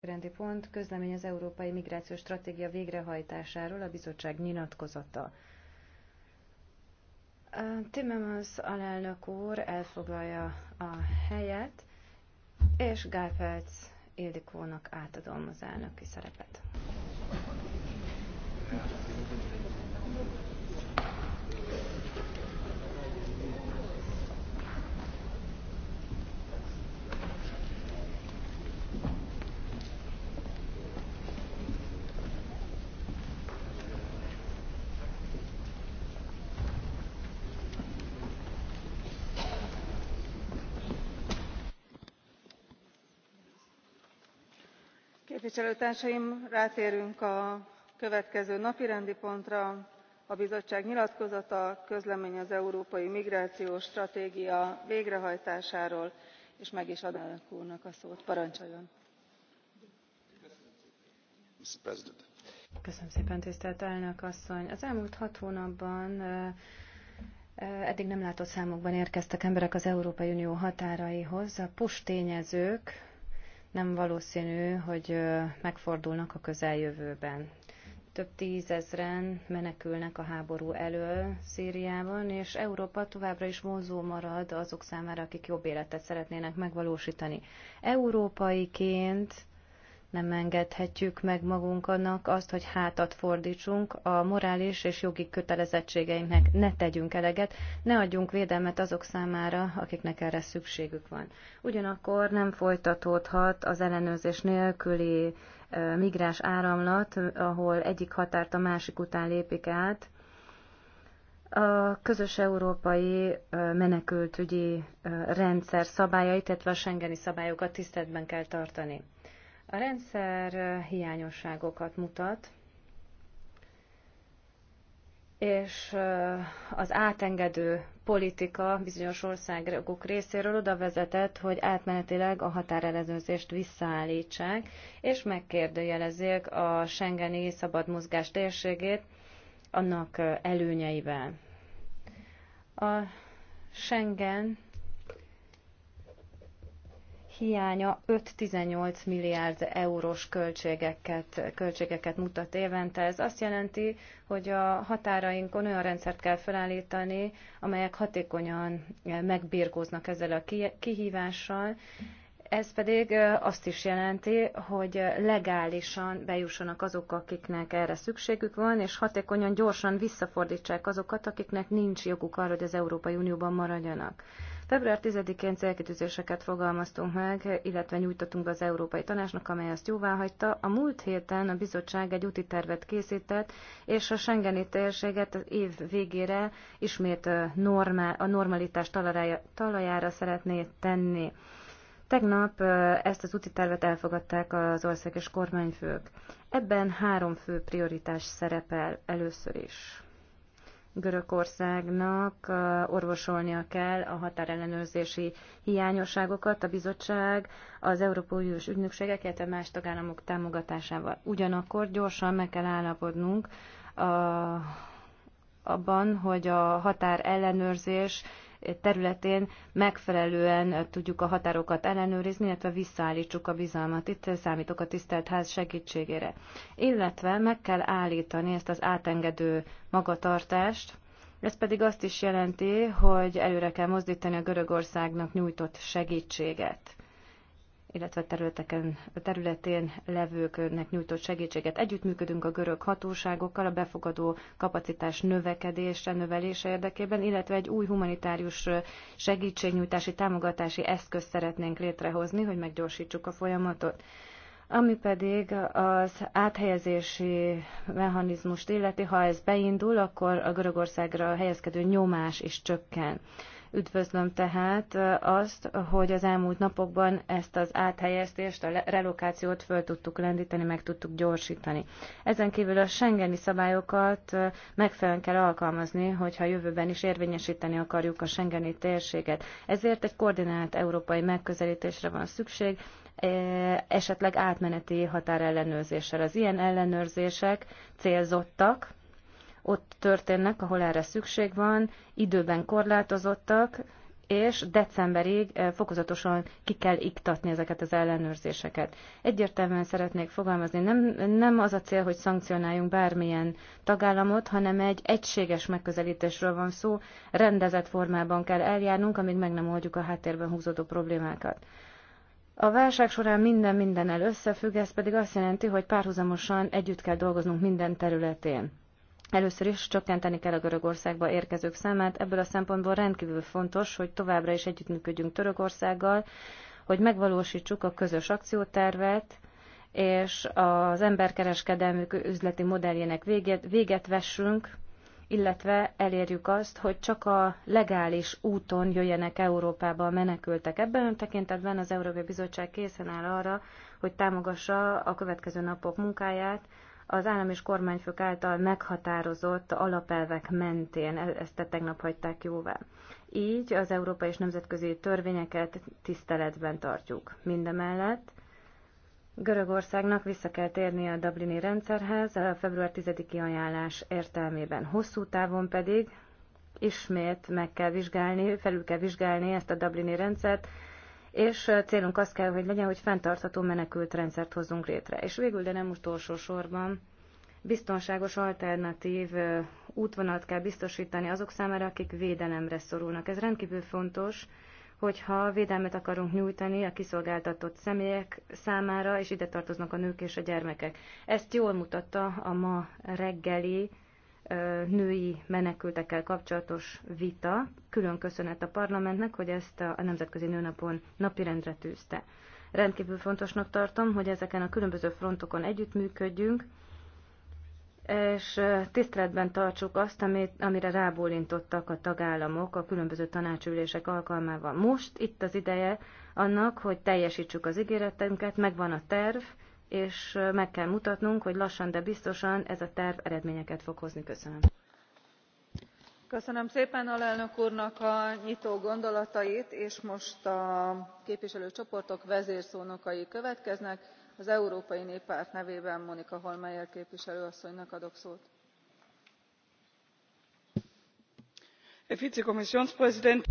Rendi pont, közlemény az Európai Migrációs Stratégia végrehajtásáról, a bizottság nyilatkozata. Timmermans alelnök úr elfoglalja a helyet, és Gálpelc Ildikónak átadom az elnöki szerepet. képviselőtársaim rátérünk a következő napirendi pontra a bizottság nyilatkozata közlemény az európai migrációs stratégia végrehajtásáról és meg is adom elnök úrnak a szót. parancsoljon! Köszönöm szépen, tisztelt elnök asszony! Az elmúlt hat hónapban eddig nem látott számokban érkeztek emberek az Európai Unió határaihoz. A push tényezők nem valószínű, hogy megfordulnak a közeljövőben. Több tízezren menekülnek a háború elől Szíriában, és Európa továbbra is vonzó marad azok számára, akik jobb életet szeretnének megvalósítani. Európaiként nem engedhetjük meg magunkanak azt, hogy hátat fordítsunk a morális és jogi kötelezettségeinknek. Ne tegyünk eleget, ne adjunk védelmet azok számára, akiknek erre szükségük van. Ugyanakkor nem folytatódhat az ellenőrzés nélküli migráns áramlat, ahol egyik határt a másik után lépik át. A közös európai menekültügyi rendszer szabályait, illetve a Schengeni szabályokat tiszteletben kell tartani. A rendszer hiányosságokat mutat, és az átengedő politika bizonyos országok részéről oda vezetett, hogy átmenetileg a határelezőzést visszaállítsák, és megkérdőjelezzék a Schengeni szabad mozgás térségét annak előnyeivel. A Schengen hiánya 5-18 milliárd eurós költségeket, költségeket mutat évente. Ez azt jelenti, hogy a határainkon olyan rendszert kell felállítani, amelyek hatékonyan megbírkoznak ezzel a kihívással, ez pedig azt is jelenti, hogy legálisan bejussanak azok, akiknek erre szükségük van, és hatékonyan, gyorsan visszafordítsák azokat, akiknek nincs joguk arra, hogy az Európai Unióban maradjanak. Február 10-én célkitűzéseket fogalmaztunk meg, illetve nyújtottunk be az Európai Tanácsnak, amely ezt jóváhagyta. A múlt héten a bizottság egy úti tervet készített, és a Schengeni térséget az év végére ismét a normalitás talajára, talajára szeretné tenni. Tegnap ezt az úti tervet elfogadták az országos kormányfők. Ebben három fő prioritás szerepel először is. Görögországnak orvosolnia kell a határellenőrzési hiányosságokat a bizottság, az Európai Uniós ügynökségek, illetve más tagállamok támogatásával. Ugyanakkor gyorsan meg kell állapodnunk a, abban, hogy a határellenőrzés területén megfelelően tudjuk a határokat ellenőrizni, illetve visszaállítsuk a bizalmat. Itt számítok a tisztelt ház segítségére. Illetve meg kell állítani ezt az átengedő magatartást, ez pedig azt is jelenti, hogy előre kell mozdítani a Görögországnak nyújtott segítséget illetve területeken, területén levőknek nyújtott segítséget. Együttműködünk a görög hatóságokkal a befogadó kapacitás növekedése, növelése érdekében, illetve egy új humanitárius segítségnyújtási, támogatási eszközt szeretnénk létrehozni, hogy meggyorsítsuk a folyamatot. Ami pedig az áthelyezési mechanizmust illeti, ha ez beindul, akkor a Görögországra helyezkedő nyomás is csökken. Üdvözlöm tehát azt, hogy az elmúlt napokban ezt az áthelyeztést, a relokációt föl tudtuk lendíteni, meg tudtuk gyorsítani. Ezen kívül a Schengeni szabályokat megfelelően kell alkalmazni, hogyha jövőben is érvényesíteni akarjuk a Schengeni térséget. Ezért egy koordinált európai megközelítésre van szükség, esetleg átmeneti határellenőrzéssel. Az ilyen ellenőrzések célzottak, ott történnek, ahol erre szükség van, időben korlátozottak, és decemberig eh, fokozatosan ki kell iktatni ezeket az ellenőrzéseket. Egyértelműen szeretnék fogalmazni, nem, nem az a cél, hogy szankcionáljunk bármilyen tagállamot, hanem egy egységes megközelítésről van szó, rendezett formában kell eljárnunk, amíg meg nem oldjuk a háttérben húzódó problémákat. A válság során minden mindennel összefügg, ez pedig azt jelenti, hogy párhuzamosan együtt kell dolgoznunk minden területén. Először is csökkenteni kell a Görögországba érkezők számát, ebből a szempontból rendkívül fontos, hogy továbbra is együttműködjünk Törökországgal, hogy megvalósítsuk a közös akciótervet, és az emberkereskedelmük üzleti modelljének véget, véget vessünk, illetve elérjük azt, hogy csak a legális úton jöjjenek Európába a menekültek. Ebben a tekintetben az Európai Bizottság készen áll arra, hogy támogassa a következő napok munkáját, az állam és kormányfők által meghatározott alapelvek mentén, e- ezt tegnap hagyták jóvá. Így az európai és nemzetközi törvényeket tiszteletben tartjuk. Mindemellett Görögországnak vissza kell térnie a Dublini rendszerhez a február 10-i ajánlás értelmében. Hosszú távon pedig ismét meg kell vizsgálni, felül kell vizsgálni ezt a Dublini rendszert, és célunk az kell, hogy legyen, hogy fenntartható menekült rendszert hozzunk létre. És végül, de nem utolsó sorban, biztonságos alternatív útvonalat kell biztosítani azok számára, akik védelemre szorulnak. Ez rendkívül fontos, hogyha védelmet akarunk nyújtani a kiszolgáltatott személyek számára, és ide tartoznak a nők és a gyermekek. Ezt jól mutatta a ma reggeli női menekültekkel kapcsolatos vita. Külön köszönet a parlamentnek, hogy ezt a Nemzetközi Nőnapon napirendre tűzte. Rendkívül fontosnak tartom, hogy ezeken a különböző frontokon együttműködjünk, és tiszteletben tartsuk azt, amit, amire rábólintottak a tagállamok a különböző tanácsülések alkalmával. Most itt az ideje annak, hogy teljesítsük az ígéretünket, megvan a terv, és meg kell mutatnunk, hogy lassan, de biztosan ez a terv eredményeket fog hozni. Köszönöm. Köszönöm szépen alelnök úrnak a nyitó gondolatait, és most a képviselőcsoportok vezérszónokai következnek. Az Európai Néppárt nevében Monika Holmeyer képviselő asszonynak adok szót. herr vizepräsident!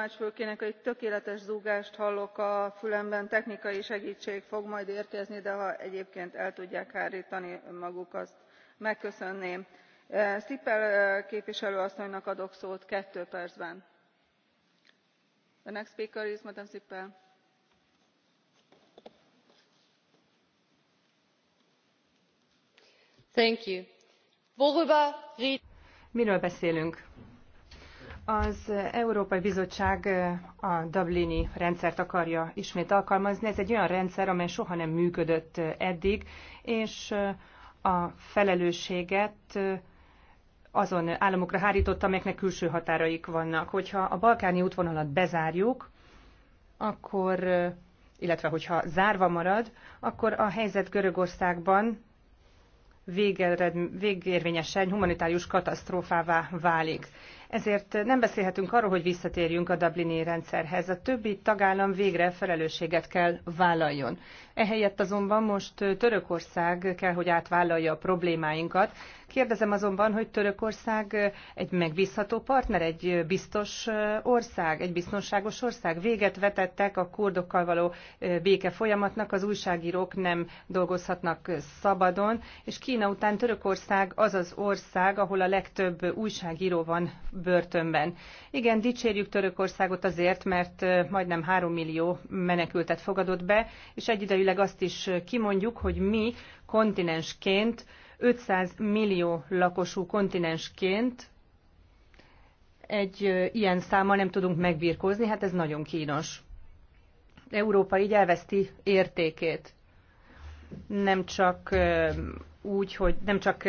tolmácsfülkének egy tökéletes zúgást hallok a fülemben technikai segtség fog majd érkezni de ha egyébként el tudják hártani önmaguk azt megköszönném. Eh, sippel eh, képviselő asszonynak adok szót kettő percben. the next speaker is madam Thank you. miről beszélünk? Az Európai Bizottság eh, a Dublini rendszert akarja ismét alkalmazni. Ez egy olyan rendszer, amely soha nem működött eh, eddig, és eh, a felelősséget azon államokra hárította, amelyeknek külső határaik vannak. Hogyha a balkáni útvonalat bezárjuk, akkor, illetve hogyha zárva marad, akkor a helyzet Görögországban végérvényesen humanitárius katasztrófává válik. Ezért nem beszélhetünk arról, hogy visszatérjünk a Dublini rendszerhez. A többi tagállam végre felelősséget kell vállaljon. Ehelyett azonban most Törökország kell, hogy átvállalja a problémáinkat, Kérdezem azonban, hogy Törökország egy megbízható partner, egy biztos ország, egy biztonságos ország. Véget vetettek a kurdokkal való béke folyamatnak, az újságírók nem dolgozhatnak szabadon, és Kína után Törökország az az ország, ahol a legtöbb újságíró van börtönben. Igen, dicsérjük Törökországot azért, mert majdnem három millió menekültet fogadott be, és egyidejűleg azt is kimondjuk, hogy mi kontinensként 500 millió lakosú kontinensként egy ilyen számmal nem tudunk megbírkozni, hát ez nagyon kínos. Európa így elveszti értékét. Nem csak úgy, hogy nem csak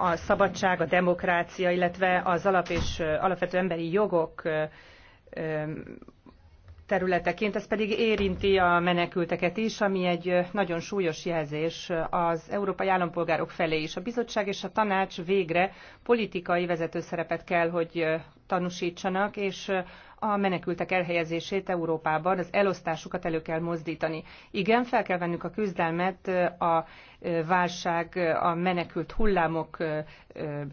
a szabadság, a demokrácia, illetve az alap és alapvető emberi jogok területeként, ez pedig érinti a menekülteket is, ami egy nagyon súlyos jelzés az európai állampolgárok felé is. A bizottság és a tanács végre politikai vezetőszerepet kell, hogy tanúsítsanak, és a menekültek elhelyezését Európában, az elosztásukat elő kell mozdítani. Igen, fel kell vennünk a küzdelmet a válság, a menekült hullámok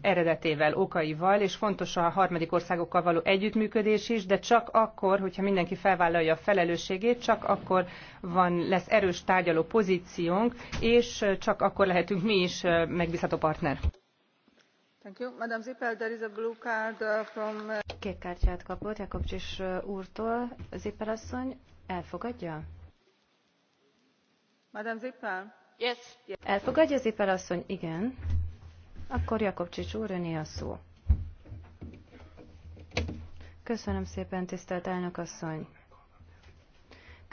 eredetével, okaival, és fontos a harmadik országokkal való együttműködés is, de csak akkor, hogyha mindenki felvállalja a felelősségét, csak akkor van, lesz erős tárgyaló pozíciónk, és csak akkor lehetünk mi is megbízható partner. Uh, uh, Kék kártyát kapott Jakobcsis uh, úrtól. Zippel asszony, elfogadja? Madame Zippel? Yes. Elfogadja Zippel asszony? Igen. Akkor Jakobcsics úr, öné a szó. Köszönöm szépen, tisztelt elnök asszony.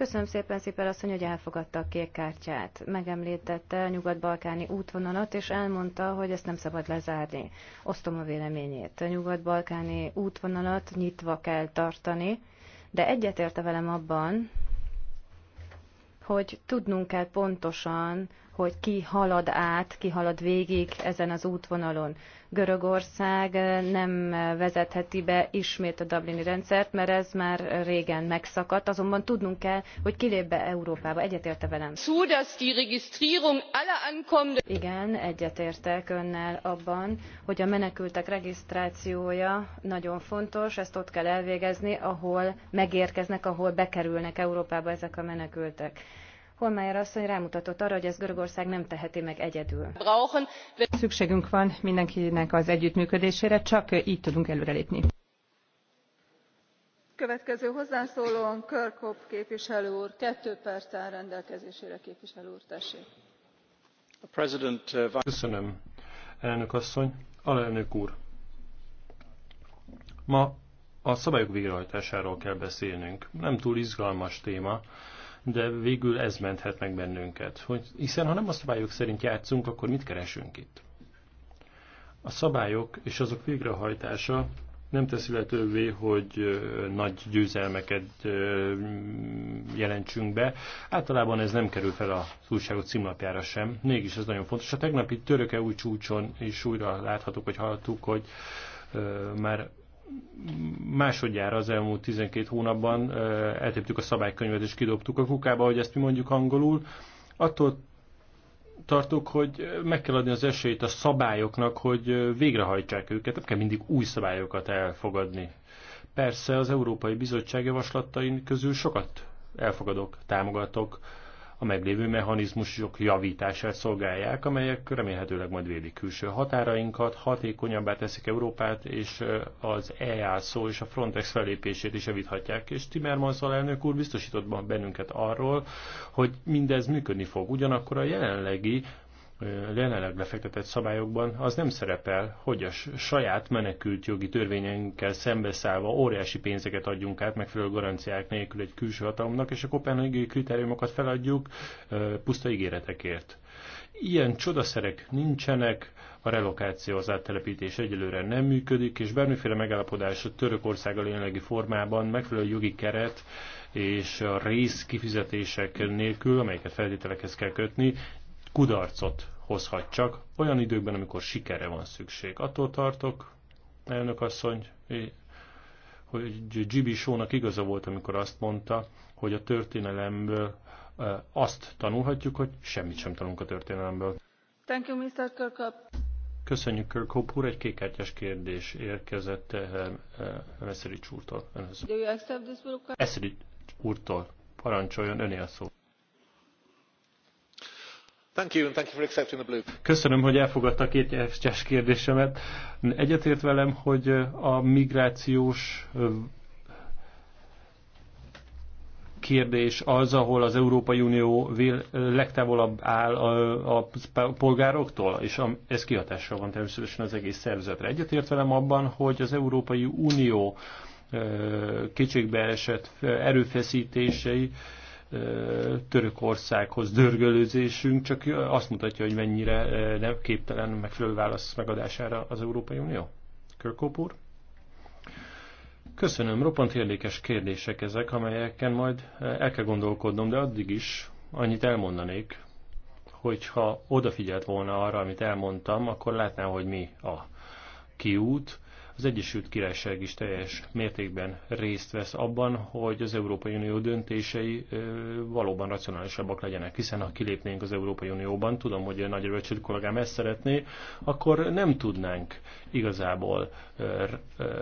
Köszönöm szépen, szépen asszony, hogy elfogadta a kék kártyát. Megemlítette a nyugat-balkáni útvonalat, és elmondta, hogy ezt nem szabad lezárni. Osztom a véleményét. A nyugat-balkáni útvonalat nyitva kell tartani, de egyetérte velem abban, hogy tudnunk kell pontosan, hogy ki halad át, ki halad végig ezen az útvonalon. Görögország eh, nem eh, vezetheti be ismét a Dublini rendszert, mert ez már régen megszakadt, azonban tudnunk kell, hogy kilép be Európába. Egyetérte velem? Igen, egyetértek önnel abban, hogy a menekültek regisztrációja nagyon fontos, ezt ott kell elvégezni, ahol megérkeznek, ahol bekerülnek Európába ezek a menekültek Holmeyer asszony rámutatott arra, hogy ezt Görögország nem teheti meg egyedül. Szükségünk van mindenkinek az együttműködésére, csak így tudunk előrelépni. Következő hozzászólóan Körkop képviselő úr, kettő perc áll rendelkezésére képviselő úr, tessék. Uh, Köszönöm, elnök asszony, alelnök úr. Ma a szabályok végrehajtásáról kell beszélnünk. Nem túl izgalmas téma, de végül ez menthet meg bennünket. Hogy, hiszen ha nem a szabályok szerint játszunk, akkor mit keresünk itt? A szabályok és azok végrehajtása nem teszi lehetővé, hogy nagy győzelmeket jelentsünk be. Általában ez nem kerül fel a újságok címlapjára sem, mégis ez nagyon fontos. A tegnapi töröke új csúcson is újra láthatók, hogy hallottuk, hogy már másodjára az elmúlt 12 hónapban eltéptük a szabálykönyvet és kidobtuk a kukába, hogy ezt mi mondjuk angolul. Attól tartok, hogy meg kell adni az esélyt a szabályoknak, hogy végrehajtsák őket, nem kell mindig új szabályokat elfogadni. Persze az Európai Bizottság javaslatain közül sokat elfogadok, támogatok, a meglévő mechanizmusok javítását szolgálják, amelyek remélhetőleg majd védik külső határainkat, hatékonyabbá teszik Európát, és az EASZO és a Frontex felépését is javíthatják, és Timmermans alelnök úr biztosított bennünket arról, hogy mindez működni fog. Ugyanakkor a jelenlegi jelenleg lefektetett szabályokban az nem szerepel, hogy a saját menekült jogi törvényeinkkel szembeszállva óriási pénzeket adjunk át megfelelő garanciák nélkül egy külső hatalomnak, és a kopenhagiai kritériumokat feladjuk puszta ígéretekért. Ilyen csodaszerek nincsenek, a relokáció az áttelepítés egyelőre nem működik, és bármiféle megállapodás a Törökországgal jelenlegi formában megfelelő jogi keret és a rész kifizetések nélkül, amelyeket feltételekhez kell kötni, kudarcot hozhat csak olyan időkben, amikor sikere van szükség. Attól tartok, elnök asszony, hogy Gibi Sónak igaza volt, amikor azt mondta, hogy a történelemből e, azt tanulhatjuk, hogy semmit sem tanulunk a történelemből. Thank you, Mr. Kirkup. Köszönjük, Kirkup úr. Egy kékártyás kérdés érkezett e, e, Eszeri csúrtól. Eszeri Do úrtól. Parancsoljon, öné a szó. Köszönöm, hogy elfogadta a két estes kérdésemet. Egyetért velem, hogy a migrációs kérdés az, ahol az Európai Unió legtávolabb áll a, a polgároktól, és a, ez kihatással van természetesen az egész szervezetre. Egyetért velem abban, hogy az Európai Unió kétségbeesett erőfeszítései Törökországhoz dörgölőzésünk csak azt mutatja, hogy mennyire nem képtelen megfelelő válasz megadására az Európai Unió. Körkóp úr? Köszönöm, roppant érdekes kérdések ezek, amelyeken majd el kell gondolkodnom, de addig is annyit elmondanék, hogyha odafigyelt volna arra, amit elmondtam, akkor látná, hogy mi a kiút, az Egyesült Királyság is teljes mértékben részt vesz abban, hogy az Európai Unió döntései valóban racionálisabbak legyenek, hiszen ha kilépnénk az Európai Unióban, tudom, hogy a nagy kollégám ezt szeretné, akkor nem tudnánk igazából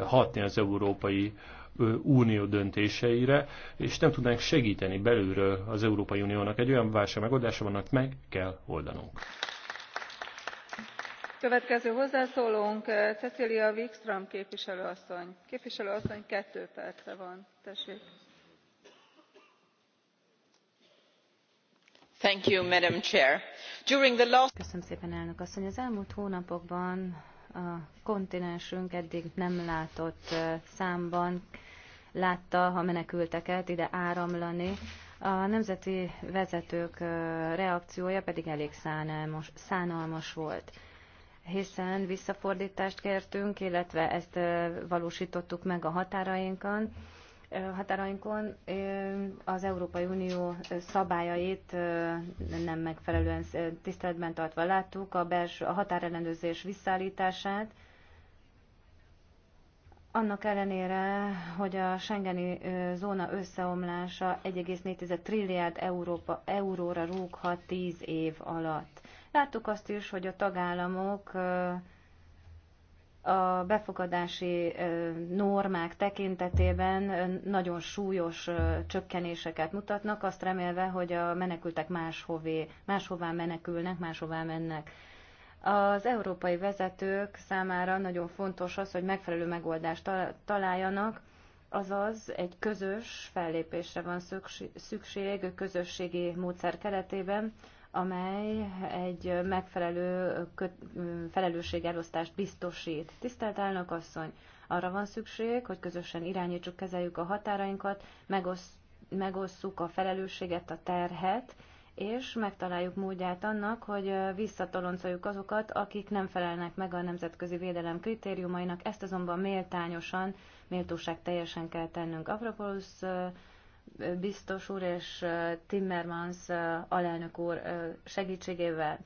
hatni az Európai Unió döntéseire, és nem tudnánk segíteni belülről az Európai Uniónak. Egy olyan válság megoldása vannak, meg kell oldanunk következő hozzászólónk cecilia asszony. van madam president az elmúlt hónapokban a kontinensünk eddig nem látott számban látta a menekülteket ide áramlani a nemzeti vezetők reakciója pedig elég szánalmas volt hiszen visszafordítást kértünk, illetve ezt valósítottuk meg a határainkon. Határainkon az Európai Unió szabályait nem megfelelően tiszteletben tartva láttuk, a, belső, a határellenőrzés visszaállítását, annak ellenére, hogy a Schengeni zóna összeomlása 1,4 trilliárd európa, euróra rúghat 10 év alatt. Láttuk azt is, hogy a tagállamok a befogadási normák tekintetében nagyon súlyos csökkenéseket mutatnak, azt remélve, hogy a menekültek máshové, máshová menekülnek, máshová mennek. Az európai vezetők számára nagyon fontos az, hogy megfelelő megoldást találjanak, azaz egy közös fellépésre van szükség, közösségi módszer keretében, amely egy megfelelő felelősségelosztást biztosít. Tisztelt elnök asszony, arra van szükség, hogy közösen irányítsuk, kezeljük a határainkat, megosz, megosszuk a felelősséget, a terhet, és megtaláljuk módját annak, hogy visszatoloncoljuk azokat, akik nem felelnek meg a nemzetközi védelem kritériumainak, ezt azonban méltányosan, méltóság teljesen kell tennünk. Avropoulos biztos úr és Timmermans alelnök úr segítségével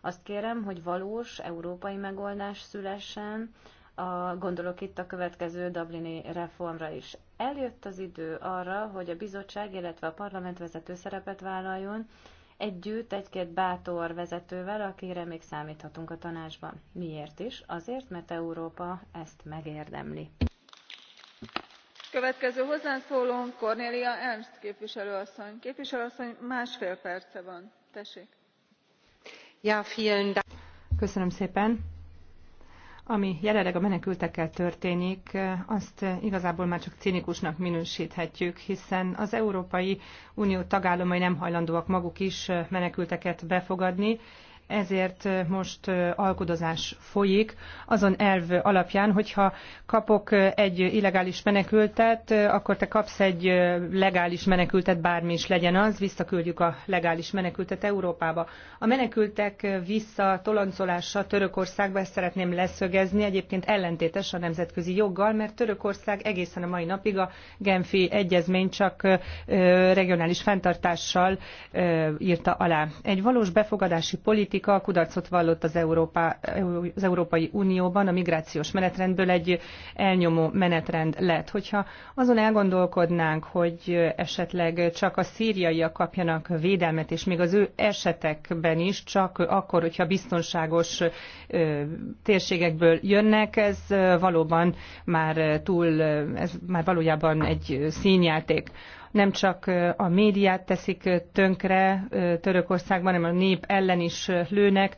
azt kérem, hogy valós európai megoldás szülessen, a, gondolok itt a következő Dublini reformra is. Eljött az idő arra, hogy a bizottság, illetve a parlament vezető szerepet vállaljon, együtt egy-két bátor vezetővel, akire még számíthatunk a tanácsban. Miért is? Azért, mert Európa ezt megérdemli következő ernst van. Köszönöm szépen. ami jelenleg a menekültekkel történik azt igazából már csak cinikusnak minősthetjük hiszen az európai unió tagállamai nem hajlandóak maguk is menekülteket befogadni ezért most alkudozás folyik azon elv alapján, hogyha kapok egy illegális menekültet, akkor te kapsz egy legális menekültet, bármi is legyen az, visszaküldjük a legális menekültet Európába. A menekültek vissza toloncolása Törökországba, ezt szeretném leszögezni, egyébként ellentétes a nemzetközi joggal, mert Törökország egészen a mai napig a Genfi egyezmény csak regionális fenntartással írta alá. Egy valós befogadási politika politika kudarcot vallott az, Európa, az Európai Unióban, a migrációs menetrendből egy elnyomó menetrend lett. Hogyha azon elgondolkodnánk, hogy esetleg csak a szíriaiak kapjanak védelmet, és még az ő esetekben is, csak akkor, hogyha biztonságos térségekből jönnek, ez valóban már túl, ez már valójában egy színjáték nem csak a médiát teszik tönkre Törökországban, hanem a nép ellen is lőnek.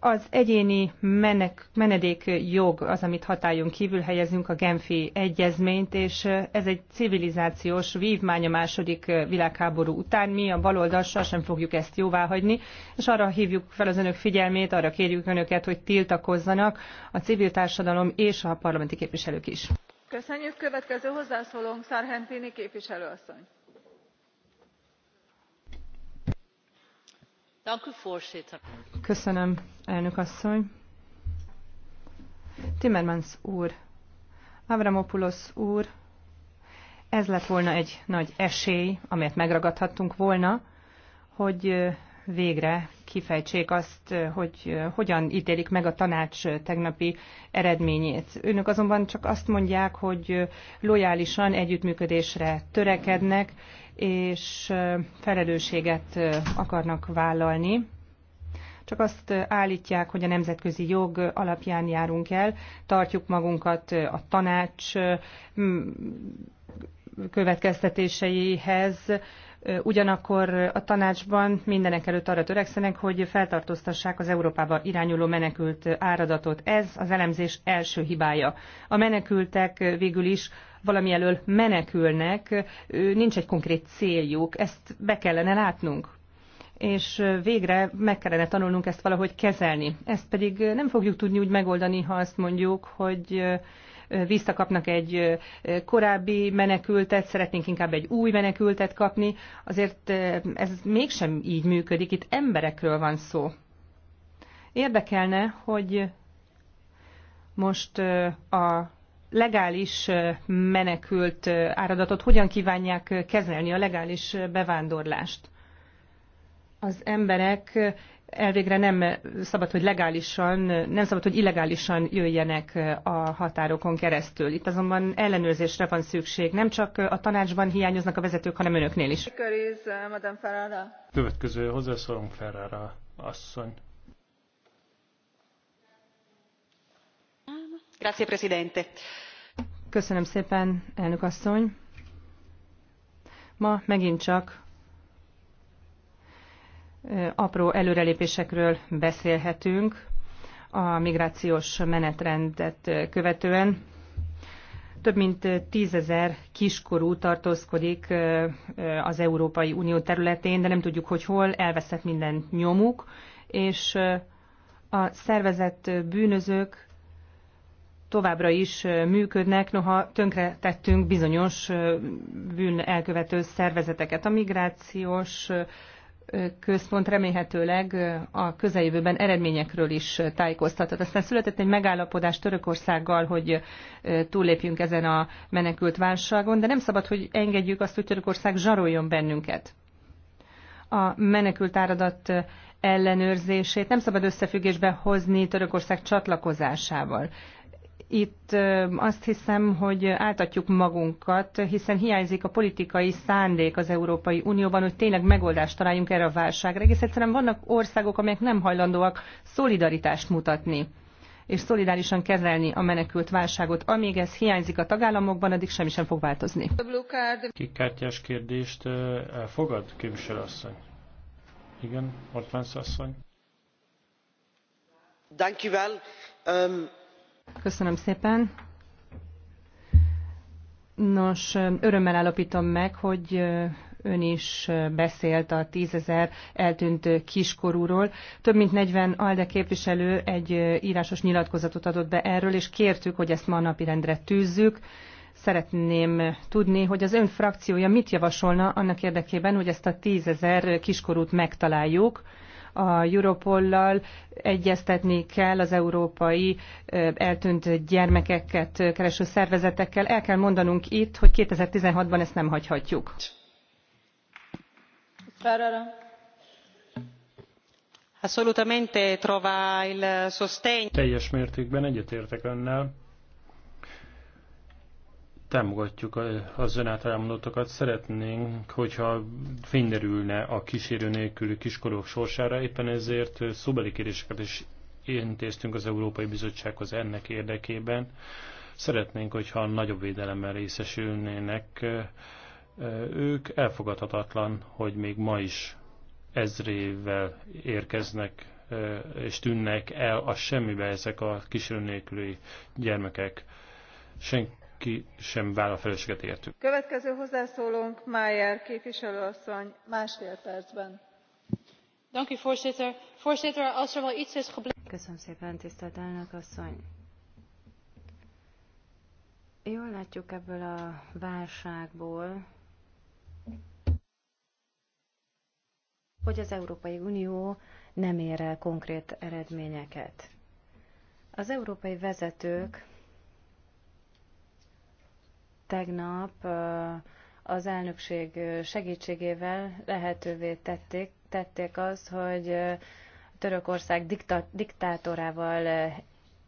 Az egyéni menek, jog, az, amit hatályon kívül helyezünk, a Genfi egyezményt, és ez egy civilizációs vívmány a második világháború után. Mi a baloldal sem fogjuk ezt jóváhagyni, és arra hívjuk fel az önök figyelmét, arra kérjük önöket, hogy tiltakozzanak a civil társadalom és a parlamenti képviselők is köszönjük következő hozzászólónk köszönöm elnök asszony timmermans úr avramopoulos úr ez lett volna egy nagy esély amelyet megragadhattunk volna hogy végre kifejtsék azt, hogy hogyan ítélik meg a tanács tegnapi eredményét. Önök azonban csak azt mondják, hogy lojálisan együttműködésre törekednek, és felelősséget akarnak vállalni. Csak azt állítják, hogy a nemzetközi jog alapján járunk el, tartjuk magunkat a tanács mm, következtetéseihez, Ugyanakkor a tanácsban mindenek előtt arra törekszenek, hogy feltartóztassák az Európába irányuló menekült áradatot. Ez az elemzés első hibája. A menekültek végül is valami elől menekülnek, nincs egy konkrét céljuk, ezt be kellene látnunk és végre meg kellene tanulnunk ezt valahogy kezelni. Ezt pedig nem fogjuk tudni úgy megoldani, ha azt mondjuk, hogy visszakapnak egy korábbi menekültet, szeretnénk inkább egy új menekültet kapni. Azért ez mégsem így működik, itt emberekről van szó. Érdekelne, hogy most a legális menekült áradatot hogyan kívánják kezelni, a legális bevándorlást. Az emberek elvégre nem szabad, hogy legálisan, nem szabad, hogy illegálisan jöjjenek eh, a határokon keresztül. Itt azonban ellenőrzésre van szükség. Nem csak eh, a tanácsban hiányoznak a vezetők, hanem önöknél is. Következő hozzászólom Ferrara asszony. Grazie, Presidente. Köszönöm szépen, elnök asszony. Ma megint csak apró előrelépésekről beszélhetünk a migrációs menetrendet követően. Több mint tízezer kiskorú tartózkodik az Európai Unió területén, de nem tudjuk, hogy hol, elveszett minden nyomuk, és a szervezett bűnözők továbbra is működnek, noha tönkre tettünk bizonyos bűn elkövető szervezeteket. A migrációs központ remélhetőleg a közeljövőben eredményekről is tájékoztatott. Aztán született egy megállapodás Törökországgal, hogy túllépjünk ezen a menekült válságon, de nem szabad, hogy engedjük azt, hogy Törökország zsaroljon bennünket. A menekült áradat ellenőrzését nem szabad összefüggésbe hozni Törökország csatlakozásával itt azt hiszem, hogy áltatjuk magunkat, hiszen hiányzik a politikai szándék az Európai Unióban, hogy tényleg megoldást találjunk erre a válságra. Egész egyszerűen vannak országok, amelyek nem hajlandóak szolidaritást mutatni és szolidárisan kezelni a menekült válságot. Amíg ez hiányzik a tagállamokban, addig semmi sem fog változni. Kikártyás kérdést elfogad, képviselőasszony? Igen, Hortvánsz asszony. Thank you well. um... Ehm, Köszönöm szépen. Nos, örömmel állapítom meg, hogy ön is beszélt a tízezer eltűnt kiskorúról. Több mint 40 ALDE képviselő egy írásos nyilatkozatot adott be erről, és kértük, hogy ezt ma napirendre tűzzük. Szeretném tudni, hogy az ön frakciója mit javasolna annak érdekében, hogy ezt a tízezer kiskorút megtaláljuk, a Europollal, egyeztetni kell az európai eltűnt gyermekeket kereső szervezetekkel. El kell mondanunk itt, hogy 2016-ban ezt nem hagyhatjuk. Ferrara assolutamente trova il sostegno. teljes mértékben egyetértek önnel. Támogatjuk eh, az ön által elmondottakat. Szeretnénk, hogyha fényderülne a kísérő nélküli kiskorúk sorsára, éppen ezért eh, szóbeli kérdéseket is intéztünk az Európai Bizottsághoz ennek érdekében. Szeretnénk, hogyha nagyobb védelemmel részesülnének eh, ők. Elfogadhatatlan, hogy még ma is ezrével érkeznek és tűnnek el a semmibe ezek a kísérő nélküli gyermekek. Senki aki sem vállal felelősséget értük. Következő hozzászólónk Májer képviselőasszony másfél percben. Köszönöm szépen, tisztelt elnök asszony. Jól látjuk ebből a válságból, hogy az Európai Unió nem ér el konkrét eredményeket. Az európai vezetők tegnap az elnökség segítségével lehetővé tették, tették azt, hogy Törökország dikta, diktátorával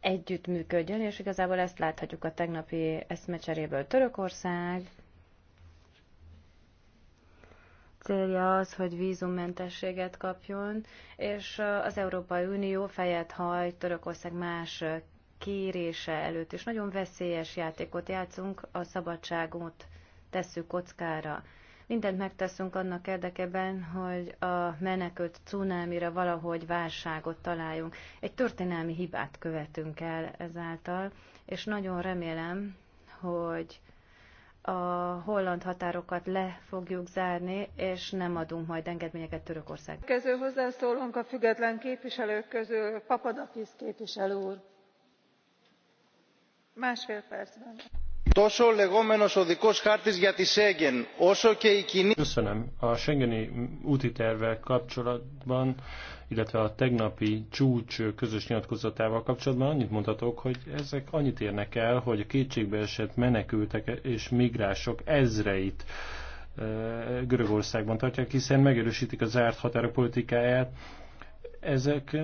együttműködjön, és igazából ezt láthatjuk a tegnapi eszmecseréből. Törökország célja az, hogy vízummentességet kapjon, és az Európai Unió fejet hajt Törökország más kérése előtt, és nagyon veszélyes játékot játszunk, a szabadságot tesszük kockára. Mindent megteszünk annak érdekében, hogy a menekült cunámira valahogy válságot találjunk. Egy történelmi hibát követünk el ezáltal, és nagyon remélem, hogy a holland határokat le fogjuk zárni, és nem adunk majd engedményeket Törökországnak. Következő hozzászólónk a független képviselők közül Papadakis képviselő úr τόσο ο λεγόμενος οδικός χάρτης για τη Σέγγεν, όσο και η κοινή... Köszönöm. A Schengeni úti tervvel kapcsolatban, illetve a tegnapi csúcs közös nyilatkozatával kapcsolatban annyit mondhatok, hogy ezek annyit érnek el, hogy a kétségbeesett menekültek és migránsok ezreit eh, Görögországban tartják, hiszen megerősítik a zárt határok politikáját, ezek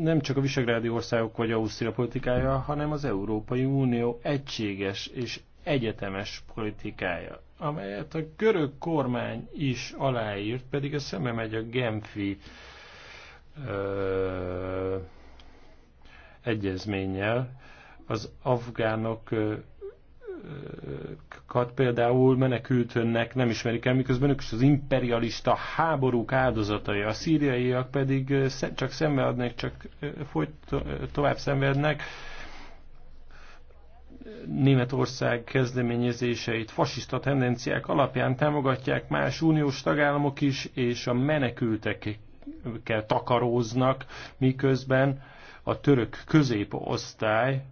nem csak a visegrádi országok vagy Ausztria politikája, hanem az Európai Unió egységes és egyetemes politikája, amelyet a görög kormány is aláírt, pedig a szembe megy a Genfi ö, egyezménnyel, az afgánok például menekültönnek nem ismerik el, miközben ők is az imperialista háborúk áldozatai, a szíriaiak pedig csak szenvednek, csak folyt, tovább szenvednek. Németország kezdeményezéseit fasiszta tendenciák alapján támogatják más uniós tagállamok is, és a menekültekkel takaróznak, miközben a török középosztály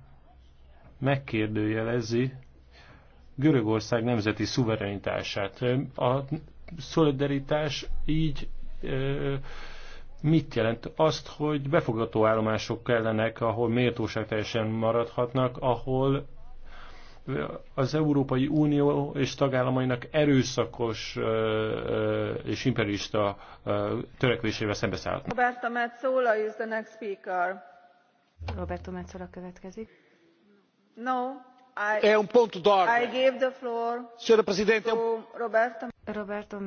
megkérdőjelezi Görögország nemzeti szuverenitását. A szolidaritás így mit jelent? Azt, hogy befogadó állomások kellenek, ahol méltóság teljesen maradhatnak, ahol az Európai Unió és tagállamainak erőszakos és imperista törekvésével szembeszállhatnak. Roberto Metzola is the next speaker. Roberto Metzola következik. No, è un punto d'ordine. Signora Presidente, Roberto, Roberto a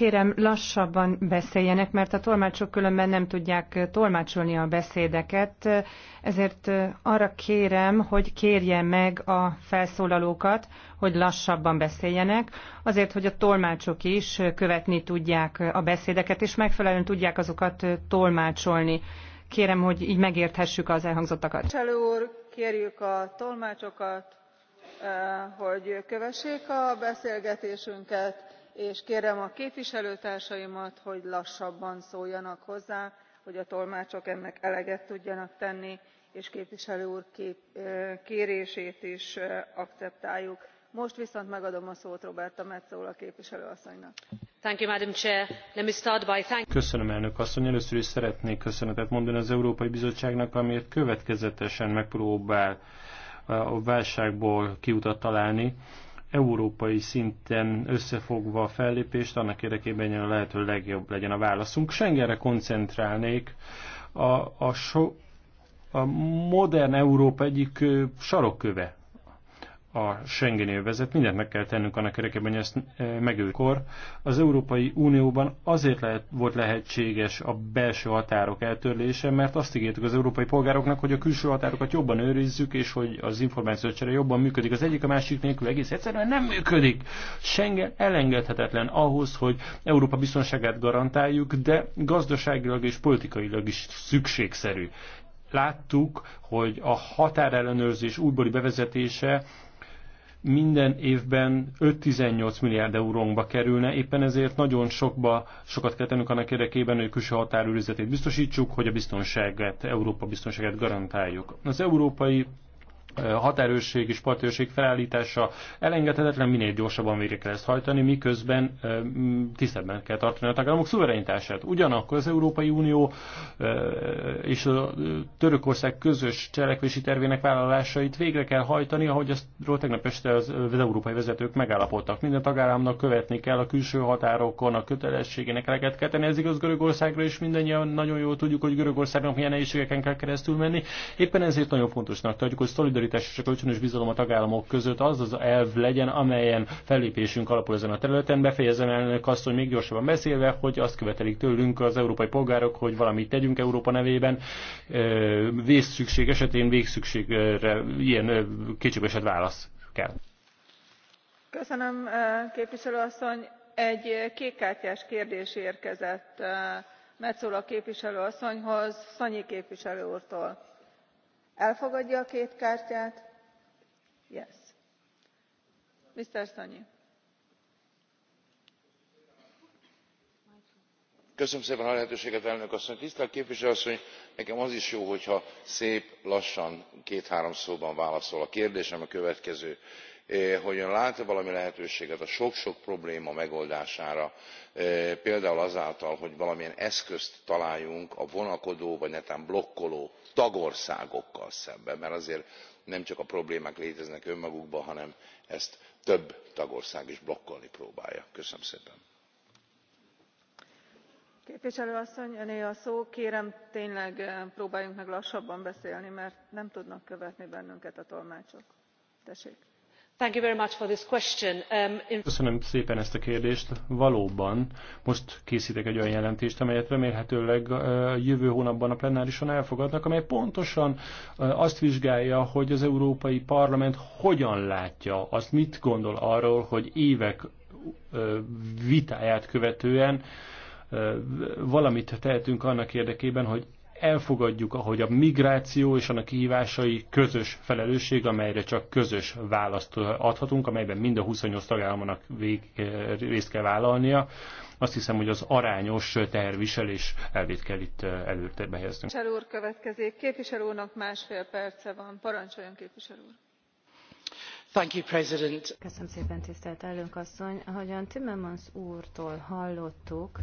Kérem, lassabban beszéljenek, mert a tolmácsok különben nem tudják eh, tolmácsolni a beszédeket, ezért eh, arra kérem, hogy kérje meg a felszólalókat, hogy lassabban beszéljenek, azért, hogy a tolmácsok is eh, követni tudják a beszédeket, és megfelelően tudják azokat tolmácsolni. Kérem, hogy így megérthessük az elhangzottakat. Cselő úr, kérjük a tolmácsokat, hogy kövessék a beszélgetésünket és kérem a képviselőtársaimat hogy lassabban szóljanak hozzá hogy a tolmácsok ennek eleget tudjanak tenni és képviselő úr kérését is akceptáljuk. most viszont megadom a szót roberta metsola képviselő asszonynak. Köszönöm, elnök asszony! először is szeretnék köszönetet mondani az európai bizottságnak amiért következetesen megpróbál a válságból kiutat találni európai szinten összefogva a fellépést, annak érdekében, hogy a lehető legjobb legyen a válaszunk. Schengenre koncentrálnék. A, a, so, a modern Európa egyik sarokköve a Schengen élvezet, mindent meg kell tennünk annak érdekében, hogy ezt e, megőkor. Az Európai Unióban azért lehet, volt lehetséges a belső határok eltörlése, mert azt ígértük az európai polgároknak, hogy a külső határokat jobban őrizzük, és hogy az információcsere jobban működik. Az egyik a másik nélkül egész egyszerűen nem működik. Schengen elengedhetetlen ahhoz, hogy Európa biztonságát garantáljuk, de gazdaságilag és politikailag is szükségszerű. Láttuk, hogy a határellenőrzés újbóli bevezetése minden évben 5-18 milliárd eurónkba kerülne, éppen ezért nagyon sokba, sokat kell tennünk annak érdekében, hogy a külső határőrizetét biztosítsuk, hogy a biztonságet, Európa biztonságát garantáljuk. Az európai határőrség és partőrség felállítása elengedhetetlen, minél gyorsabban végre kell ezt hajtani, miközben tisztebben kell tartani a tagállamok szuverenitását. Ugyanakkor az Európai Unió és a Törökország közös cselekvési tervének vállalásait végre kell hajtani, ahogy aztról tegnap este az, az európai vezetők megállapodtak. Minden tagállamnak követni kell a külső határokon a kötelességének eleget kell tenni. Ez igaz Görögországra is mindannyian nagyon jól tudjuk, hogy Görögországnak milyen nehézségeken kell keresztül menni. Éppen ezért nagyon fontosnak tartjuk, hogy szolidaritás szolidaritás és a kölcsönös bizalom a tagállamok között az az elv legyen, amelyen fellépésünk alapul ezen a területen. Befejezem elnök azt, hogy még gyorsabban beszélve, hogy azt követelik tőlünk az európai polgárok, hogy valamit tegyünk Európa nevében. Vészszükség esetén végszükségre ilyen kétségbeesett válasz kell. Köszönöm, képviselő asszony. Egy kékkártyás kérdés érkezett metsola képviselő asszonyhoz szanyi képviselő úrtól elfogadja a két kártyát? yes. mr. Sanyi. köszönöm szépen a lehetőséget elnök asszony! tisztelt képviselő asszony nekem az is jó hogyha szép lassan két három szóban válaszol. a kérdésem a következő eh, hogy ön lát e valami lehetőséget a sok sok probléma megoldására eh, például azáltal hogy valamilyen eszközt találjunk a vonakodó vagy netán blokkoló tagországokkal szemben mert azért nem csak a problémák léteznek önmagukban hanem ezt több tagország is blokkolni próbálja. köszönöm szépen! képviselő asszony öné a szó kérem tényleg eh, próbáljunk meg lassabban beszélni mert nem tudnak követni bennünket a tolmácsok. tessék! Um, Köszönöm szépen ezt a kérdést. Valóban most készítek egy olyan jelentést, amelyet remélhetőleg uh, jövő hónapban a plenárison elfogadnak, amely pontosan uh, azt vizsgálja, hogy az Európai Parlament hogyan látja, azt mit gondol arról, hogy évek uh, vitáját követően valamit tehetünk annak érdekében, hogy elfogadjuk, ahogy a migráció és annak kihívásai közös felelősség, amelyre csak közös választ adhatunk, amelyben mind a 28 tagállamnak vég, eh, részt kell vállalnia. Azt hiszem, hogy az arányos teherviselés elvét kell itt eh, előtte behelyeznünk. Képviselő úr következik. Képviselő úrnak másfél perce van. Parancsoljon, képviselő úr. Thank you, President. Köszönöm szépen, tisztelt elnök asszony. Ahogyan Timmermans úrtól hallottuk,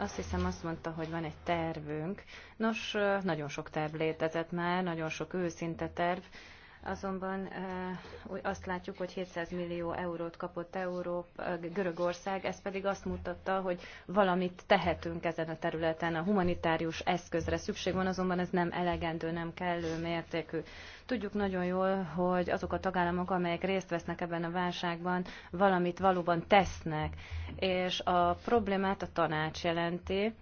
azt hiszem azt mondta, hogy van egy tervünk. Nos, nagyon sok terv létezett már, nagyon sok őszinte terv, azonban eh, azt látjuk, hogy 700 millió eurót kapott Európa, eh, Görögország, ez pedig azt mutatta, hogy valamit tehetünk ezen a területen. A humanitárius eszközre szükség van, azonban ez nem elegendő, nem kellő mértékű. Tudjuk nagyon jól, hogy azok a tagállamok, amelyek részt vesznek ebben a válságban, valamit valóban tesznek, és a problémát a tanács jelenti,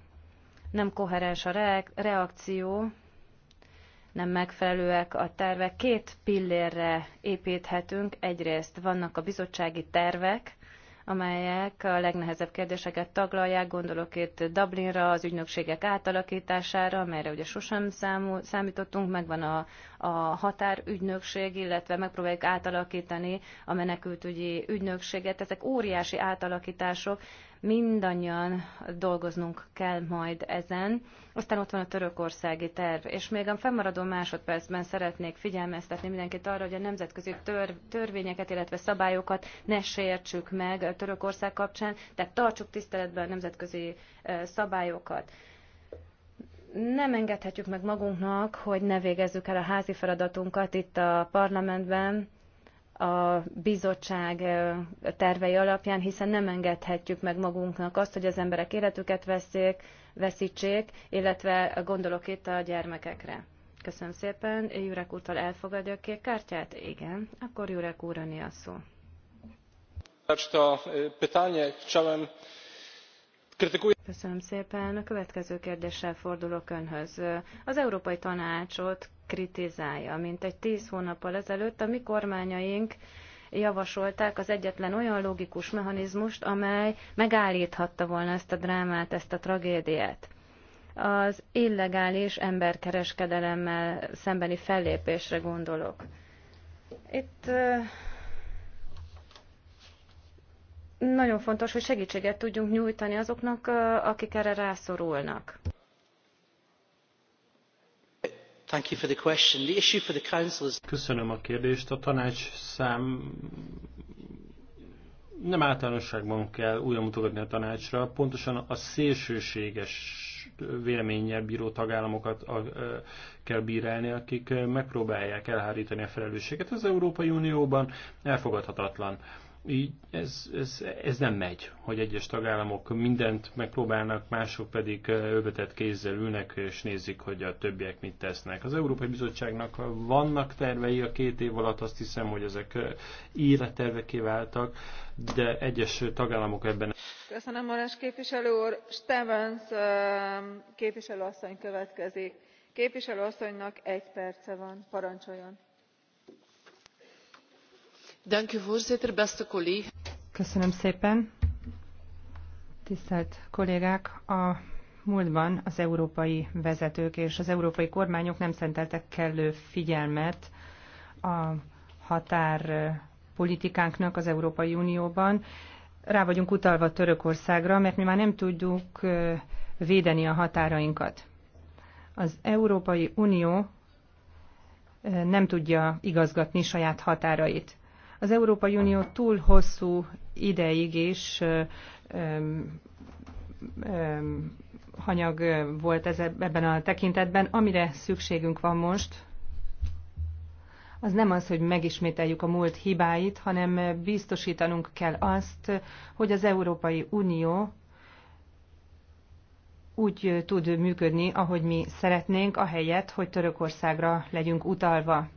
nem koherens a reakció, nem megfelelőek a tervek. Két pillérre építhetünk. Egyrészt vannak a bizottsági tervek, amelyek a legnehezebb kérdéseket taglalják, gondolok itt Dublinra, az ügynökségek átalakítására, amelyre ugye sosem számú, számítottunk, megvan a, a határügynökség, illetve megpróbáljuk átalakítani a menekültügyi ügynökséget. Ezek óriási átalakítások, mindannyian dolgoznunk kell majd ezen. Aztán ott van a törökországi terv, és még a fennmaradó másodpercben szeretnék figyelmeztetni mindenkit arra, hogy a nemzetközi tör, törvényeket, illetve szabályokat ne sértsük meg a Törökország kapcsán, tehát tartsuk tiszteletben a nemzetközi szabályokat nem engedhetjük meg magunknak, hogy ne végezzük el a házi feladatunkat itt a parlamentben, a bizottság tervei alapján, hiszen nem engedhetjük meg magunknak azt, hogy az emberek életüket veszik, veszítsék, illetve gondolok itt a gyermekekre. Köszönöm szépen. Jurek úrtól elfogadja a kék kártyát? Igen. Akkor Jurek úr a szó. E, Köszönöm szépen. A következő kérdéssel fordulok önhöz. Az Európai Tanácsot kritizálja. Mint egy tíz hónappal ezelőtt a mi kormányaink javasolták az egyetlen olyan logikus mechanizmust, amely megállíthatta volna ezt a drámát, ezt a tragédiát. Az illegális emberkereskedelemmel szembeni fellépésre gondolok. Itt nagyon fontos, hogy segítséget tudjunk nyújtani azoknak, akik erre rászorulnak. Köszönöm a kérdést. A tanács szám nem általánosságban kell újra mutogatni a tanácsra, pontosan a szélsőséges véleménnyel bíró tagállamokat kell bírálni, akik megpróbálják elhárítani a felelősséget az Európai Unióban, elfogadhatatlan így ez, ez, ez nem megy, hogy egyes tagállamok mindent megpróbálnak, mások pedig övetett kézzel ülnek és nézik, hogy a többiek mit tesznek. Az Európai Bizottságnak vannak tervei a két év alatt, azt hiszem, hogy ezek életterveké váltak, de egyes tagállamok ebben... Köszönöm, Marás képviselő úr. Stevens képviselőasszony következik. Képviselőasszonynak egy perce van. Parancsoljon! voorzitter beste collega's köszönöm szépen tisztelt kollégák a múltban az európai vezetők és az európai kormányok nem szenteltek kellő figyelmet a határpolitikánknak az európai unióban rá vagyunk utalva törökországra mert mi már nem tudjuk védeni a határainkat az európai unió nem tudja igazgatni saját határait az Európai Unió túl hosszú ideig is öm, öm, hanyag volt ez ebben a tekintetben. Amire szükségünk van most, az nem az, hogy megismételjük a múlt hibáit, hanem biztosítanunk kell azt, hogy az Európai Unió úgy tud működni, ahogy mi szeretnénk, ahelyett, hogy Törökországra legyünk utalva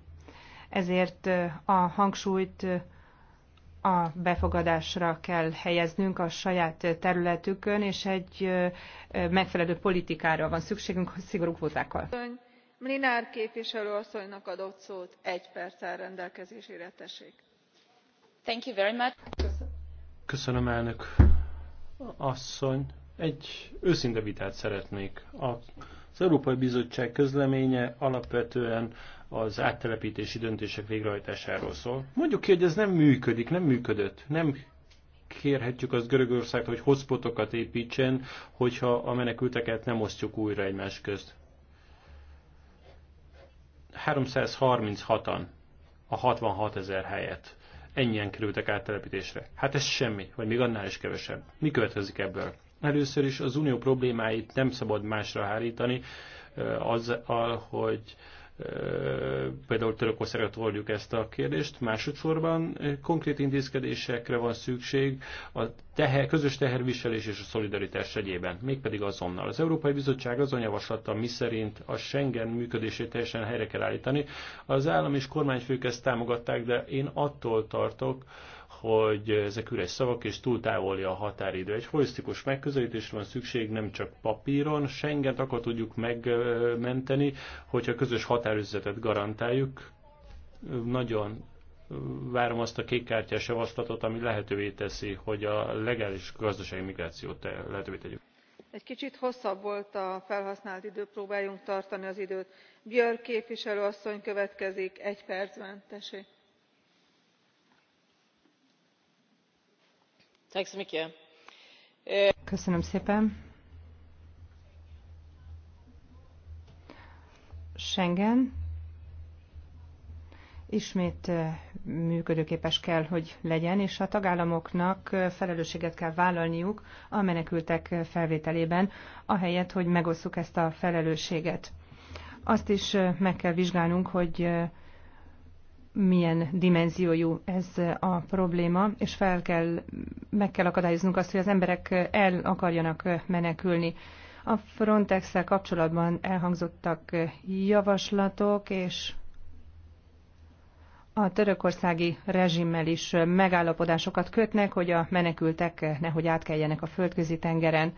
ezért a hangsúlyt a befogadásra kell helyeznünk a saját területükön, és egy megfelelő politikára van szükségünk szigorú kvótákkal. Mlinár képviselő asszonynak adott szót, egy perccel rendelkezésére tessék. Thank you very much. Köszönöm, Köszönöm elnök asszony. Egy őszinte vitát szeretnék. Az Európai Bizottság közleménye alapvetően az áttelepítési döntések végrehajtásáról szól. Mondjuk ki, hogy ez nem működik, nem működött, nem kérhetjük az görögországot, hogy hotspotokat építsen, hogyha a menekülteket nem osztjuk újra egymás közt. 336-an a 66 ezer helyet ennyien kerültek áttelepítésre. Hát ez semmi, vagy még annál is kevesebb. Mi következik ebből? Először is az unió problémáit nem szabad másra hárítani, azzal, hogy például Törökországra toljuk ezt a kérdést. Másodszorban konkrét intézkedésekre van szükség a teher, közös teherviselés és a szolidaritás egyében, mégpedig azonnal. Az Európai Bizottság azon javaslata, mi szerint a Schengen működését teljesen helyre kell állítani. Az állam és kormányfők ezt támogatták, de én attól tartok, hogy ezek üres szavak, és túl távoli a határidő. Egy holisztikus megközelítésre van szükség, nem csak papíron. Schengent akkor tudjuk megmenteni, hogyha közös határőrzetet garantáljuk. Nagyon várom azt a kékkártyás javaslatot, ami lehetővé teszi, hogy a legális gazdasági migrációt lehetővé tegyük. Egy kicsit hosszabb volt a felhasznált idő, próbáljunk tartani az időt. Björk képviselő asszony következik, egy percben, tessék schengen ismét eh, működőképes kell, hogy legyen, és a tagállamoknak eh, felelősséget kell vállalniuk a menekültek eh, felvételében, ahelyett, hogy megosszuk ezt a felelősséget. Azt is meg kell vizsgálnunk, hogy milyen dimenziójú ez a probléma, és fel kell, meg kell akadályoznunk azt, hogy az emberek el akarjanak menekülni. A frontex kapcsolatban elhangzottak javaslatok, és a törökországi rezsimmel is megállapodásokat kötnek, hogy a menekültek nehogy átkeljenek a földközi tengeren.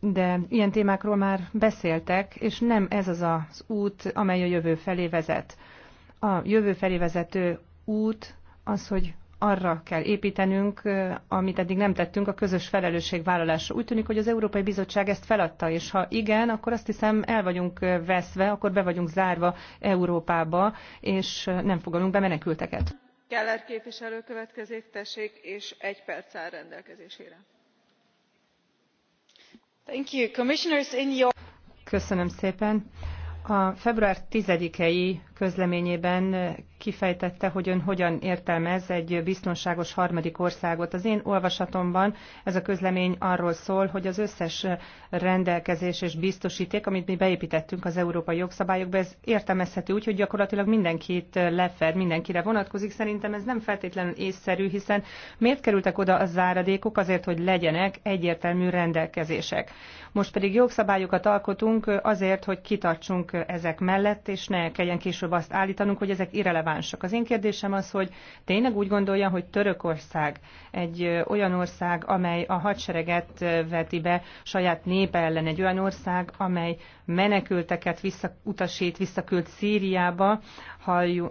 De ilyen témákról már beszéltek, és nem ez az az út, amely a jövő felé vezet a jövő felé vezető út az, hogy arra kell építenünk, amit eddig nem tettünk, a közös felelősségvállalásra. Úgy tűnik, hogy az Európai Bizottság ezt feladta, és ha igen, akkor azt hiszem el vagyunk veszve, akkor be vagyunk zárva Európába, és nem fogalunk be menekülteket. Keller képviselő következik, tessék, és egy perc áll rendelkezésére. Thank you. Commissioners in your... Köszönöm szépen a február 10-i közleményében kifejtette, hogy ön hogyan értelmez egy biztonságos harmadik országot. Az én olvasatomban ez a közlemény arról szól, hogy az összes rendelkezés és biztosíték, amit mi beépítettünk az európai jogszabályokba, ez értelmezhető úgy, hogy gyakorlatilag mindenkit lefed, mindenkire vonatkozik. Szerintem ez nem feltétlenül észszerű, hiszen miért kerültek oda a záradékok azért, hogy legyenek egyértelmű rendelkezések. Most pedig jogszabályokat alkotunk azért, hogy kitartsunk ezek mellett, és ne kelljen később azt állítanunk, hogy ezek irrelevánsak. Az én kérdésem az, hogy tényleg úgy gondolja, hogy Törökország egy olyan ország, amely a hadsereget veti be saját népe ellen, egy olyan ország, amely menekülteket visszautasít, visszaküld Szíriába.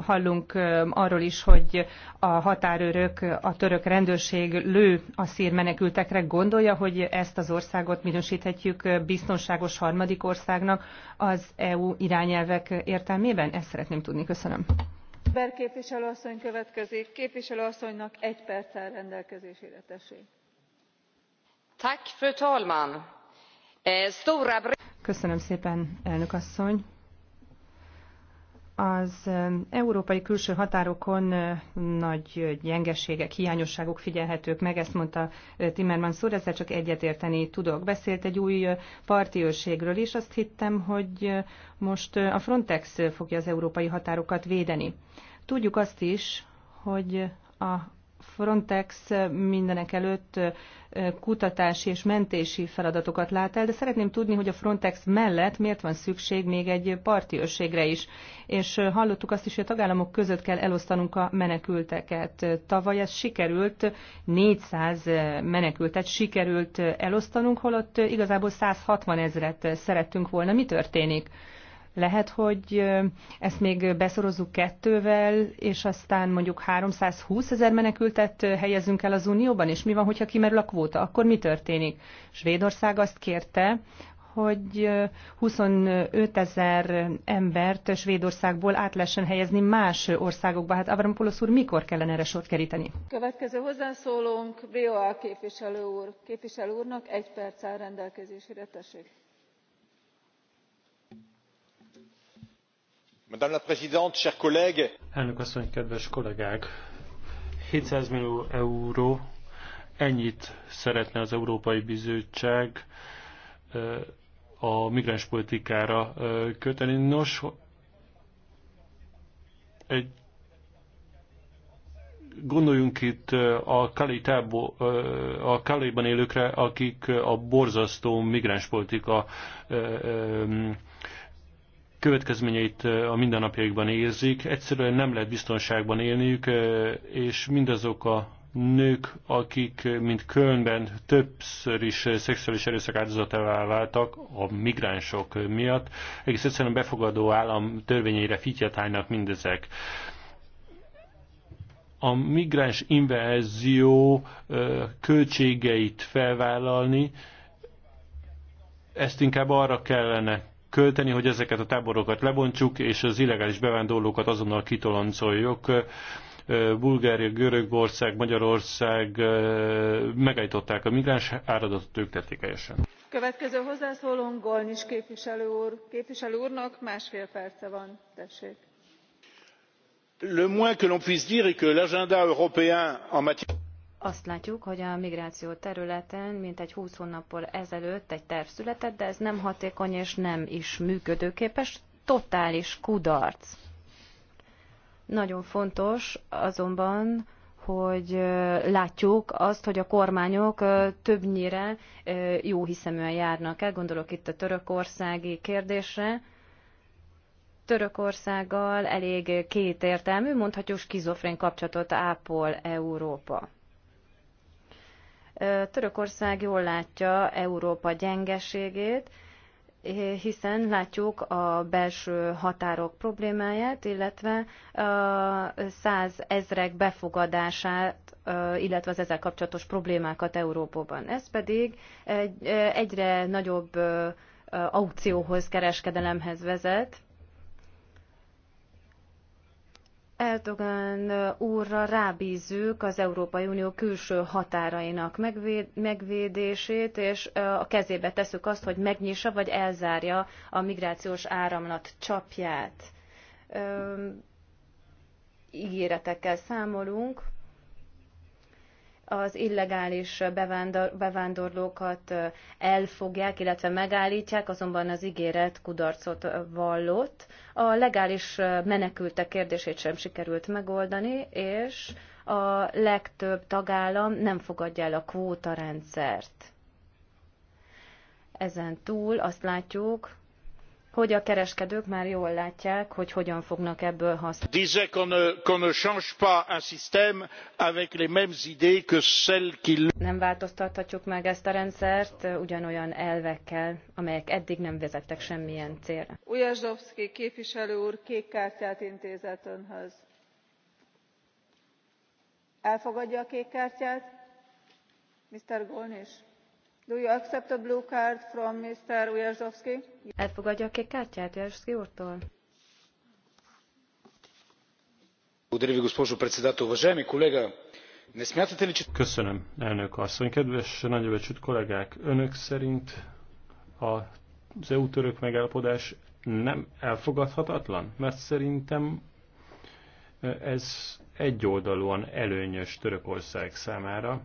Hallunk arról is, hogy a határőrök, a török rendőrség lő a szír menekültekre. Gondolja, hogy ezt az országot minősíthetjük biztonságos harmadik országnak az EU irányelvek értelmében? Ezt szeretném tudni. Köszönöm. Ber képviselőasszony következik. Képviselőasszonynak egy perccel rendelkezésére. Tessék. Tack, fru talman! Eh, stora Köszönöm szépen, elnök asszony. Az európai külső határokon nagy gyengeségek, hiányosságok figyelhetők meg, ezt mondta Timmermans úr, ezzel csak egyetérteni tudok. Beszélt egy új parti őrségről is, azt hittem, hogy most a Frontex fogja az európai határokat védeni. Tudjuk azt is, hogy a Frontex mindenek előtt kutatási és mentési feladatokat lát el, de szeretném tudni, hogy a Frontex mellett miért van szükség még egy parti őrségre is. És hallottuk azt is, hogy a tagállamok között kell elosztanunk a menekülteket. Tavaly ez sikerült, 400 menekültet sikerült elosztanunk, holott igazából 160 ezret szerettünk volna. Mi történik? Lehet, hogy ezt még beszorozzuk kettővel, és aztán mondjuk 320 ezer menekültet helyezünk el az Unióban, és mi van, hogyha kimerül a kvóta? Akkor mi történik? Svédország azt kérte, hogy 25 ezer embert Svédországból át lehessen helyezni más országokba. Hát Avramopoulos úr, mikor kellene erre sort keríteni? Következő hozzászólónk, BOA képviselő úr. Képviselő úrnak egy perc áll rendelkezésére, tessék Madame la Présidente, chers collègues. Elnök asszony, kedves kollégák! 700 millió euró, ennyit szeretne az Európai Bizottság a migránspolitikára költeni. Nos, egy gondoljunk itt a Kalitábo, a Kaliban élőkre, akik a borzasztó migránspolitika politika következményeit a mindennapjaikban érzik, egyszerűen nem lehet biztonságban élniük, és mindazok a nők, akik, mint Kölnben többször is szexuális erőszak áldozatává váltak a migránsok miatt, egész egyszerűen befogadó állam törvényeire fityetálnak mindezek. A migráns inverzió költségeit felvállalni, ezt inkább arra kellene költeni, hogy ezeket a táborokat lebontsuk, és az illegális bevándorlókat azonnal kitoloncoljuk. Bulgária, Görögország, Magyarország megállították a migráns áradatot, ők tették helyesen. Következő hozzászólónk Golnis képviselő úr. Képviselő úrnak másfél perce van. Tessék. Le moins que l'on puisse dire est que l'agenda européen en matière azt látjuk, hogy a migráció területen mintegy 20 hónappal ezelőtt egy terv született, de ez nem hatékony és nem is működőképes, totális kudarc. Nagyon fontos azonban, hogy látjuk azt, hogy a kormányok többnyire jó hiszeműen járnak el. Gondolok itt a törökországi kérdésre. Törökországgal elég kétértelmű, mondhatjuk skizofrén kapcsolatot ápol Európa. Törökország jól látja Európa gyengeségét, hiszen látjuk a belső határok problémáját, illetve száz ezrek befogadását, illetve az ezzel kapcsolatos problémákat Európában. Ez pedig egyre nagyobb aukcióhoz, kereskedelemhez vezet, Erdogan úrra rábízzük az Európai Unió külső határainak megvéd, megvédését, és a kezébe tesszük azt, hogy megnyissa vagy elzárja a migrációs áramlat csapját. Ígéretekkel számolunk, az illegális bevándorlókat elfogják, illetve megállítják, azonban az ígéret kudarcot vallott. A legális menekültek kérdését sem sikerült megoldani, és a legtöbb tagállam nem fogadja el a kvótarendszert. Ezen túl azt látjuk, hogy a kereskedők már jól látják, hogy hogyan fognak ebből használni. Disait qu'on ne, qu'on ne change pas un système avec les mêmes idées que celles qui... Nem változtathatjuk meg ezt a rendszert ugyanolyan elvekkel, amelyek eddig nem vezettek semmilyen célra. Ujazsdowski képviselő úr kék kártyát intézett önhöz. Elfogadja a kék kártyát? Mr. Golnish? Do you accept a blue card from Mr. Ujazdowski? Elfogadja a kék kártyát Ujazdowski úrtól? Köszönöm, elnök asszony. Kedves nagybecsült kollégák, önök szerint az EU-török megállapodás nem elfogadhatatlan? Mert szerintem eh, ez egyoldalúan előnyös Törökország számára.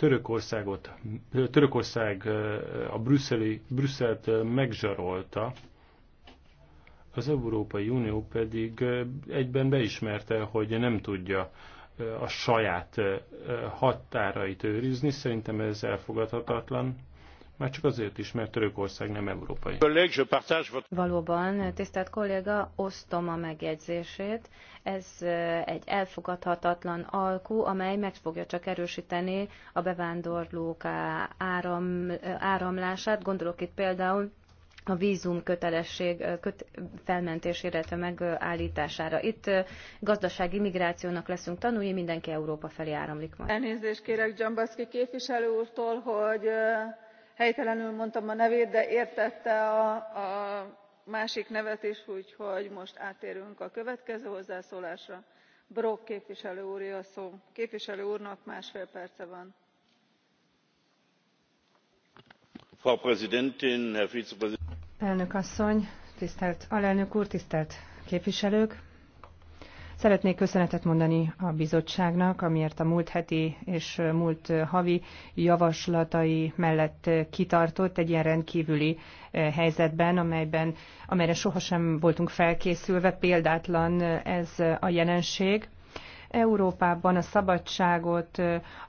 Törökországot, Törökország a brüsszeli, Brüsszelt megzsarolta, az Európai Unió pedig egyben beismerte, hogy nem tudja a saját határait őrizni. Szerintem ez elfogadhatatlan. Már csak azért is, mert Törökország nem európai. Valóban, tisztelt kolléga, osztom a megjegyzését. Ez egy elfogadhatatlan alkú, amely meg fogja csak erősíteni a bevándorlók áram, áramlását. Gondolok itt például a vízum kötelesség köt, felmentésére, illetve megállítására. Itt gazdasági migrációnak leszünk tanulni, mindenki Európa felé áramlik majd. Elnézést kérek Dzsambaszki képviselő úrtól, hogy helytelenül mondtam a nevét de értette a másik nevet is úgyhogy most áttérünk a következő hozzászólásra. brok képviselő úré a szó. képviselő úrnak másfél perce van. frau präsidentin herr vizepräsident! elnök asszony tisztelt alelnök úr tisztelt képviselők! Szeretnék köszönetet mondani a bizottságnak, amiért a múlt heti és múlt havi javaslatai mellett kitartott egy ilyen rendkívüli helyzetben, amelyben, amelyre sohasem voltunk felkészülve, példátlan ez a jelenség Európában a szabadságot,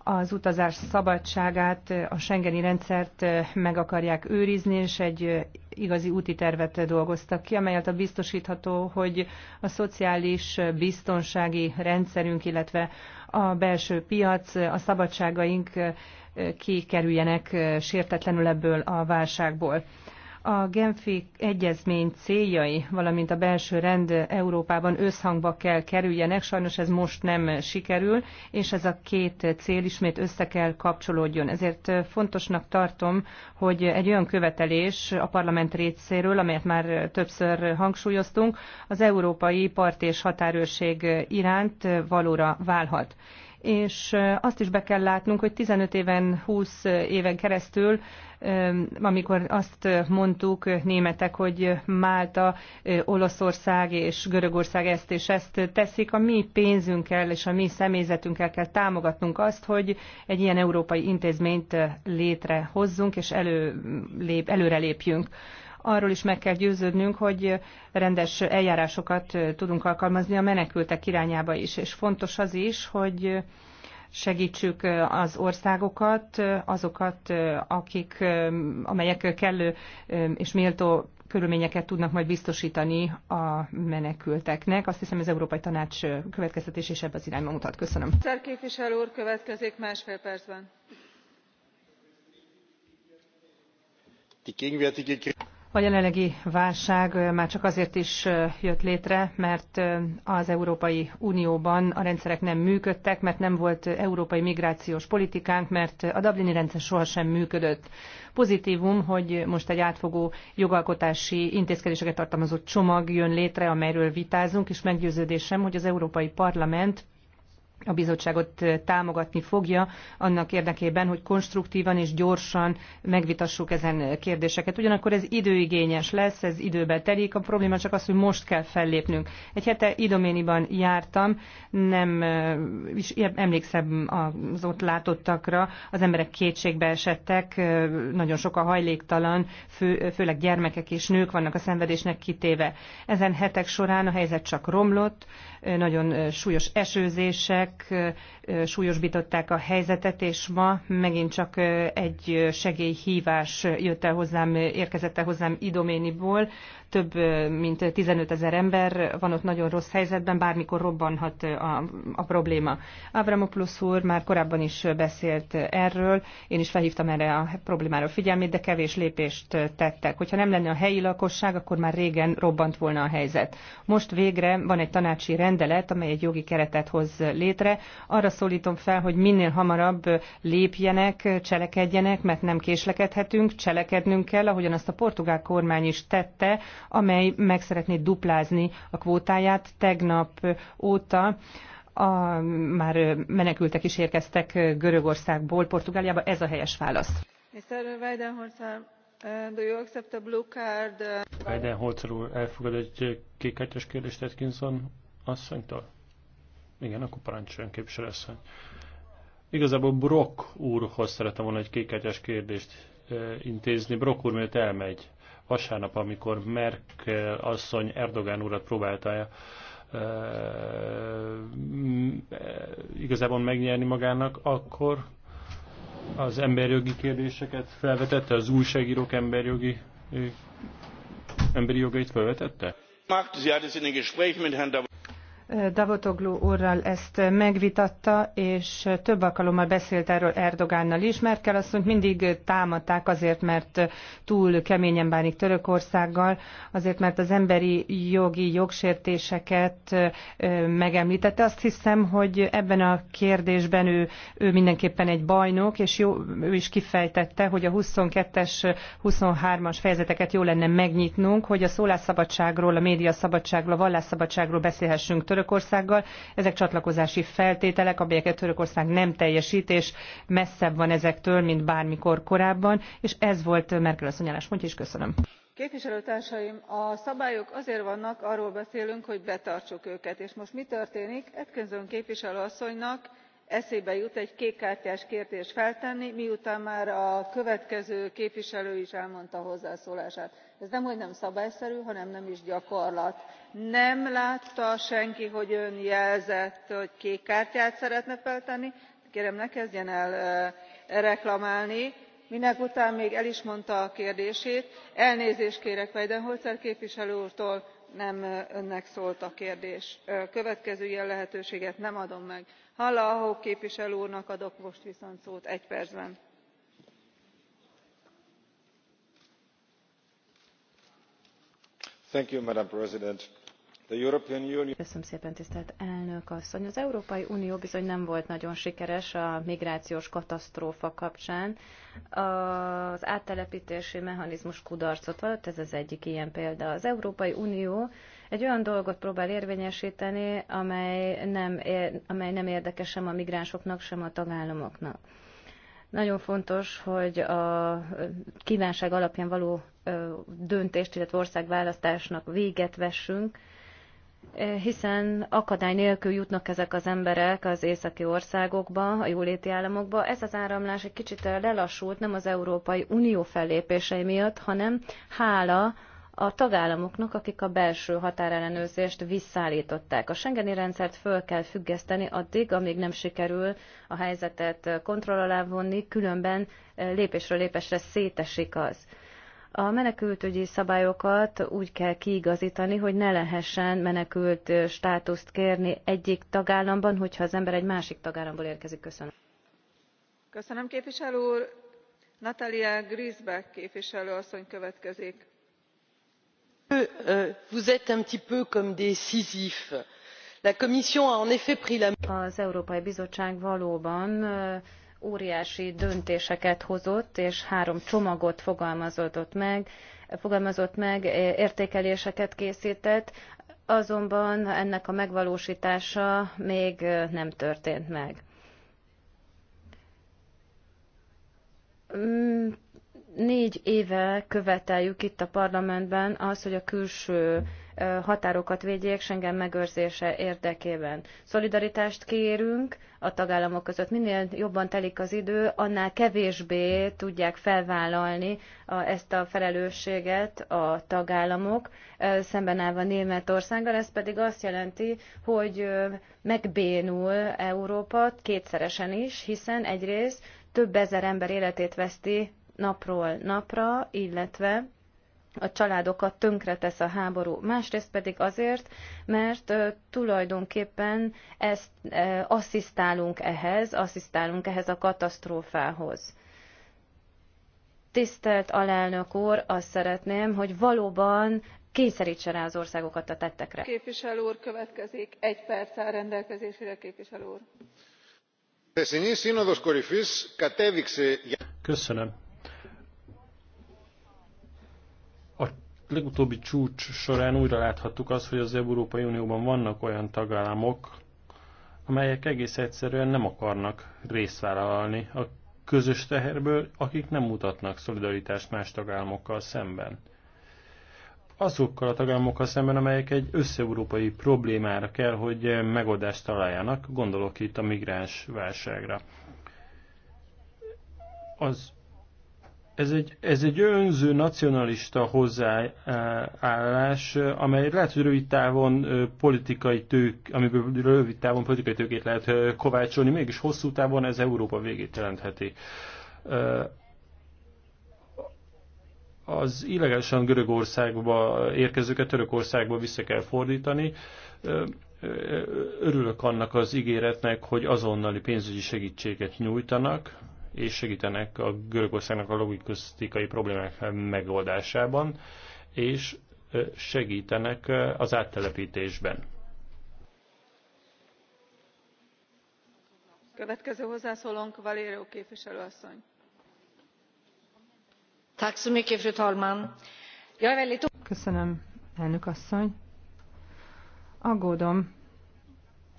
az utazás szabadságát, a Schengeni rendszert meg akarják őrizni, és egy igazi úti tervet dolgoztak ki, amelyet a biztosítható, hogy a szociális biztonsági rendszerünk, illetve a belső piac, a szabadságaink kikerüljenek sértetlenül ebből a válságból. A Genfi egyezmény céljai, valamint a belső rend Európában összhangba kell kerüljenek, sajnos ez most nem sikerül, és ez a két cél ismét össze kell kapcsolódjon. Ezért fontosnak tartom, hogy egy olyan követelés a parlament részéről, amelyet már többször hangsúlyoztunk, az európai part és határőrség iránt valóra válhat és azt is be kell látnunk, hogy 15 éven, 20 éven keresztül, amikor azt mondtuk németek, hogy Málta, Olaszország és Görögország ezt és ezt teszik, a mi pénzünkkel és a mi személyzetünkkel kell támogatnunk azt, hogy egy ilyen európai intézményt létrehozzunk és elő, lép, előrelépjünk arról is meg kell győződnünk, hogy rendes eljárásokat tudunk alkalmazni a menekültek irányába is. És fontos az is, hogy segítsük az országokat, azokat, akik, amelyek kellő és méltó körülményeket tudnak majd biztosítani a menekülteknek. Azt hiszem, az Európai Tanács következtetés is ebbe az irányba mutat. Köszönöm. Szer képviselő úr következik másfél percben. A jelenlegi válság már csak azért is jött létre, mert az Európai Unióban a rendszerek nem működtek, mert nem volt európai migrációs politikánk, mert a Dublini rendszer sohasem működött. Pozitívum, hogy most egy átfogó jogalkotási intézkedéseket tartalmazó csomag jön létre, amelyről vitázunk, és meggyőződésem, hogy az Európai Parlament a bizottságot támogatni fogja annak érdekében, hogy konstruktívan és gyorsan megvitassuk ezen kérdéseket. Ugyanakkor ez időigényes lesz, ez időbe telik, a probléma csak az, hogy most kell fellépnünk. Egy hete Idoméniban jártam, nem is emlékszem az ott látottakra, az emberek kétségbe esettek, nagyon sok a hajléktalan, fő, főleg gyermekek és nők vannak a szenvedésnek kitéve. Ezen hetek során a helyzet csak romlott, nagyon súlyos esőzések, tervek súlyosbították a helyzetet, és ma megint csak egy segélyhívás jött el hozzám, érkezett el hozzám Idoméniból. Több mint 15 ezer ember van ott nagyon rossz helyzetben, bármikor robbanhat a, a probléma. Avramopoulos úr már korábban is beszélt erről, én is felhívtam erre a problémára a figyelmét, de kevés lépést tettek. Hogyha nem lenne a helyi lakosság, akkor már régen robbant volna a helyzet. Most végre van egy tanácsi rendelet, amely egy jogi keretet hoz létre, helyzetre. Arra szólítom fel, hogy minél hamarabb lépjenek, cselekedjenek, mert nem késlekedhetünk, cselekednünk kell, ahogyan azt a portugál kormány is tette, amely meg szeretné duplázni a kvótáját tegnap óta a, már menekültek is érkeztek Görögországból, Portugáliába. Ez a helyes válasz. Mr. Weidenholzer, uh, do you accept a blue card? Weidenholzer úr, elfogad egy kékkártyás kérdést Atkinson asszonytól? Igen, akkor parancsoljon képviselőasszony. Igazából Brock úrhoz szeretem volna egy kékegyes kérdést intézni. Brock úr, miért elmegy vasárnap, amikor Merkel asszony Erdogán urat próbálta igazából megnyerni magának, akkor az emberjogi kérdéseket felvetette, az újságírók emberjogi emberi jogait felvetette? Davotoglu úrral ezt megvitatta, és több alkalommal beszélt erről Erdogánnal is. Merkel asszonyt mindig támadták azért, mert túl keményen bánik Törökországgal, azért, mert az emberi jogi jogsértéseket megemlítette. Azt hiszem, hogy ebben a kérdésben ő, ő mindenképpen egy bajnok, és jó, ő is kifejtette, hogy a 22-es, 23-as fejezeteket jó lenne megnyitnunk, hogy a szólásszabadságról, a médiaszabadságról, a vallásszabadságról beszélhessünk török Törökországgal. Ezek csatlakozási feltételek, amelyeket Törökország nem teljesít, és messzebb van ezektől, mint bármikor korábban, és ez volt Merkel asszony álláspontja, is köszönöm képviselőtársaim a szabályok azért vannak arról beszélünk hogy betartsuk őket és most mi történik? atkinson képviselő asszonynak eszébe jut egy kékkártyás kérdést feltenni miután már a következő képviselő is elmondta hozzászólását ez nemhogy nem szabályszerű hanem nem is gyakorlat. nem látta senki hogy ön jelzett hogy kék kártyát szeretne feltenni kérem ne kezdjen el reklamálni mindezután még el is mondta a kérdését. elnézést kérek weidenholzer képviselő úrtól nem önnek szólt a kérdés. következő ilyen lehetőséget nem adom meg. halla képviselő úrnak adok most viszont szót egy percben. Az Európai Unió bizony nem volt nagyon sikeres a migrációs katasztrófa kapcsán. Az áttelepítési mechanizmus kudarcot vallott, ez az egyik ilyen példa. Az Európai Unió egy olyan dolgot próbál érvényesíteni, amely nem, amely nem érdekes sem a migránsoknak, sem a tagállamoknak. Nagyon fontos, hogy a kívánság alapján való döntést, illetve országválasztásnak véget vessünk, hiszen akadály nélkül jutnak ezek az emberek az északi országokba, a jóléti államokba. Ez az áramlás egy kicsit lelassult, nem az Európai Unió fellépései miatt, hanem hála a tagállamoknak, akik a belső határellenőrzést visszaállították. A Schengeni rendszert föl kell függeszteni addig, amíg nem sikerül a helyzetet kontroll alá vonni, különben lépésről lépésre szétesik az. A menekültügyi szabályokat úgy kell kiigazítani, hogy ne lehessen menekült státuszt kérni egyik tagállamban, hogyha az ember egy másik tagállamból érkezik. Köszönöm. Köszönöm képviselő úr. Natalia Griesbeck képviselő asszony következik az európai bizottság valóban euh, óriási döntéseket hozott és három csomagot fogalmazott meg, fogalmazott meg értékeléseket késztett azonban ennek a megvalósítása még nem történt meg mm, Négy éve követeljük itt a parlamentben az, hogy a külső határokat védjék Schengen megőrzése érdekében. Szolidaritást kérünk a tagállamok között. Minél jobban telik az idő, annál kevésbé tudják felvállalni a, ezt a felelősséget a tagállamok, szemben állva Németországgal. Ez pedig azt jelenti, hogy megbénul Európa kétszeresen is, hiszen egyrészt több ezer ember életét veszti napról napra, illetve a családokat tönkretesz a háború. Másrészt pedig azért, mert ö, tulajdonképpen ezt ö, asszisztálunk ehhez, asszisztálunk ehhez a katasztrófához. Tisztelt alelnök úr, azt szeretném, hogy valóban kényszerítse rá az országokat a tettekre. Képviselő úr következik. Egy perc áll rendelkezésére, képviselő úr. Köszönöm legutóbbi csúcs során újra láthattuk azt, hogy az Európai Unióban vannak olyan tagállamok, amelyek egész egyszerűen nem akarnak részt vállalni a közös teherből, akik nem mutatnak szolidaritást más tagállamokkal szemben. Azokkal a tagállamokkal szemben, amelyek egy összeurópai problémára kell, hogy megoldást találjanak, gondolok itt a migráns válságra. Az ez egy, ez egy önző nacionalista hozzáállás, amely lehet, hogy rövid távon politikai tők, amiből rövid távon politikai tőkét lehet kovácsolni, mégis hosszú távon ez Európa végét jelentheti. Az illegálisan Görögországba érkezőket Törökországba vissza kell fordítani. Örülök annak az ígéretnek, hogy azonnali pénzügyi segítséget nyújtanak és segítenek a Görögországnak a logisztikai problémák megoldásában, és segítenek az áttelepítésben. Következő hozzászólónk Valério képviselő asszony. Köszönöm, elnök asszony. Aggódom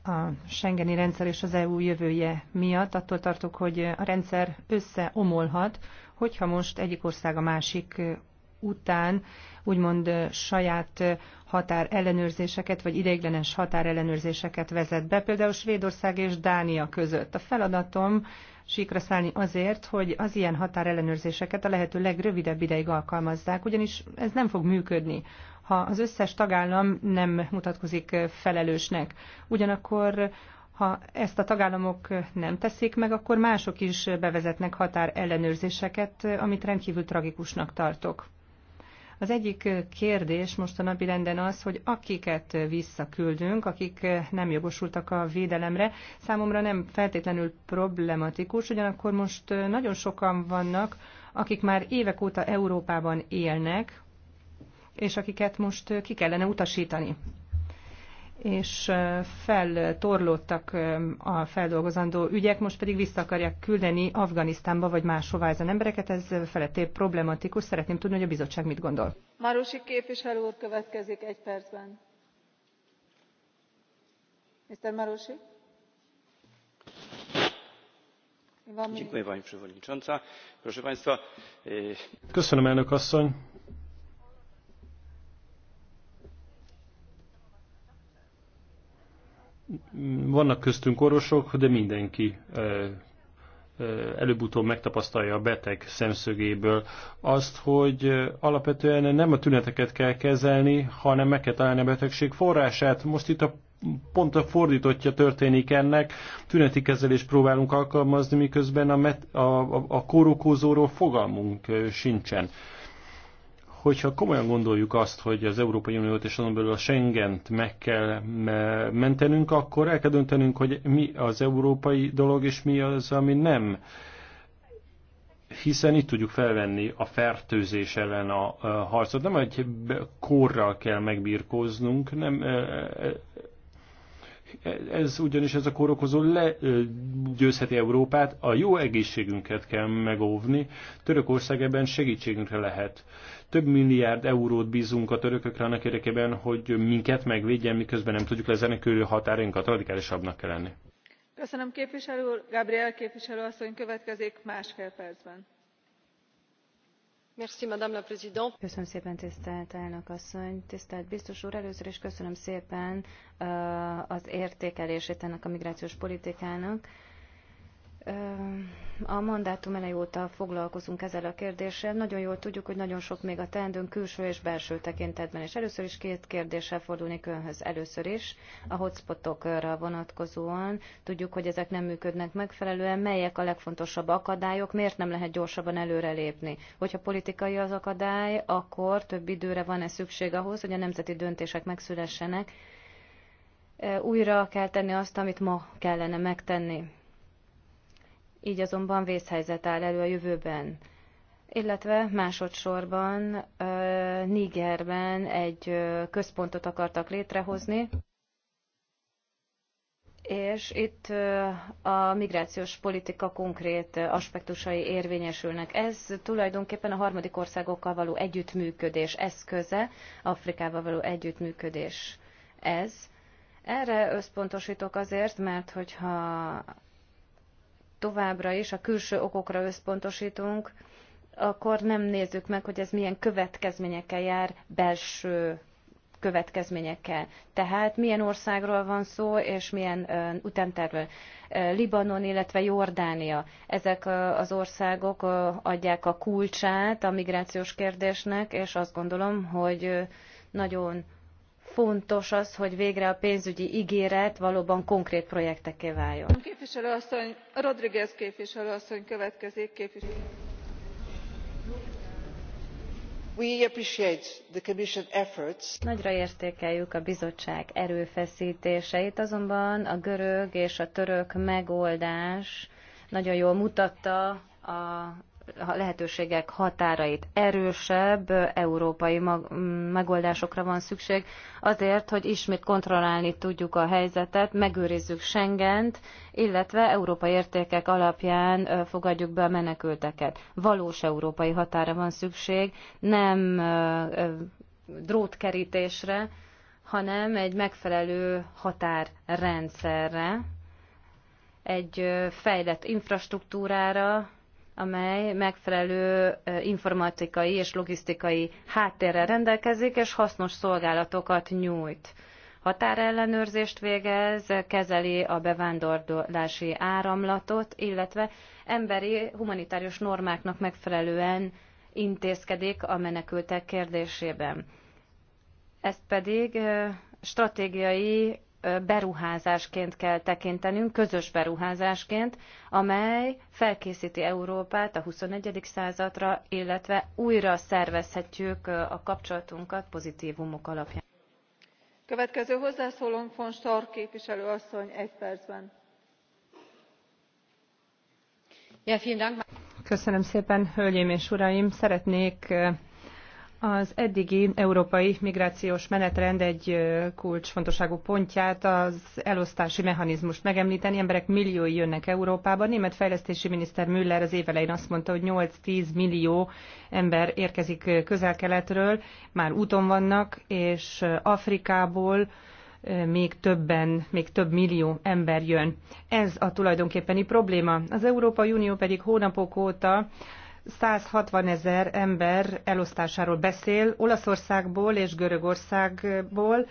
a Schengeni rendszer és az EU jövője miatt. Attól tartok, hogy a rendszer összeomolhat, hogyha most egyik ország a másik után úgymond saját határellenőrzéseket, vagy ideiglenes határellenőrzéseket vezet be, például Svédország és Dánia között. A feladatom síkra szállni azért, hogy az ilyen határellenőrzéseket a lehető legrövidebb ideig alkalmazzák, ugyanis ez nem fog működni ha az összes tagállam nem mutatkozik felelősnek. Ugyanakkor ha ezt a tagállamok nem teszik meg, akkor mások is bevezetnek határ ellenőrzéseket, amit rendkívül tragikusnak tartok. Az egyik kérdés most a napi renden az, hogy akiket visszaküldünk, akik nem jogosultak a védelemre, számomra nem feltétlenül problematikus, ugyanakkor most nagyon sokan vannak, akik már évek óta Európában élnek, és akiket most ki kellene utasítani és feltorlódtak a feldolgozandó ügyek, most pedig vissza akarják küldeni Afganisztánba vagy máshová ezen embereket, ez feletté problematikus. Szeretném tudni, hogy a bizottság mit gondol. Marosi képviselő úr következik egy percben. Mr. Marosi. Köszönöm, elnök asszony vannak köztünk orvosok, de mindenki előbb-utóbb megtapasztalja a beteg szemszögéből azt, hogy alapvetően nem a tüneteket kell kezelni, hanem meg kell találni a betegség forrását. Most itt a pont a fordítottja történik ennek, tüneti kezelést próbálunk alkalmazni, miközben a, met, a, a, a fogalmunk sincsen hogyha komolyan gondoljuk azt, hogy az Európai Uniót és azon belül a Schengent meg kell mentenünk, akkor el kell döntenünk, hogy mi az európai dolog, és mi az, ami nem. Hiszen itt tudjuk felvenni a fertőzés ellen a harcot. Nem egy korral kell megbírkoznunk, nem e, e, ez ugyanis ez a kórokozó legyőzheti Európát, a jó egészségünket kell megóvni, Törökország ebben segítségünkre lehet. Több milliárd eurót bízunk a törökökre annak érdekében, hogy minket megvédjen, miközben nem tudjuk lezenni körül határainkat, radikálisabbnak kell lenni. Köszönöm képviselő úr, Gabriel képviselő asszony következik másfél percben Köszönöm szépen, tisztelt elnök asszony, tisztelt biztos úr. Először is köszönöm szépen az értékelését ennek a migrációs politikának. A mandátum elej óta foglalkozunk ezzel a kérdéssel. Nagyon jól tudjuk, hogy nagyon sok még a teendőnk külső és belső tekintetben. És először is két kérdéssel fordulni önhöz. Először is a hotspotokra vonatkozóan. Tudjuk, hogy ezek nem működnek megfelelően. Melyek a legfontosabb akadályok? Miért nem lehet gyorsabban előrelépni? Hogyha politikai az akadály, akkor több időre van-e szükség ahhoz, hogy a nemzeti döntések megszülessenek? Újra kell tenni azt, amit ma kellene megtenni így azonban vészhelyzet áll elő a jövőben. Illetve másodszorban Nigerben egy központot akartak létrehozni, és itt a migrációs politika konkrét aspektusai érvényesülnek. Ez tulajdonképpen a harmadik országokkal való együttműködés eszköze, Afrikával való együttműködés ez. Erre összpontosítok azért, mert hogyha továbbra is a külső okokra összpontosítunk, akkor nem nézzük meg, hogy ez milyen következményekkel jár belső következményekkel. Tehát milyen országról van szó, és milyen uh, utántervről. Uh, Libanon, illetve Jordánia. Ezek uh, az országok adják a kulcsát a migrációs kérdésnek, és azt gondolom, hogy nagyon fontos az, hogy végre a pénzügyi géret valóban konkrét projektekké váljon. Rodriguez Képviselő. Nagyra értékeljük a bizottság erőfeszítéseit, azonban a görög és a török megoldás nagyon jól mutatta a lehetőségek határait erősebb európai megoldásokra van szükség, azért, hogy ismét kontrollálni tudjuk a helyzetet, megőrizzük Schengent, illetve európai értékek alapján fogadjuk be a menekülteket. Valós európai határa van szükség, nem drótkerítésre, hanem egy megfelelő határrendszerre, egy fejlett infrastruktúrára, amely megfelelő informatikai és logisztikai háttérrel rendelkezik, és hasznos szolgálatokat nyújt. Határellenőrzést végez, kezeli a bevándorlási áramlatot, illetve emberi humanitárius normáknak megfelelően intézkedik a menekültek kérdésében. Ezt pedig stratégiai beruházásként kell tekintenünk, közös beruházásként, amely felkészíti Európát a 21. századra, illetve újra szervezhetjük a kapcsolatunkat pozitívumok alapján. Következő hozzászólónk von Starr képviselő asszony egy percben. Köszönöm szépen, hölgyeim és uraim! Szeretnék az eddigi európai migrációs menetrend egy kulcsfontosságú pontját az elosztási mechanizmust megemlíteni. Emberek milliói jönnek Európába. Német fejlesztési miniszter Müller az évelején azt mondta, hogy 8-10 millió ember érkezik közel-keletről, már úton vannak, és Afrikából még többen, még több millió ember jön. Ez a tulajdonképpeni probléma. Az Európai Unió pedig hónapok óta 160 ezer ember elosztásáról beszél Olaszországból és Görögországból,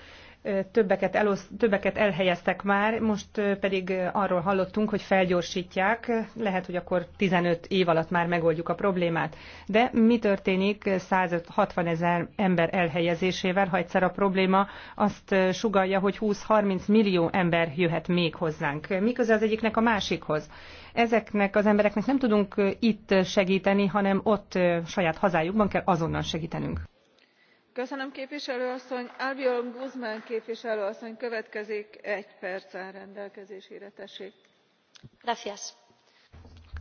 többeket, elosz, többeket elhelyeztek már, most pedig arról hallottunk, hogy felgyorsítják, lehet, hogy akkor 15 év alatt már megoldjuk a problémát. De mi történik 160 ezer ember elhelyezésével, ha egyszer a probléma azt sugalja, hogy 20-30 millió ember jöhet még hozzánk. Miközben az egyiknek a másikhoz? Ezeknek az embereknek nem tudunk itt segíteni, hanem ott saját hazájukban kell azonnal segítenünk képviselő asszony albiol guzmán képviselő következik egy perc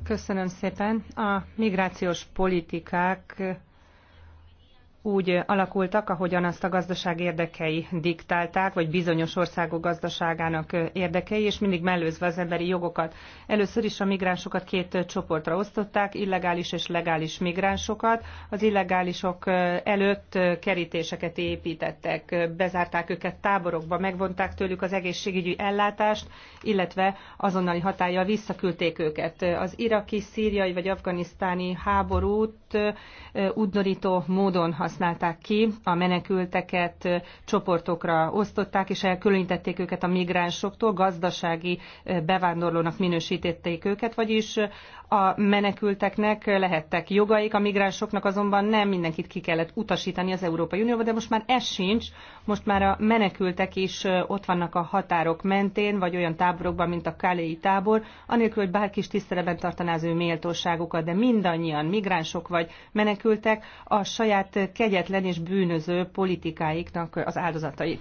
köszönöm szépen a migrációs politikák úgy alakultak, ahogyan azt a gazdaság érdekei diktálták, vagy bizonyos országok gazdaságának érdekei, és mindig mellőzve az emberi jogokat. Először is a migránsokat két csoportra osztották, illegális és legális migránsokat. Az illegálisok előtt kerítéseket építettek, bezárták őket táborokba, megvonták tőlük az egészségügyi ellátást, illetve azonnali hatája visszaküldték őket. Az iraki, szíriai vagy afganisztáni háborút eh, udnorító módon használták használták ki, a menekülteket csoportokra osztották, és elkülönítették őket a migránsoktól, gazdasági bevándorlónak minősítették őket, vagyis a menekülteknek lehettek jogaik, a migránsoknak azonban nem mindenkit ki kellett utasítani az Európai Unióba, de most már ez sincs, most már a menekültek is ott vannak a határok mentén, vagy olyan táborokban, mint a Káléi tábor, anélkül, hogy bárki is tiszteleben tartaná az ő méltóságukat, de mindannyian migránsok vagy menekültek a saját kegyetlen és bűnöző politikáiknak az áldozatai.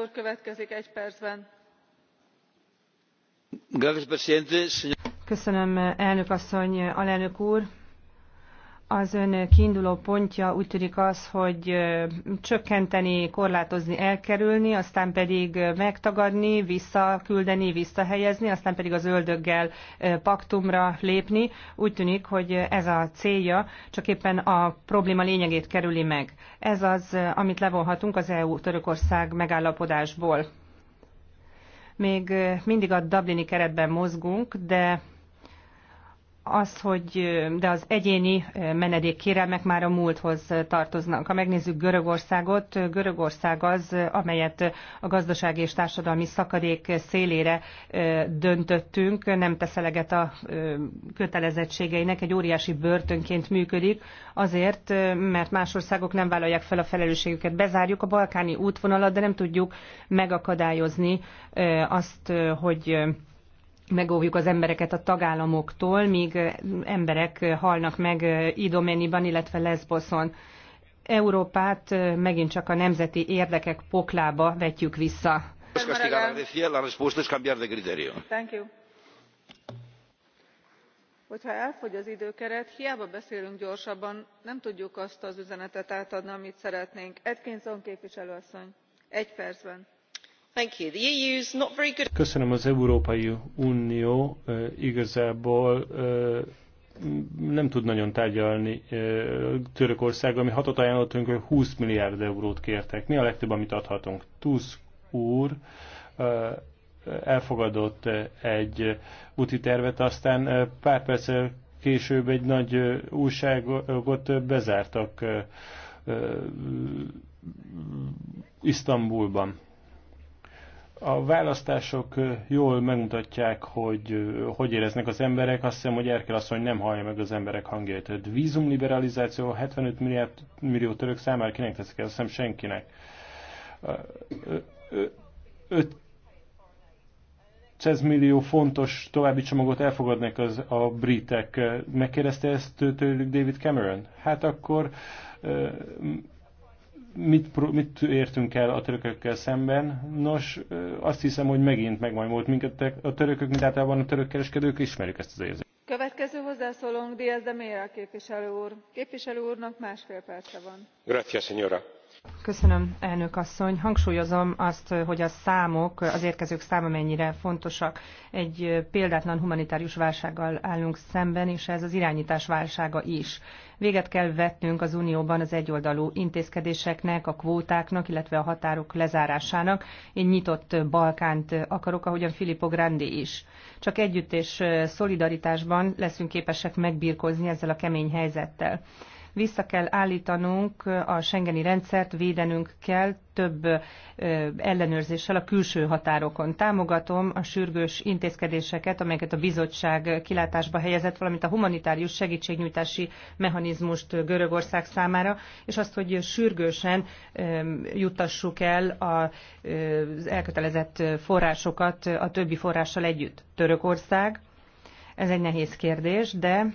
Úr, következik egy percben. Gracias, presidente. Köszönöm, elnök asszony, alelnök úr. Az ön kiinduló pontja úgy tűnik az, hogy csökkenteni, korlátozni, elkerülni, aztán pedig megtagadni, visszaküldeni, visszahelyezni, aztán pedig az öldöggel paktumra lépni. Úgy tűnik, hogy ez a célja, csak éppen a probléma lényegét kerüli meg. Ez az, amit levonhatunk az EU-Törökország megállapodásból. Még mindig a Dublini keretben mozgunk, de az, hogy de az egyéni menedékkérelmek már a múlthoz tartoznak. Ha megnézzük Görögországot, Görögország az, amelyet a gazdasági és társadalmi szakadék szélére döntöttünk, nem tesz eleget a kötelezettségeinek, egy óriási börtönként működik, azért, mert más országok nem vállalják fel a felelősségüket. Bezárjuk a balkáni útvonalat, de nem tudjuk megakadályozni azt, hogy megóvjuk az embereket a tagállamoktól, míg emberek halnak meg idoméniban illetve Lesboszon. Európát megint csak a nemzeti érdekek poklába vetjük vissza. Thank you hogyha elfogy az időkeret hiába beszélünk gyorsabban nem tudjuk azt az üzenetet átadni amit szeretnénk. atkinson képviselő asszony egy percben. E Köszönöm az Európai Unió igazából nem tud nagyon tárgyalni Törökország, ami hatot ajánlottunk, hogy 20 milliárd eurót kértek. Mi a legtöbb, amit adhatunk? Tusk úr elfogadott egy úti tervet, aztán pár perccel később egy nagy újságot bezártak Isztambulban. A választások jól megmutatják, hogy hogy éreznek az emberek. Azt hiszem, hogy Erkel asszony nem hallja meg az emberek hangját. Vízumliberalizáció 75 milliárd, millió török számára kinek teszik el? Azt hiszem senkinek. 500 millió fontos további csomagot elfogadnak az, a britek. Megkérdezte ezt tőlük David Cameron? Hát akkor mit, mit értünk el a törökökkel szemben? Nos, azt hiszem, hogy megint megmajmolt minket a törökök, mint általában a török kereskedők, ismerjük ezt az érzést. Következő hozzászólónk Diaz de Mera képviselő úr. Képviselő úrnak másfél perce van. Gracias, señora Köszönöm, elnök asszony. Hangsúlyozom azt, hogy a számok, az érkezők száma mennyire fontosak. Egy példátlan humanitárius válsággal állunk szemben, és ez az irányítás válsága is. Véget kell vetnünk az Unióban az egyoldalú intézkedéseknek, a kvótáknak, illetve a határok lezárásának. Én nyitott Balkánt akarok, ahogyan Filippo Grandi is. Csak együtt és szolidaritásban leszünk képesek megbirkózni ezzel a kemény helyzettel vissza kell állítanunk a Schengeni rendszert, védenünk kell több ellenőrzéssel a külső határokon. Támogatom a sürgős intézkedéseket, amelyeket a bizottság kilátásba helyezett, valamint a humanitárius segítségnyújtási mechanizmust Görögország számára, és azt, hogy sürgősen juttassuk el az elkötelezett forrásokat a többi forrással együtt. Törökország, ez egy nehéz kérdés, de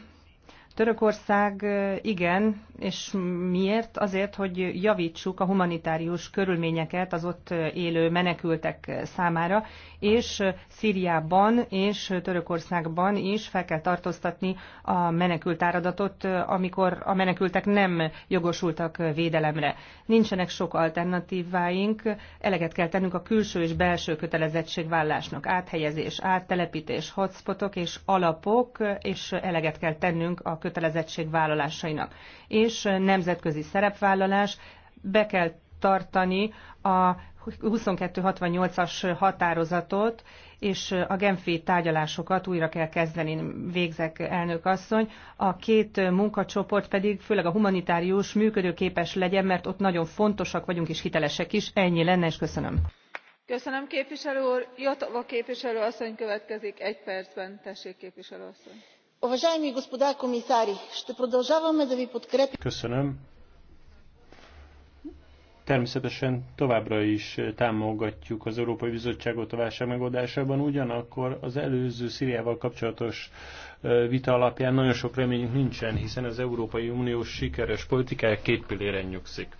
Törökország igen, és miért? Azért, hogy javítsuk a humanitárius körülményeket az ott élő menekültek számára, és Szíriában és Törökországban is fel kell tartóztatni a menekült áradatot, amikor a menekültek nem jogosultak védelemre. Nincsenek sok alternatíváink, eleget kell tennünk a külső és belső kötelezettségvállásnak, áthelyezés, áttelepítés, hotspotok és alapok, és eleget kell tennünk a kötelezettségvállalásainak. És nemzetközi szerepvállalás, be kell tartani a 2268-as határozatot, és a Genfi tárgyalásokat újra kell kezdeni, végzek elnök asszony. A két munkacsoport pedig, főleg a humanitárius, működőképes legyen, mert ott nagyon fontosak vagyunk és hitelesek is. Ennyi lenne, és köszönöm. Köszönöm képviselő úr. Jotova képviselő asszony következik egy percben. Tessék képviselő asszony Уважаеми господа комисари, ще продължаваме да ви подкрепим. Köszönöm. Természetesen továbbra is eh, támogatjuk az Európai Bizottságot a válság megoldásában, ugyanakkor az előző Szíriával kapcsolatos eh, vita alapján nagyon sok reményünk nincsen, hiszen az Európai Unió sikeres politikája két pilléren nyugszik.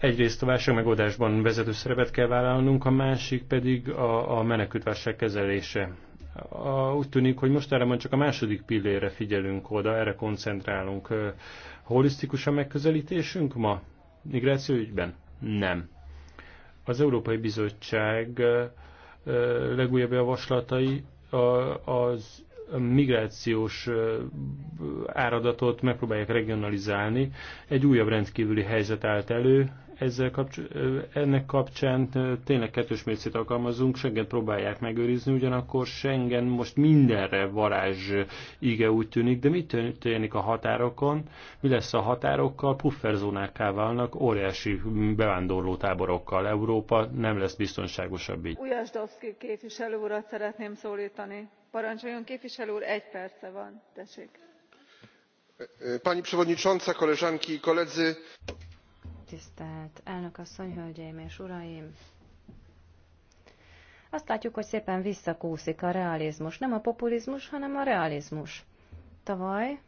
Egyrészt a válság megoldásban vezető szerepet kell vállalnunk, a másik pedig a, a menekültválság kezelése úgy tűnik, hogy most erre csak a második pillére figyelünk oda, erre koncentrálunk. Holisztikus a megközelítésünk ma ügyben? Nem. Az Európai Bizottság legújabb javaslatai az migrációs áradatot megpróbálják regionalizálni. Egy újabb rendkívüli helyzet állt elő, ezzel kapcs- ennek kapcsán tényleg kettős mércét alkalmazunk, Schengen próbálják megőrizni, ugyanakkor Schengen most mindenre varázs ige úgy tűnik, de mit történik a határokon, mi lesz a határokkal, pufferzónákká válnak, óriási bevándorló táborokkal. Európa nem lesz biztonságosabb így. Ujasdowski képviselő urat szeretném szólítani. Parancsoljon képviselő úr, egy perce van, tessék. Pani przewodnicząca, koleżanki i koledzy! tisztelt elnökasszony, hölgyeim és uraim! Azt látjuk, hogy szépen visszakúszik a realizmus. Nem a populizmus, hanem a realizmus. Tavaly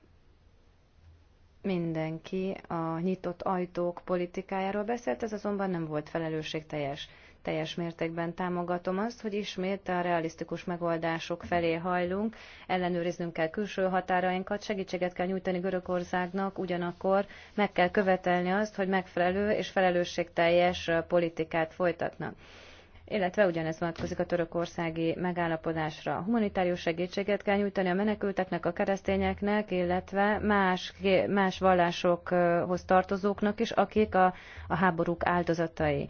mindenki a nyitott ajtók politikájáról beszélt, ez azonban nem volt felelősségteljes. teljes teljes mértékben támogatom azt, hogy ismét a realisztikus megoldások felé hajlunk, ellenőriznünk kell külső határainkat, segítséget kell nyújtani Görögországnak, ugyanakkor meg kell követelni azt, hogy megfelelő és felelősségteljes politikát folytatnak illetve ugyanez vonatkozik a törökországi megállapodásra. Humanitárius segítséget kell nyújtani a menekülteknek, a keresztényeknek, illetve más, más vallásokhoz tartozóknak is, akik a, a háborúk áldozatai.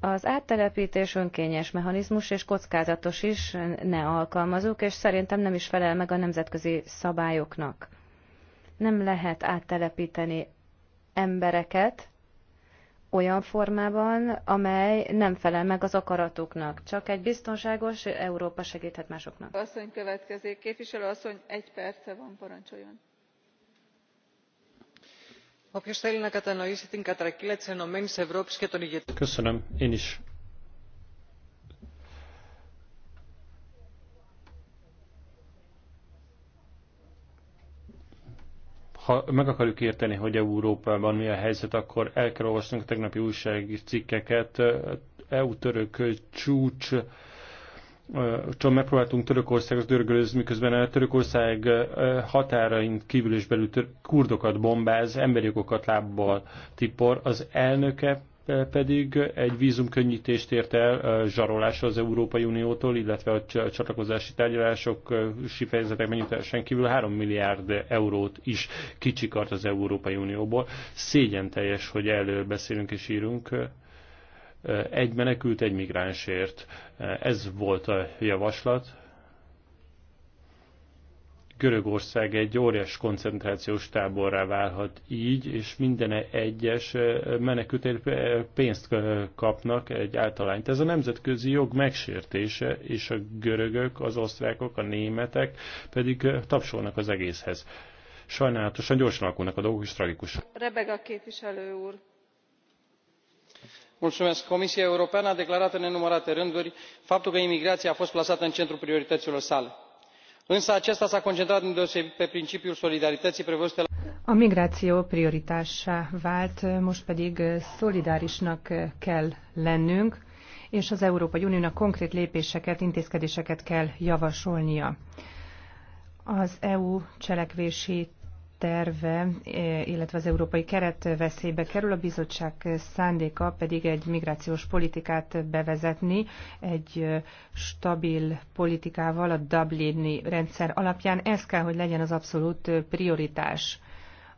Az áttelepítés önkényes mechanizmus és kockázatos is, ne alkalmazók, és szerintem nem is felel meg a nemzetközi szabályoknak. Nem lehet áttelepíteni embereket olyan formában, amely nem felel meg az akaratuknak. Csak egy biztonságos Európa segíthet másoknak. Asszony következik. Képviselő asszony, egy perce van, parancsoljon Köszönöm, én is ha meg akarjuk érteni, hogy Európában mi a helyzet, akkor el kell olvasnunk a tegnapi újságcikkeket. EU-török csúcs csak megpróbáltunk Törökországhoz dörgölözni, miközben a Törökország határain kívül és belül kurdokat bombáz, emberjogokat lábbal tipor. Az elnöke pedig egy vízumkönnyítést ért el zsarolása az Európai Uniótól, illetve a csatlakozási tárgyalások fejezetek megnyitásán kívül 3 milliárd eurót is kicsikart az Európai Unióból. Szégyen teljes, hogy erről beszélünk és írunk egy menekült, egy migránsért. Ez volt a javaslat. Görögország egy óriás koncentrációs táborrá válhat így, és minden egyes menekültért pénzt kapnak egy általányt. Ez a nemzetközi jog megsértése, és a görögök, az osztrákok, a németek pedig tapsolnak az egészhez. Sajnálatosan gyorsan alakulnak a dolgok, és tragikus. Rebega képviselő úr comisia europeană a declarat în nenumărate rânduri faptul că imigrația a fost plasată în centrul priorităților sale însă aceasta s a concentrat îndeosebi pe principiul szolidarității prevăzut a migráció prioritássá vált, most pedig szolidárisnak kell lennünk, és az Európai Uniónak konkrét lépéseket, intézkedéseket kell javasolnia. Az EU cselekvési terve, eh, illetve az európai keret veszélybe kerül, a bizottság szándéka pedig egy migrációs politikát bevezetni, egy eh, stabil politikával a Dublini rendszer alapján. Ez kell, hogy legyen az abszolút eh, prioritás.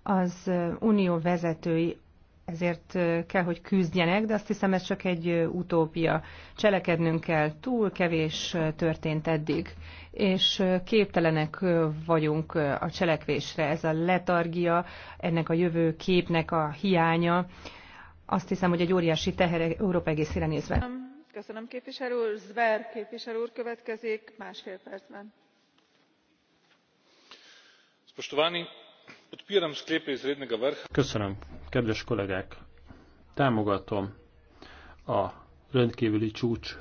Az unió vezetői ezért kell, hogy küzdjenek, de azt hiszem ez csak egy utópia. Cselekednünk kell, túl kevés történt eddig és képtelenek vagyunk a cselekvésre. Ez a letargia, ennek a jövő képnek a hiánya, azt hiszem, hogy egy óriási teher Európa egészére nézve. Köszönöm képviselő úr. Zver képviselő úr következik másfél percben. Spoštovani, podpiram sklepe izrednega vrha. Köszönöm, kedves kollégák. Támogatom a rendkívüli csúcs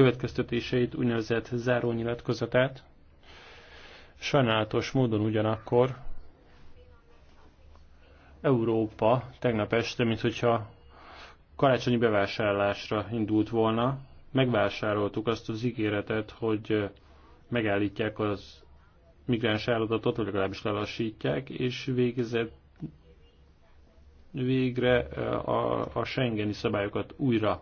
következtetéseit, úgynevezett zárónyilatkozatát. Sajnálatos módon ugyanakkor Európa tegnap este, mint hogyha karácsonyi bevásárlásra indult volna, megvásároltuk azt az ígéretet, hogy megállítják az migráns állatot, vagy legalábbis lelassítják, és végezett végre eh, a, a Schengeni szabályokat újra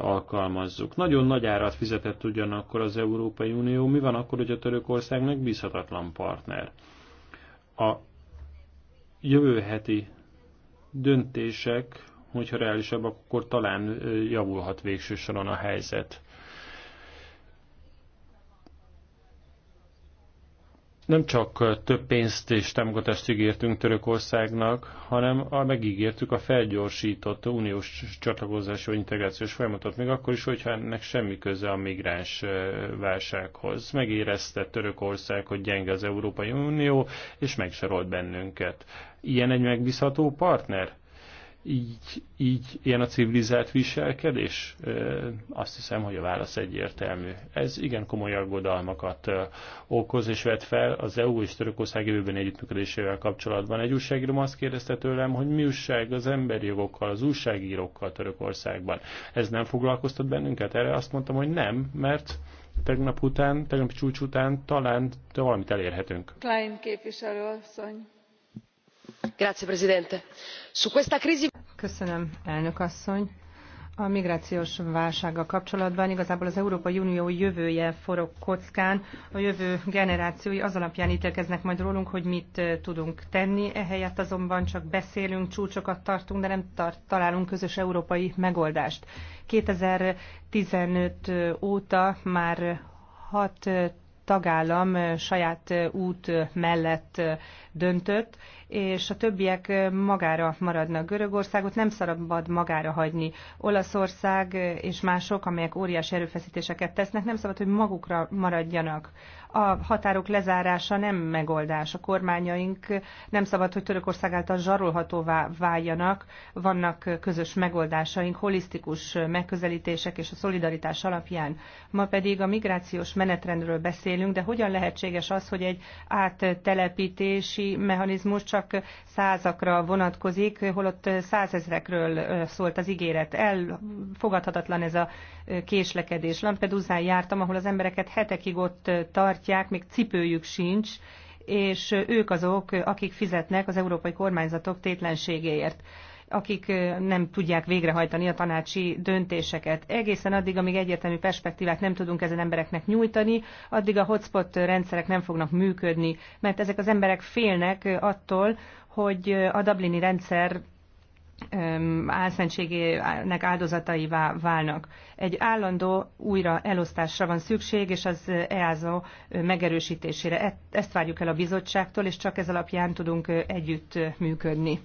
alkalmazzuk. Nagyon nagy árat fizetett ugyanakkor az Európai Unió, mi van akkor, hogy a Törökország megbízhatatlan partner? A jövő heti döntések, hogyha reálisabbak, akkor talán javulhat végső soron a helyzet. nem csak több pénzt és támogatást ígértünk Törökországnak, hanem a, megígértük a felgyorsított uniós csatlakozási vagy integrációs folyamatot, még akkor is, hogyha ennek semmi köze a migráns válsághoz. Megérezte Törökország, hogy gyenge az Európai Unió, és megsorolt bennünket. Ilyen egy megbízható partner? így, így ilyen a civilizált viselkedés? Azt hiszem, hogy a válasz egyértelmű. Ez igen komoly aggodalmakat okoz és vet fel az EU és Törökország jövőben együttműködésével kapcsolatban. Egy újságíró azt kérdezte tőlem, hogy mi újság az emberi jogokkal, az újságírókkal Törökországban. Ez nem foglalkoztat bennünket? Erre azt mondtam, hogy nem, mert tegnap után, tegnap csúcs után talán valamit elérhetünk. Klein képviselő asszony. Köszönöm, elnök asszony. A migrációs válsággal kapcsolatban igazából az Európai Unió jövője forog kockán, a jövő generációi az alapján télkeznek majd rólunk, hogy mit tudunk tenni, ehelyett azonban csak beszélünk, csúcsokat tartunk, de nem találunk közös európai megoldást. 2015 óta már hat tagállam saját út mellett döntött, és a többiek magára maradnak. Görögországot nem szabad magára hagyni. Olaszország és mások, amelyek óriási erőfeszítéseket tesznek, nem szabad, hogy magukra maradjanak a határok lezárása nem megoldás. A kormányaink nem szabad, hogy Törökország által zsarolhatóvá váljanak. Vannak közös megoldásaink, holisztikus megközelítések és a szolidaritás alapján. Ma pedig a migrációs menetrendről beszélünk, de hogyan lehetséges az, hogy egy áttelepítési mechanizmus csak százakra vonatkozik, holott százezrekről szólt az ígéret. Elfogadhatatlan ez a késlekedés. Lampedusán jártam, ahol az embereket hetekig ott tart tartják, még cipőjük sincs, és ők azok, akik fizetnek az európai kormányzatok tétlenségéért akik nem tudják végrehajtani a tanácsi döntéseket. Egészen addig, amíg egyértelmű perspektívát nem tudunk ezen embereknek nyújtani, addig a hotspot rendszerek nem fognak működni, mert ezek az emberek félnek attól, hogy a Dublini rendszer álszentségének áldozataivá válnak. Egy állandó újra elosztásra van szükség, és az EASO megerősítésére. E-, ezt várjuk el a bizottságtól, és csak ez alapján tudunk együtt működni.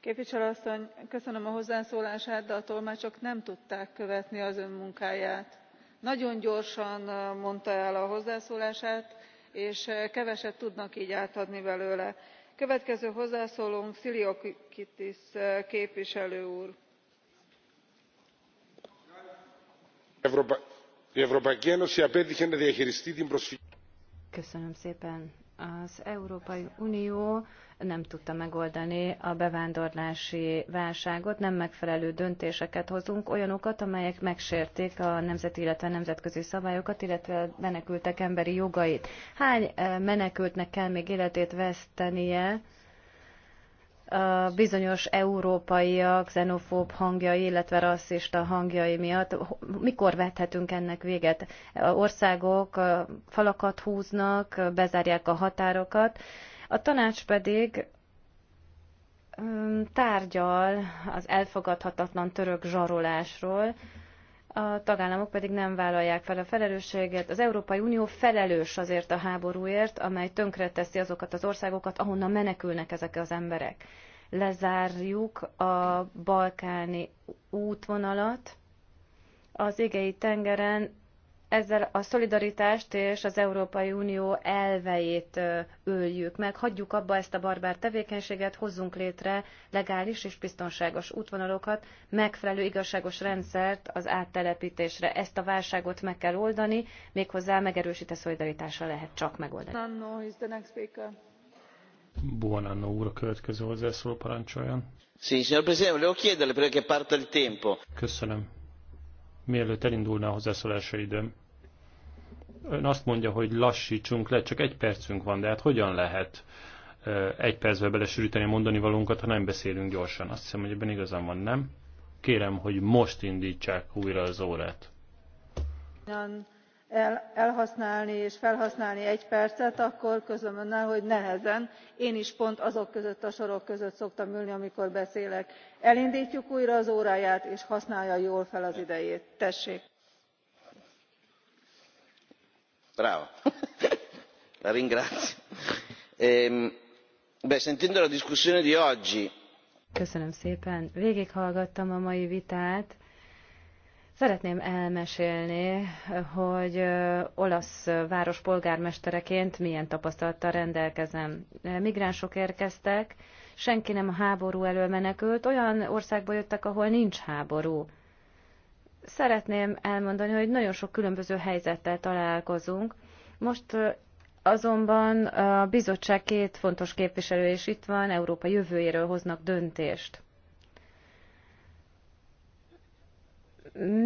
Képviselőasszony, köszönöm a hozzászólását, de a tolmácsok nem tudták követni az ön munkáját. Nagyon gyorsan mondta el a hozzászólását, és keveset tudnak így átadni belőle következő hozzászólónk silikotis képviselő úr. köszönöm szépen az Európai Unió nem tudta megoldani a bevándorlási válságot, nem megfelelő döntéseket hozunk, olyanokat, amelyek megsérték a nemzeti, illetve a nemzetközi szabályokat, illetve a menekültek emberi jogait. Hány eh, menekültnek kell még életét vesztenie, bizonyos európaiak xenofób hangjai, illetve rasszista hangjai miatt. Mikor vethetünk ennek véget? Országok falakat húznak, bezárják a határokat, a tanács pedig um, tárgyal az elfogadhatatlan török zsarolásról, a tagállamok pedig nem vállalják fel a felelősséget. Az Európai Unió felelős azért a háborúért, amely tönkreteszi azokat az országokat, ahonnan menekülnek ezek az emberek. Lezárjuk a balkáni útvonalat. Az égei tengeren ezzel a szolidaritást és az Európai Unió elveit öljük meg, hagyjuk abba ezt a barbár tevékenységet, hozzunk létre legális és biztonságos útvonalokat, megfelelő igazságos rendszert az áttelepítésre. Ezt a válságot meg kell oldani, méghozzá megerősített szolidaritásra lehet csak megoldani. Buonanno úr, a következő hozzászóló parancsoljon. Sì, signor Presidente, volevo chiederle perché parte il tempo. Köszönöm mielőtt elindulna a hozzászólása időm. Ön azt mondja, hogy lassítsunk le, csak egy percünk van, de hát hogyan lehet egy percbe belesűríteni a mondani valónkat, ha nem beszélünk gyorsan? Azt hiszem, hogy ebben igazán van, nem? Kérem, hogy most indítsák újra az órát. El, elhasználni és felhasználni egy percet akkor közlöm önnel hogy nehezen én is pont azok között a sorok között szoktam ülni amikor beszélek. Elindítjuk újra az óráját és használja jól fel az idejét. tessék! Ehm, sentendo la discussione di oggi köszönöm szépen végighallgattam a mai vitát szeretném elmesélni hogy olasz város polgármestereként milyen tapasztalattal rendelkezem. migránsok érkeztek senki nem a háború elől menekült olyan országból jöttek ahol nincs háború szeretném elmondani, hogy nagyon sok különböző helyzettel találkozunk. Most azonban a bizottság két fontos képviselő is itt van, Európa jövőjéről hoznak döntést.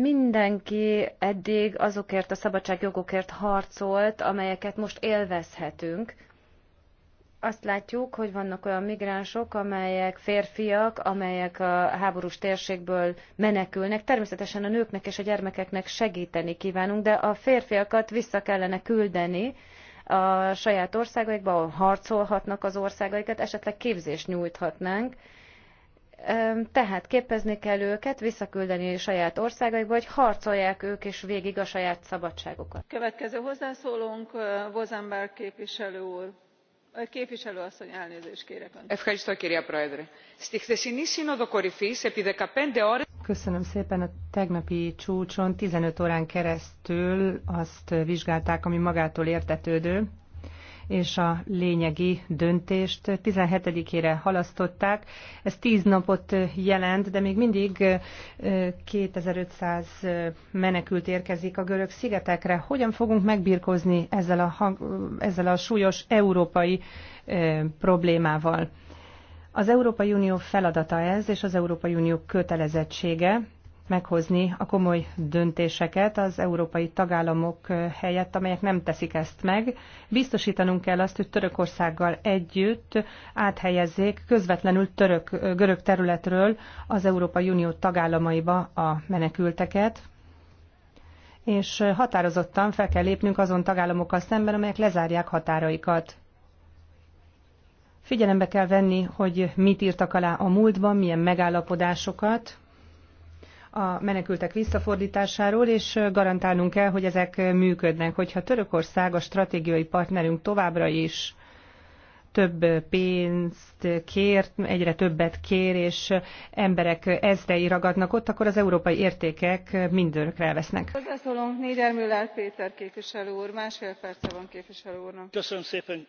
Mindenki eddig azokért a szabadságjogokért harcolt, amelyeket most élvezhetünk, azt látjuk, hogy vannak olyan migránsok, amelyek férfiak, amelyek a háborús térségből menekülnek. Természetesen a nőknek és a gyermekeknek segíteni kívánunk, de a férfiakat vissza kellene küldeni a saját országaikba, ahol harcolhatnak az országaikat, esetleg képzést nyújthatnánk. Tehát képezni kell őket, visszaküldeni a saját országaikba, hogy harcolják ők is végig a saját szabadságokat. Következő hozzászólónk Vozember képviselő úr Köszönöm szépen a tegnapi csúcson fifteen órán keresztül azt vizsgálták ami magától értetődő és a lényegi döntést 17-ére halasztották. Ez 10 napot jelent, de még mindig 2500 menekült érkezik a görög szigetekre. Hogyan fogunk megbirkózni ezzel a, ezzel a súlyos európai problémával? Az Európai Unió feladata ez, és az Európai Unió kötelezettsége, meghozni a komoly döntéseket az európai tagállamok helyett, amelyek nem teszik ezt meg. Biztosítanunk kell azt, hogy Törökországgal együtt áthelyezzék közvetlenül török, görög területről az Európai Unió tagállamaiba a menekülteket, és határozottan fel kell lépnünk azon tagállamokkal szemben, amelyek lezárják határaikat. Figyelembe kell venni, hogy mit írtak alá a múltban, milyen megállapodásokat, a menekültek visszafordításáról, és garantálnunk kell, hogy ezek működnek. Hogyha Törökország a stratégiai partnerünk továbbra is több pénzt kért, egyre többet kér, és emberek ezrei ragadnak ott, akkor az európai értékek mindörökre elvesznek. Hozzászólunk Néder Müller Péter képviselő úr, másfél perce van képviselő úrnak. Köszönöm szépen,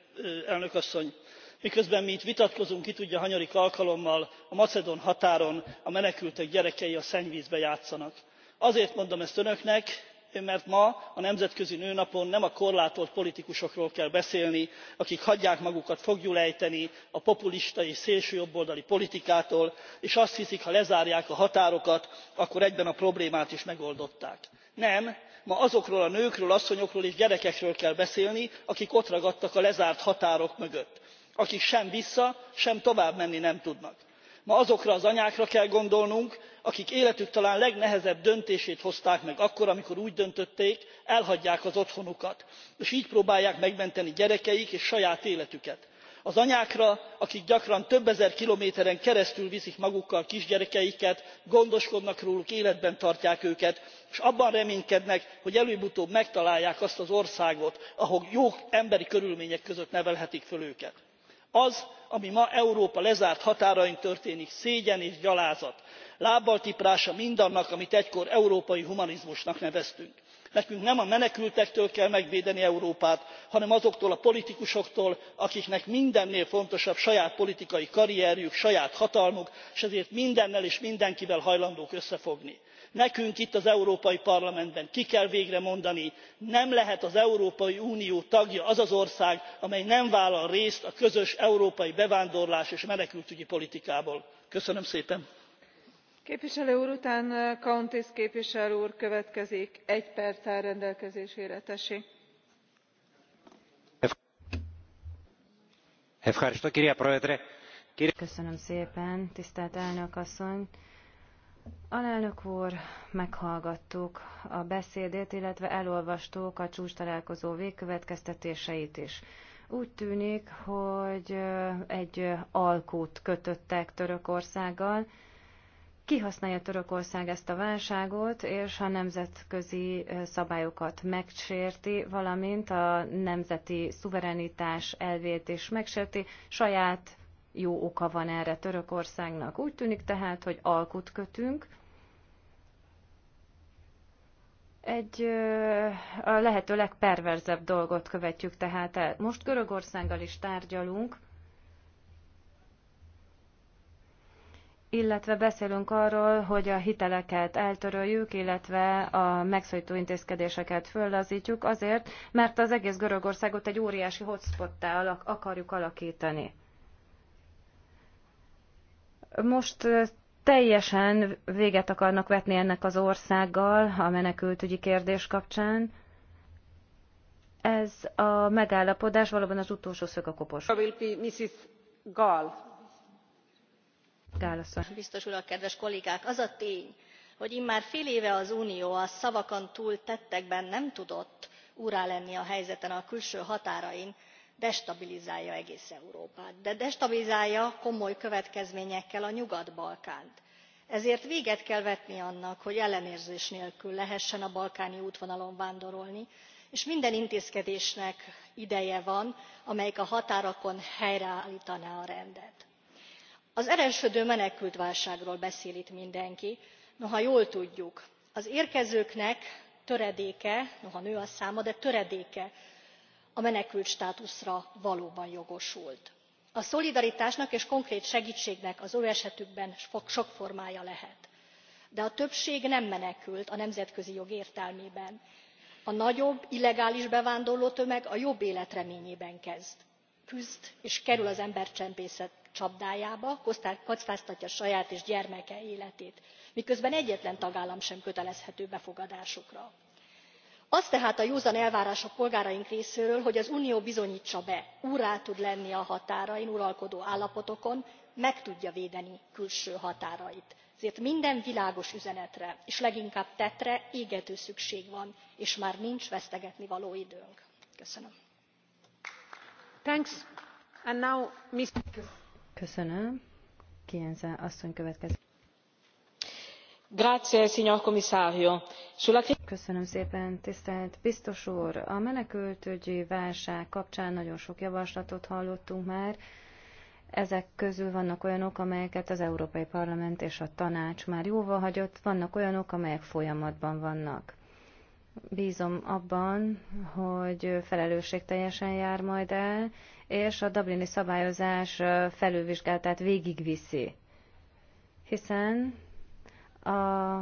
elnök asszony miközben mi itt vitatkozunk ki tudja hanyadik alkalommal a macedón határon a menekültek gyerekei a szennyvzbe játszanak. azért mondom ezt önöknek mert ma a nemzetközi nőnapon nem a korlátolt politikusokról kell beszélni akik hagyják magukat foglyul ejteni a populista és szélsőjobboldali politikától és azt hiszik ha lezárják a határokat akkor egyben a problémát is megoldották. nem ma azokról a nőkről asszonyokról és gyerekekről kell beszélni akik ott ragadtak a lezárt határok mögött akik sem vissza sem tovább menni nem tudnak. ma azokra az anyákra kell gondolnunk akik életük talán legnehezebb döntését hozták meg akkor amikor úgy döntötték, elhagyják az otthonukat és gy próbálják megmenteni gyerekeik és saját életüket. az anyákra akik gyakran több ezer kilométeren keresztül viszik magukkal kisgyerekeiket gondoskodnak róluk életben tartják őket és abban reménykednek hogy előbb utóbb megtalálják azt az országot ahol jó emberi körülmények között nevelhetik föl őket az ami ma európa lezárt határain történik szégyen és gyalázat lábbal tiprása mindannak amit egykor európai humanizmusnak neveztünk. nekünk nem a menekültektől kell megvédeni európát hanem azoktól a politikusoktól akiknek mindennél fontosabb saját politikai karrierjük saját hatalmuk s ezért mindennel és mindenkivel hajlandók összefogni nekünk itt az európai parlamentben ki kell végre mondani nem lehet az európai unió tagja az az ország amely nem vállal részt a közös európai bevándorlás és menekültügyi politikában. köszönöm szépen! képviselő úr után chountis képviselő úr következik egy perc áll rendelkezésére tessék. köszönöm szépen tisztelt elnök asszony! Alelnök úr, meghallgattuk a beszédét, illetve elolvastuk a csúcs találkozó végkövetkeztetéseit is. Úgy tűnik, hogy egy alkút kötöttek Törökországgal. Kihasználja Törökország ezt a válságot, és a nemzetközi szabályokat megsérti, valamint a nemzeti szuverenitás elvét is megsérti, saját jó oka van erre Törökországnak. Úgy tűnik tehát, hogy alkut kötünk, egy a lehető legperverzebb dolgot követjük tehát el. Most Görögországgal is tárgyalunk, illetve beszélünk arról, hogy a hiteleket eltöröljük, illetve a megszólító intézkedéseket föllazítjuk azért, mert az egész Görögországot egy óriási hotspottá alak, akarjuk alakítani. Most teljesen véget akarnak vetni ennek az országgal a menekültügyi kérdés kapcsán. Ez a megállapodás valóban az utolsó szög a kopos. Mrs. Gall. Gál Biztos urak, kedves kollégák! Az a tény, hogy immár fél éve az Unió a szavakon túl tettekben nem tudott úrá lenni a helyzeten a külső határain, destabilizálja egész európát de destabilizálja komoly következményekkel a nyugat balkánt ezért véget kell vetni annak hogy ellenőrzés nélkül lehessen a balkáni útvonalon vándorolni és minden intézkedésnek ideje van amelyik a határokon helyreálltaná a rendet. az erősödő menekültválságról beszél itt mindenki noha jól tudjuk az érkezőknek töredéke noha nő a száma de töredéke a menekültstátuszra valóban jogosult. a szolidaritásnak és konkrét segtségnek az ő esetükben sok formája lehet de a többség nem menekült a nemzetközi jog értelmében a nagyobb illegális bevándorló tömeg a jobb élet reményében küzd és kerül az embercsempészet csapdájába kockáztatja saját és gyermeke életét miközben egyetlen tagállam sem kötelezhető befogadásukra az tehát a józan elvárás a polgáraink részéről hogy az unió bizonytsa be úrrá tud lenni a határain uralkodó állapotokon meg tudja védeni külső határait ezért minden világos üzenetre és leginkább tettre égető szükség van és már nincs vesztegetnivaló időnk. köszönöm. Köszönöm szépen, tisztelt biztos úr! A menekültügyi válság kapcsán nagyon sok javaslatot hallottunk már. Ezek közül vannak olyanok, amelyeket az Európai Parlament és a Tanács már jóváhagyott hagyott, vannak olyanok, amelyek folyamatban vannak. bzom abban, hogy felelősségteljesen jár majd el, és a Dublini szabályozás felülvizsgálatát végigviszi. Hiszen a,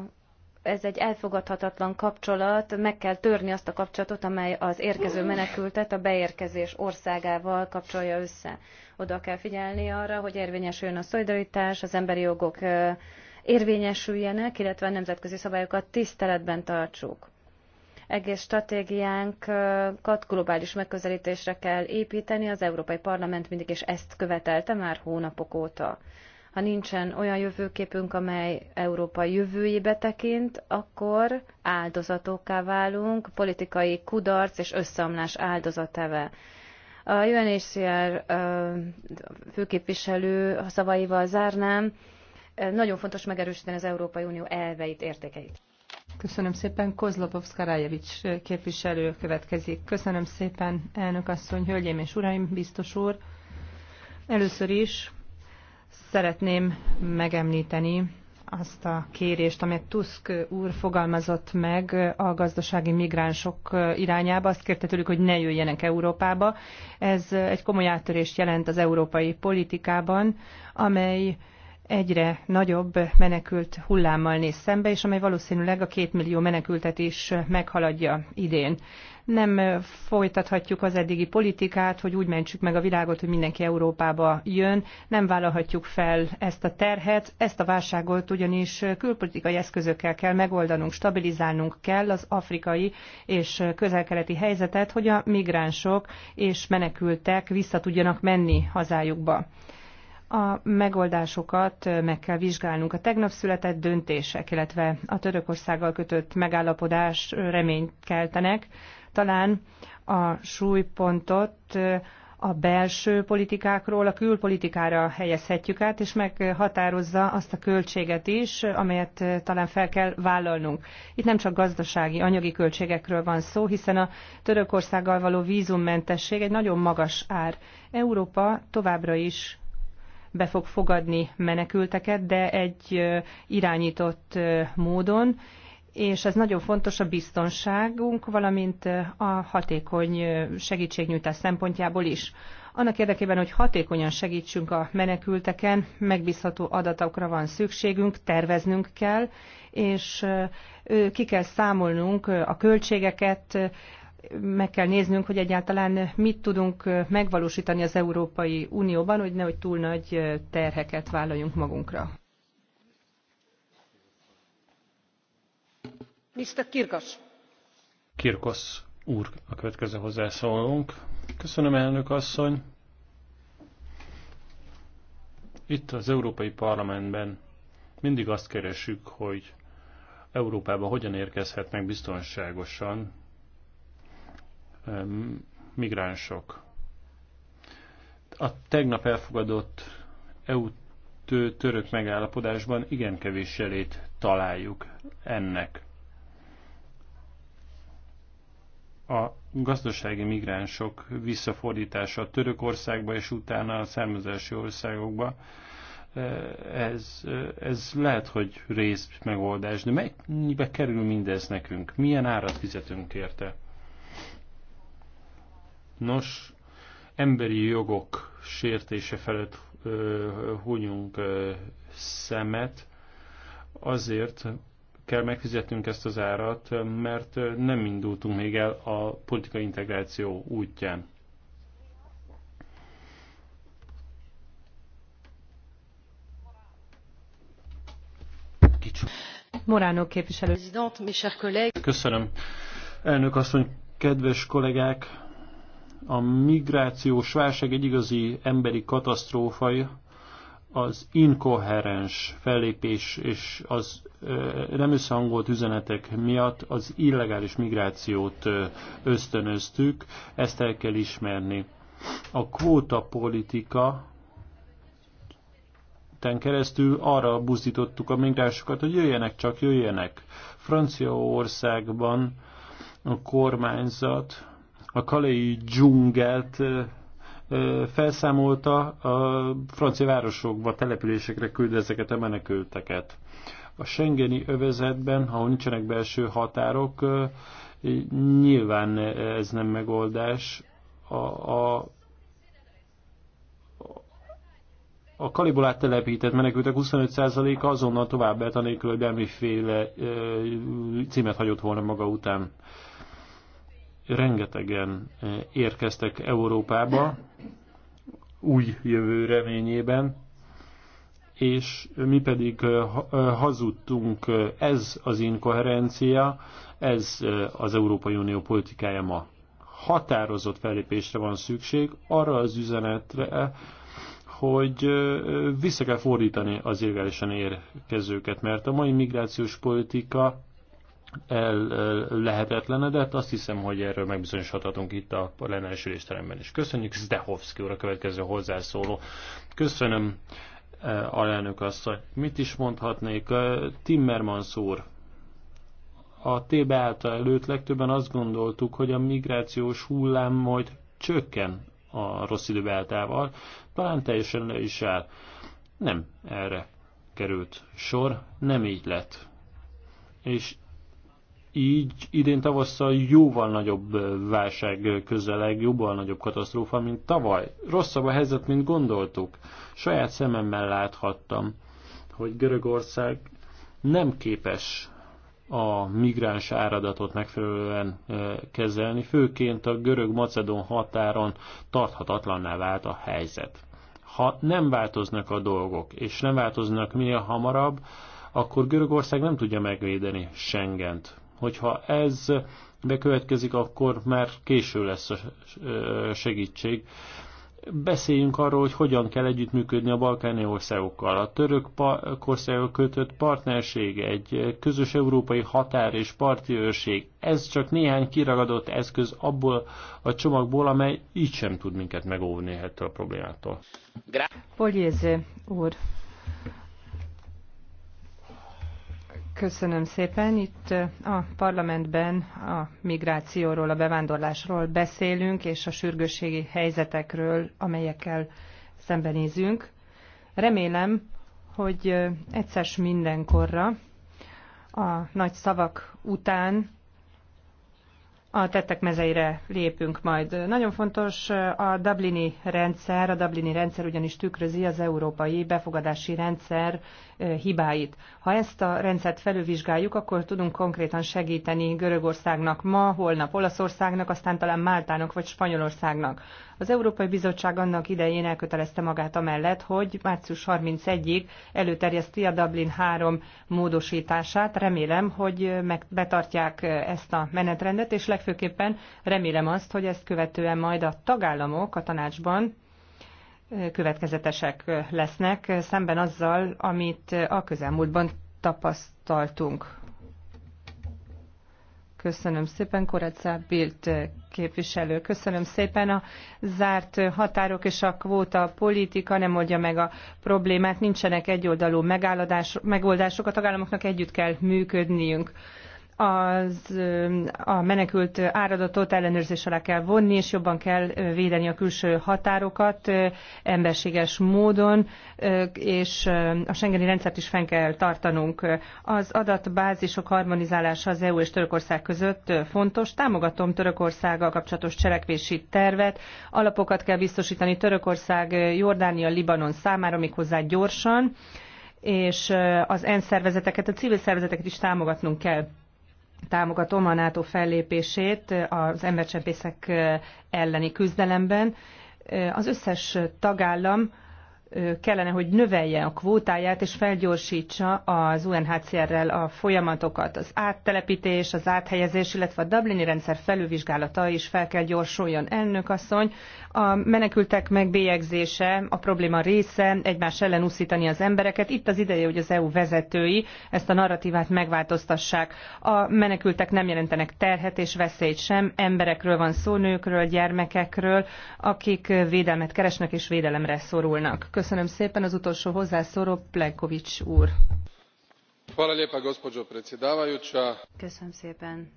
ez egy elfogadhatatlan kapcsolat, meg kell törni azt a kapcsolatot, amely az érkező menekültet a beérkezés országával kapcsolja össze. Oda kell figyelni arra, hogy érvényesüljön a szolidaritás, az emberi jogok érvényesüljenek, illetve a nemzetközi szabályokat tiszteletben tartsuk. Egész stratégiánkat globális megközelítésre kell építeni, az Európai Parlament mindig is ezt követelte már hónapok óta ha nincsen olyan jövőképünk, amely Európa jövőjébe tekint, akkor áldozatokká válunk, politikai kudarc és összeomlás áldozatává. A UNHCR főképviselő szavaival zárnám, nagyon fontos megerősíteni az Európai Unió elveit, értékeit. Köszönöm szépen. Kozlopovszka Rájevics képviselő következik. Köszönöm szépen, elnök asszony, hölgyeim és uraim, biztos úr. Először is Szeretném megemlíteni azt a kérést, amelyet Tusk úr fogalmazott meg a gazdasági migránsok irányába. Azt kérte tőlük, hogy ne jöjjenek Európába. Ez egy komoly áttörést jelent az európai politikában, amely egyre nagyobb menekült hullámmal néz szembe, és amely valószínűleg a két millió menekültet is meghaladja idén. Nem folytathatjuk az eddigi politikát, hogy úgy mentsük meg a világot, hogy mindenki Európába jön. Nem vállalhatjuk fel ezt a terhet, ezt a válságot ugyanis külpolitikai eszközökkel kell megoldanunk, stabilizálnunk kell az afrikai és közelkeleti helyzetet, hogy a migránsok és menekültek vissza tudjanak menni hazájukba a megoldásokat meg kell vizsgálnunk. A tegnap született döntések, illetve a Törökországgal kötött megállapodás reményt keltenek. Talán a súlypontot a belső politikákról a külpolitikára helyezhetjük át, és meghatározza azt a költséget is, amelyet talán fel kell vállalnunk. Itt nem csak gazdasági, anyagi költségekről van szó, hiszen a Törökországgal való vízummentesség egy nagyon magas ár. Európa továbbra is be fog fogadni menekülteket, de egy irányított módon, és ez nagyon fontos a biztonságunk, valamint a hatékony segítségnyújtás szempontjából is. Annak érdekében, hogy hatékonyan segítsünk a menekülteken, megbízható adatokra van szükségünk, terveznünk kell, és ki kell számolnunk a költségeket, meg kell néznünk, hogy egyáltalán mit tudunk megvalósítani az Európai Unióban, hogy nehogy túl nagy terheket vállaljunk magunkra. Mr. Kirkos. Kirkos úr, a következő hozzászólónk. Köszönöm, elnök asszony. Itt az Európai Parlamentben mindig azt keresük, hogy Európába hogyan érkezhetnek biztonságosan migránsok. A tegnap elfogadott EU török megállapodásban igen kevés jelét találjuk ennek. A gazdasági migránsok visszafordítása a Törökországba és utána a származási országokba, e, ez, ez lehet, hogy rész megoldás, de mennyibe kerül mindez nekünk? Milyen árat fizetünk érte? Nos, emberi jogok sértése felett hunyunk szemet, azért kell megfizetnünk ezt az árat, mert nem indultunk még el a politikai integráció útján. Morano képviselő. Köszönöm. Elnök asszony, kedves kollégák, a migrációs válság egy igazi emberi katasztrófaja, az inkoherens fellépés és az nem összehangolt üzenetek miatt az illegális migrációt ösztönöztük, ezt el kell ismerni. A kvóta politika keresztül arra buzdítottuk a migránsokat, hogy jöjjenek csak, jöjjenek. Franciaországban a kormányzat a kalei dzsungelt felszámolta, a francia városokba, településekre küld ezeket a menekülteket. A Schengeni övezetben, ha nincsenek belső határok, nyilván ez nem megoldás. A, a, a kaliból áttelepített menekültek 25%-a azonnal tovább lett, anélkül, hogy bármiféle címet hagyott volna maga után rengetegen eh, érkeztek Európába, új jövő reményében, és mi pedig eh, eh, hazudtunk, ez az inkoherencia, ez az Európai Unió politikája ma. Határozott fellépésre van szükség, arra az üzenetre, hogy vissza kell fordítani az illegálisan érkezőket, mert a mai migrációs politika el lehetetlenedett. Azt hiszem, hogy erről megbizonyosodhatunk itt a plenáris ülésteremben is. Köszönjük Zdehovszki úr a következő hozzászóló. Köszönöm, e, alelnök asszony. Mit is mondhatnék? E, Timmermans úr, a TB által előtt legtöbben azt gondoltuk, hogy a migrációs hullám majd csökken a rossz idő eltával, talán teljesen le is áll. Nem erre került sor, nem így lett. És így idén tavasszal jóval nagyobb válság közeleg, jóval nagyobb katasztrófa, mint tavaly. Rosszabb a helyzet, mint gondoltuk. Saját szememmel láthattam, hogy Görögország nem képes a migráns áradatot megfelelően kezelni, főként a görög-macedon határon tarthatatlanná vált a helyzet. Ha nem változnak a dolgok, és nem változnak minél hamarabb, akkor Görögország nem tudja megvédeni Schengent. Hogyha ez bekövetkezik, akkor már késő lesz a segítség. Beszéljünk arról, hogy hogyan kell együttműködni a balkáni országokkal. A török országok kötött partnerség, egy közös európai határ és parti őrség, ez csak néhány kiragadott eszköz abból a csomagból, amely így sem tud minket megóvni ettől a problémától. Polyézé úr, Köszönöm szépen. Itt a parlamentben a migrációról, a bevándorlásról beszélünk, és a sürgősségi helyzetekről, amelyekkel szembenézünk. Remélem, hogy egyszer mindenkorra a nagy szavak után a tettek mezeire lépünk majd. Nagyon fontos a Dublini rendszer, a Dublini rendszer ugyanis tükrözi az európai befogadási rendszer hibáit. Ha ezt a rendszert felülvizsgáljuk, akkor tudunk konkrétan segíteni Görögországnak ma, holnap Olaszországnak, aztán talán Máltának vagy Spanyolországnak. Az Európai Bizottság annak idején elkötelezte magát amellett, hogy március 31-ig előterjeszti a Dublin 3 módosítását. Remélem, hogy betartják ezt a menetrendet, és legfőképpen remélem azt, hogy ezt követően majd a tagállamok a tanácsban következetesek lesznek szemben azzal, amit a közelmúltban tapasztaltunk. Köszönöm szépen, Koreca Bilt képviselő. Köszönöm szépen. A zárt határok és a kvóta politika nem oldja meg a problémát, nincsenek egyoldalú megoldások, a tagállamoknak együtt kell működniünk az, a menekült áradatot ellenőrzés alá kell vonni, és jobban kell védeni a külső határokat emberséges módon, és a Schengeni rendszert is fenn kell tartanunk. Az adatbázisok harmonizálása az EU és Törökország között fontos. Támogatom Törökországgal kapcsolatos cselekvési tervet. Alapokat kell biztosítani Törökország, Jordánia, Libanon számára, méghozzá gyorsan és az ENSZ szervezeteket, a civil szervezeteket is támogatnunk kell támogatom a NATO fellépését az embercsempészek elleni küzdelemben. Az összes tagállam kellene, hogy növelje a kvótáját és felgyorsítsa az UNHCR-rel a folyamatokat. Az áttelepítés, az áthelyezés, illetve a Dublini rendszer felülvizsgálata is fel kell gyorsuljon. Elnök asszony, a menekültek megbélyegzése a probléma része, egymás ellen úszítani az embereket. Itt az ideje, hogy az EU vezetői ezt a narratívát megváltoztassák. A menekültek nem jelentenek terhet és veszélyt sem, emberekről van szó, nőkről, gyermekekről, akik védelmet keresnek és védelemre szorulnak. Köszönöm szépen az utolsó hozzászóró Plenkovics úr. Köszönöm szépen.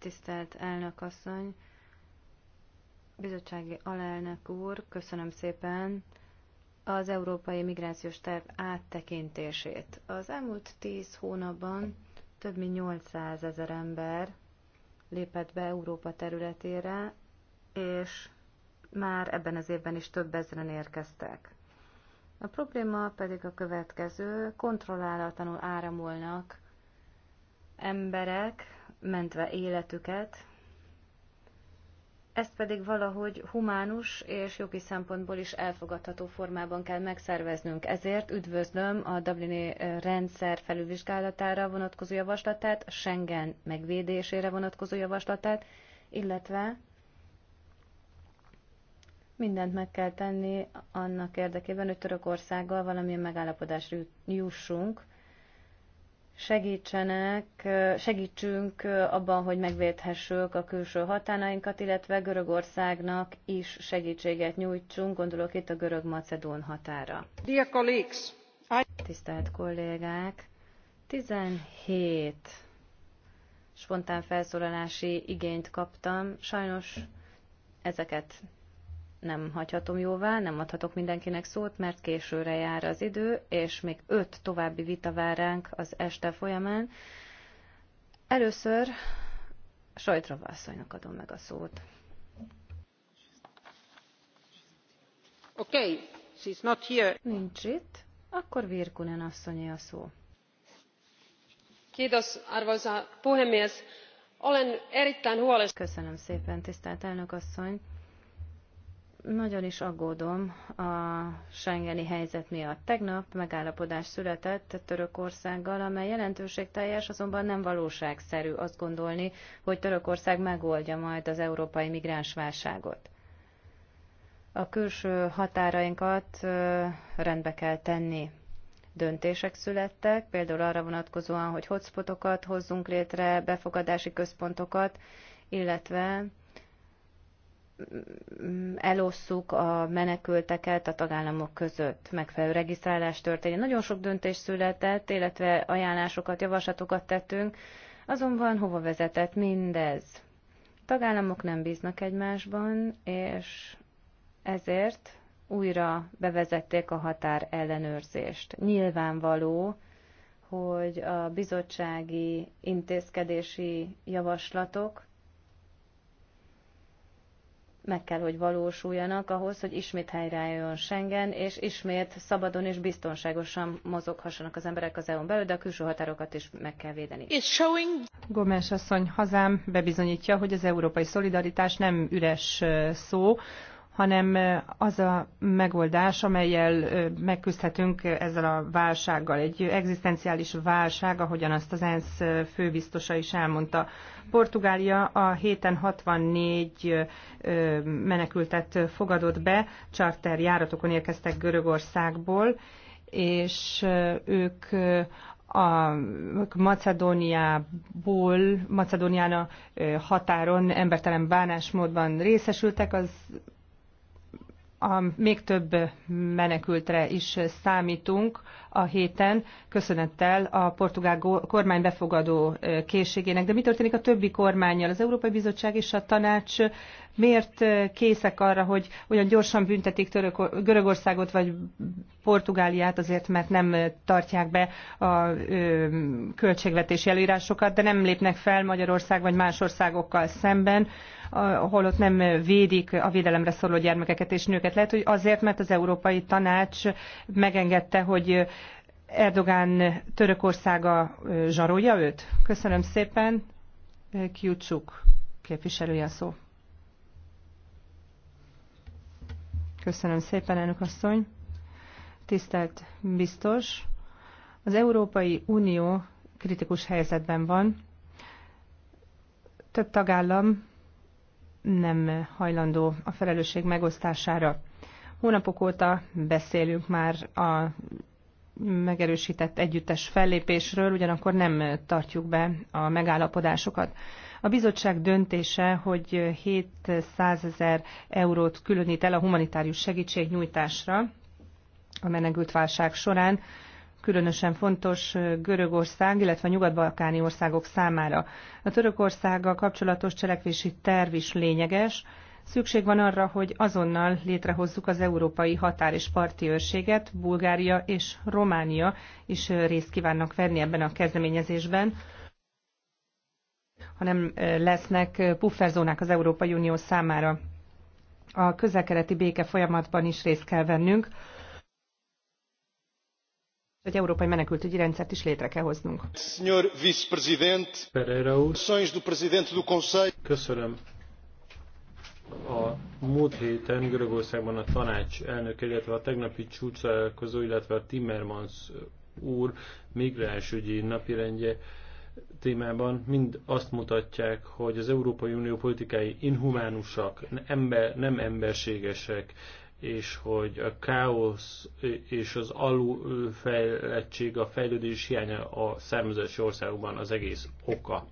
Tisztelt elnök asszony, Bizottsági alelnök úr, köszönöm szépen az európai migrációs terv áttekintését. Az elmúlt tíz hónapban több mint 800 ezer ember lépett be Európa területére, és már ebben az évben is több ezeren érkeztek. A probléma pedig a következő, kontrollálatlanul áramolnak emberek, mentve életüket, ezt pedig valahogy humánus és jogi szempontból is elfogadható formában kell megszerveznünk. Ezért üdvözlöm a Dublini rendszer felülvizsgálatára vonatkozó javaslatát, Schengen megvédésére vonatkozó javaslatát, illetve mindent meg kell tenni annak érdekében, hogy Törökországgal valamilyen megállapodásra jussunk, segítsenek, segítsünk abban, hogy megvédhessük a külső határainkat, illetve Görögországnak is segítséget nyújtsunk, gondolok itt a görög-macedón határa. Dear colleagues, I... Tisztelt kollégák, 17 spontán felszólalási igényt kaptam, sajnos ezeket nem hagyhatom jóvá, nem adhatok mindenkinek szót, mert későre jár az idő, és még öt további vita vár ránk az este folyamán. Először Sajtrova asszonynak adom meg a szót. Oké, okay. she's not here. Nincs itt. Akkor Virkunen asszonyi a szó. Kiitos, arvoisa puhemies. Olen erittäin huolestunut. Köszönöm szépen, tisztelt elnök asszony nagyon is aggódom a Schengeni helyzet miatt. Tegnap megállapodás született Törökországgal, amely teljes, azonban nem valóságszerű azt gondolni, hogy Törökország megoldja majd az európai migránsválságot. A külső határainkat rendbe kell tenni. Döntések születtek, például arra vonatkozóan, hogy hotspotokat hozzunk létre, befogadási központokat, illetve elosszuk a menekülteket a tagállamok között, megfelelő regisztrálás történjen. Nagyon sok döntés született, illetve ajánlásokat, javaslatokat tettünk, azonban hova vezetett mindez? A tagállamok nem bíznak egymásban, és ezért újra bevezették a határ ellenőrzést. Nyilvánvaló, hogy a bizottsági intézkedési javaslatok meg kell, hogy valósuljanak ahhoz, hogy ismét helyreálljon Schengen, és ismét szabadon és biztonságosan mozoghassanak az emberek az EU-n belül, de a külső határokat is meg kell védeni. Showing... Gomes asszony hazám bebizonyítja, hogy az európai szolidaritás nem üres szó, hanem az a megoldás, amelyel megküzdhetünk ezzel a válsággal. Egy egzisztenciális válság, ahogyan azt az ENSZ főbiztosa is elmondta. Portugália a héten 64 menekültet fogadott be, charter járatokon érkeztek Görögországból, és ők a Macedóniából, Macedónián a határon embertelen bánásmódban részesültek, az a még több menekültre is számítunk, a héten, köszönettel a portugál kormány befogadó készségének. De mi történik a többi kormányjal? Az Európai Bizottság és a tanács miért készek arra, hogy olyan gyorsan büntetik Török, Görögországot vagy Portugáliát azért, mert nem tartják be a ö, költségvetési előírásokat, de nem lépnek fel Magyarország vagy más országokkal szemben, holott nem védik a védelemre szoruló gyermekeket és nőket. Lehet, hogy azért, mert az Európai Tanács megengedte, hogy Erdogán Törökországa zsarolja őt? Köszönöm szépen. Kiucsuk képviselője a szó. Köszönöm szépen, elnök asszony. Tisztelt biztos, az Európai Unió kritikus helyzetben van. Több tagállam nem hajlandó a felelősség megosztására. Hónapok óta beszélünk már a megerősített együttes fellépésről, ugyanakkor nem tartjuk be a megállapodásokat. A bizottság döntése, hogy 700 ezer eurót különít el a humanitárius segítségnyújtásra a menekült válság során, különösen fontos Görögország, illetve a nyugat-balkáni országok számára. A Törökországgal kapcsolatos cselekvési terv is lényeges, Szükség van arra, hogy azonnal létrehozzuk az Európai Határ és Parti Őrséget, Bulgária és Románia is részt kívánnak venni ebben a kezdeményezésben hanem eh, lesznek eh, pufferzónák az Európai Unió számára. A közelkeleti béke folyamatban is részt kell vennünk, egy európai menekültügyi rendszert is létre kell hoznunk. Köszönöm a múlt héten Görögországban a tanács elnök, illetve a tegnapi csúcsalálkozó, illetve a Timmermans úr migránsügyi napirendje témában mind azt mutatják, hogy az Európai Unió politikái inhumánusak, ember, nem emberségesek, és hogy a káosz és az alulfejlettség, a fejlődés hiánya a származási országokban az egész oka.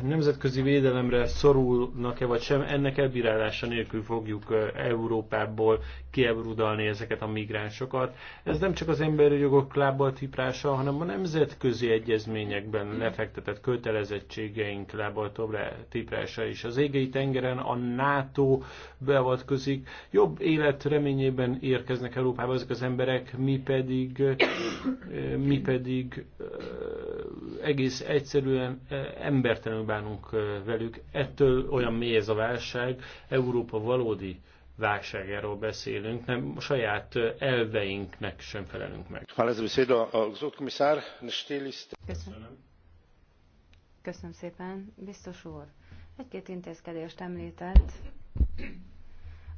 hogy nemzetközi védelemre szorulnak-e vagy sem, ennek elbírálása nélkül fogjuk Európából kiebrudalni ezeket a migránsokat. Ez nem csak az emberi jogok lábbal tiprása, hanem a nemzetközi egyezményekben lefektetett kötelezettségeink lábbal tiprása is. Az égei tengeren a NATO beavatkozik, jobb élet reményében érkeznek Európába ezek az emberek, mi pedig, mi pedig egész egyszerűen embertelenül bánunk velük. Ettől olyan mély ez a válság, Európa valódi válságáról beszélünk, nem a saját elveinknek sem felelünk meg. Köszönöm. Köszönöm szépen. Biztos úr, egy-két intézkedést említett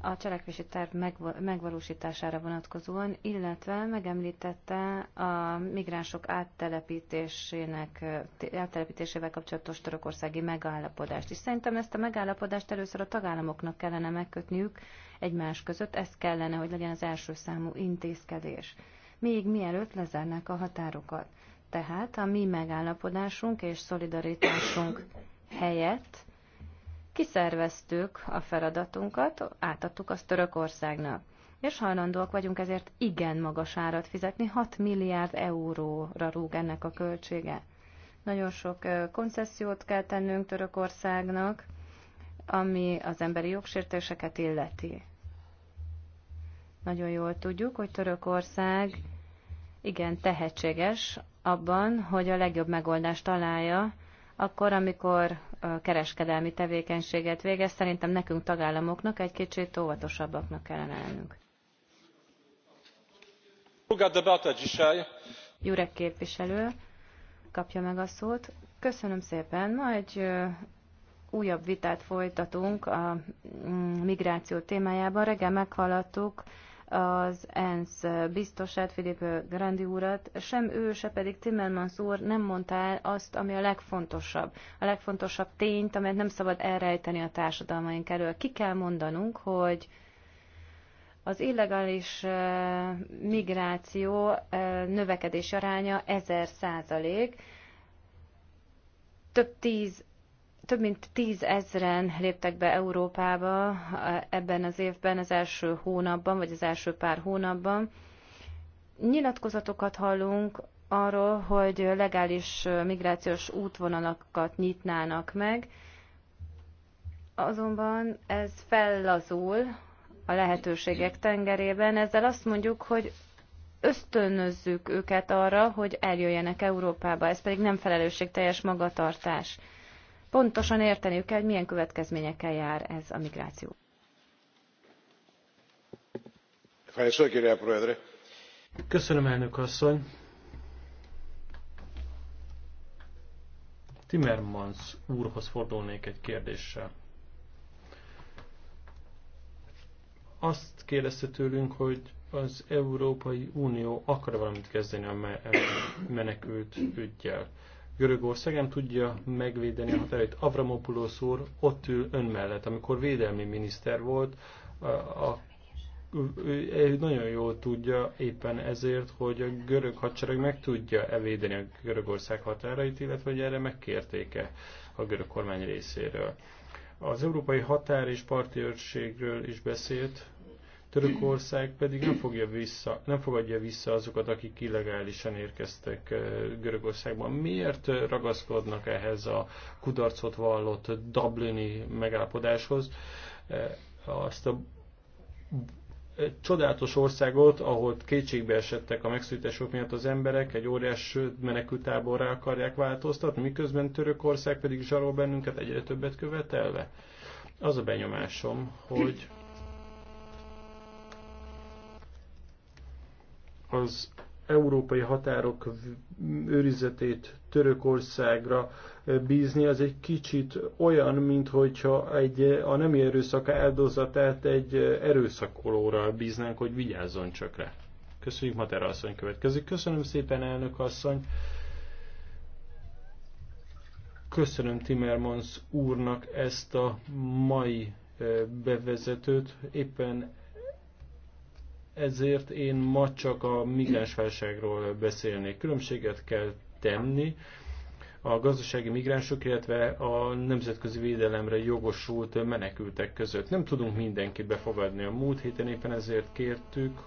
a cselekvési terv megvalósítására vonatkozóan, illetve megemlítette a migránsok áttelepítésének, áttelepítésével kapcsolatos törökországi megállapodást. És szerintem ezt a megállapodást először a tagállamoknak kellene megkötniük egymás között, ez kellene, hogy legyen az első számú intézkedés. Még mielőtt lezárnák a határokat. Tehát a mi megállapodásunk és szolidaritásunk helyett Kiszerveztük a feladatunkat, átadtuk azt Törökországnak. És hajlandóak vagyunk ezért igen magas árat fizetni, 6 milliárd euróra rúg ennek a költsége. Nagyon sok koncesziót kell tennünk Törökországnak, ami az emberi jogsértéseket illeti. Nagyon jól tudjuk, hogy Törökország igen tehetséges abban, hogy a legjobb megoldást találja akkor, amikor kereskedelmi tevékenységet végez, szerintem nekünk tagállamoknak egy kicsit óvatosabbaknak kellene lennünk. Jurek képviselő kapja meg a szót. Köszönöm szépen. Ma egy újabb vitát folytatunk a mm, migráció témájában. Reggel meghallottuk az ENSZ biztosát, Filip Grandi urat, sem ő, se pedig Timmermans úr nem mondta el azt, ami a legfontosabb. A legfontosabb tényt, amelyet nem szabad elrejteni a társadalmaink elől. Ki kell mondanunk, hogy az illegális eh, migráció eh, növekedés aránya 1000 százalék, több tíz több mint tízezren léptek be Európába ebben az évben, az első hónapban, vagy az első pár hónapban. Nyilatkozatokat hallunk arról, hogy legális migrációs útvonalakat nyitnának meg, azonban ez fellazul a lehetőségek tengerében. Ezzel azt mondjuk, hogy ösztönözzük őket arra, hogy eljöjjenek Európába. Ez pedig nem felelősségteljes magatartás pontosan érteniük kell, hogy milyen következményekkel jár ez a migráció. Köszönöm, elnök asszony. Timmermans úrhoz fordulnék egy kérdéssel. Azt kérdezte tőlünk, hogy az Európai Unió akar valamit kezdeni a menekült ügyjel. Görögország nem tudja megvédeni a határait. Avramopoulos úr ott ül ön mellett, amikor védelmi miniszter volt, a, a, ő nagyon jól tudja éppen ezért, hogy a görög hadsereg meg tudja elvédeni a Görögország határait, illetve hogy erre megkértéke a görög kormány részéről. Az európai határ és parti is beszélt, Törökország pedig nem, fogja vissza, nem fogadja vissza azokat, akik illegálisan érkeztek eh, Görögországban. Miért eh, ragaszkodnak ehhez a kudarcot vallott Dublini megállapodáshoz? Eh, azt a csodálatos országot, ahol kétségbe esettek a megszűjtások miatt az emberek, egy óriás menekültáborra akarják változtatni, miközben Törökország pedig zsarol bennünket egyre többet követelve. Az a benyomásom, hogy az európai határok őrizetét Törökországra eh, bízni, az egy kicsit olyan, hogyha egy, eh, a nemi erőszak áldozatát egy eh, erőszakolóra bíznánk, hogy vigyázzon csak rá. Köszönjük, Matera asszony következik. Köszönöm szépen, elnök asszony. Köszönöm Timmermans úrnak ezt a mai bevezetőt. Éppen ezért én ma csak a migránsválságról beszélnék. Különbséget kell tenni a gazdasági migránsok, illetve a nemzetközi védelemre jogosult menekültek között. Nem tudunk mindenkit befogadni a múlt héten, éppen ezért kértük,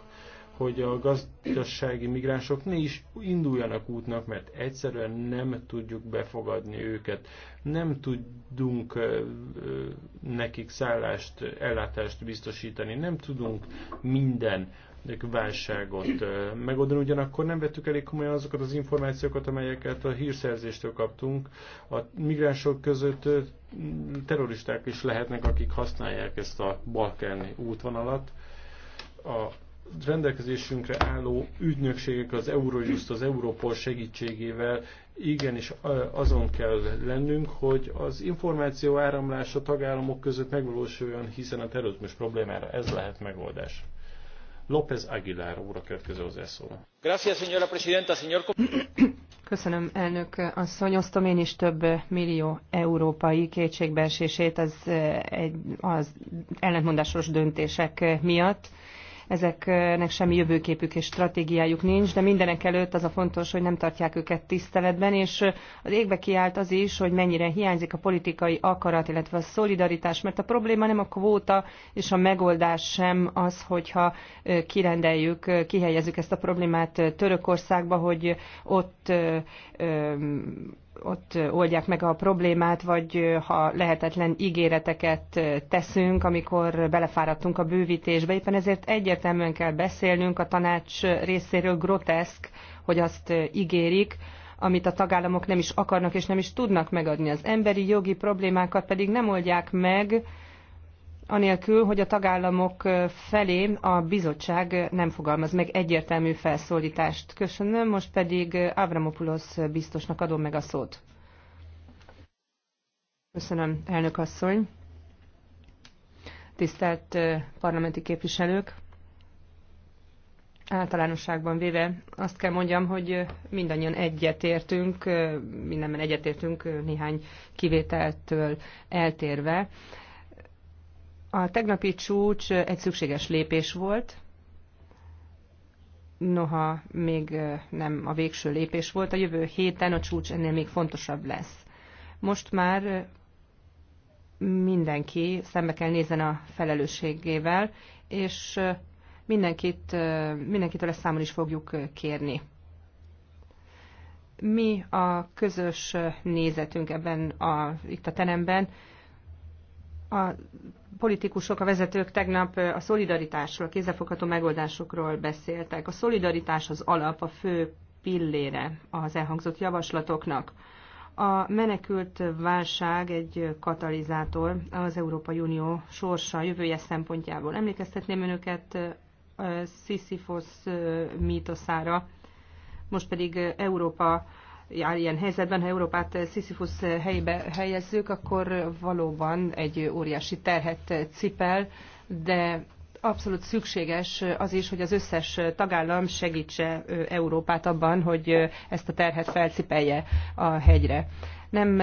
hogy a gazdasági migránsok ne is induljanak útnak, mert egyszerűen nem tudjuk befogadni őket. Nem tudunk nekik szállást, ellátást biztosítani, nem tudunk minden válságot megoldani. Ugyanakkor nem vettük elég komolyan azokat az információkat, amelyeket a hírszerzéstől kaptunk. A migránsok között terroristák is lehetnek, akik használják ezt a balkáni útvonalat. A rendelkezésünkre álló ügynökségek az Eurojust, az Európol segítségével igenis azon kell lennünk, hogy az információ áramlás a tagállamok között megvalósuljon, hiszen a terrorizmus problémára ez lehet megoldás. López Aguilar úr a következő hozzászóló. Köszönöm, elnök asszony. Osztom én is több millió európai kétségbeesését az, az ellentmondásos döntések miatt ezeknek semmi jövőképük és stratégiájuk nincs, de mindenek előtt az a fontos, hogy nem tartják őket tiszteletben, és az égbe kiállt az is, hogy mennyire hiányzik a politikai akarat, illetve a szolidaritás, mert a probléma nem a kvóta, és a megoldás sem az, hogyha kirendeljük, kihelyezzük ezt a problémát Törökországba, hogy ott ott oldják meg a problémát, vagy ha lehetetlen ígéreteket teszünk, amikor belefáradtunk a bővítésbe. Éppen ezért egyértelműen kell beszélnünk a tanács részéről groteszk, hogy azt ígérik, amit a tagállamok nem is akarnak és nem is tudnak megadni. Az emberi jogi problémákat pedig nem oldják meg, anélkül, hogy a tagállamok felé a bizottság nem fogalmaz meg egyértelmű felszólítást. Köszönöm, most pedig Avramopoulos biztosnak adom meg a szót. Köszönöm, elnök asszony. Tisztelt parlamenti képviselők! Általánosságban véve azt kell mondjam, hogy mindannyian egyetértünk, mindenben egyetértünk néhány kivételtől eltérve a tegnapi csúcs egy szükséges lépés volt, noha még nem a végső lépés volt, a jövő héten a csúcs ennél még fontosabb lesz. Most már mindenki szembe kell nézen a felelősségével, és mindenkit, mindenkitől ezt számon is fogjuk kérni. Mi a közös nézetünk ebben a, itt a teremben? A politikusok, a vezetők tegnap a szolidaritásról, a kézzelfogható megoldásokról beszéltek. A szolidaritás az alap, a fő pillére az elhangzott javaslatoknak. A menekült válság egy katalizátor az Európai Unió sorsa jövője szempontjából. Emlékeztetném önöket Sisyphos mítoszára, most pedig Európa jár ilyen helyzetben, ha Európát Sisyphus helyébe helyezzük, akkor valóban egy óriási terhet cipel, de abszolút szükséges az is, hogy az összes tagállam segítse Európát abban, hogy ezt a terhet felcipelje a hegyre. Nem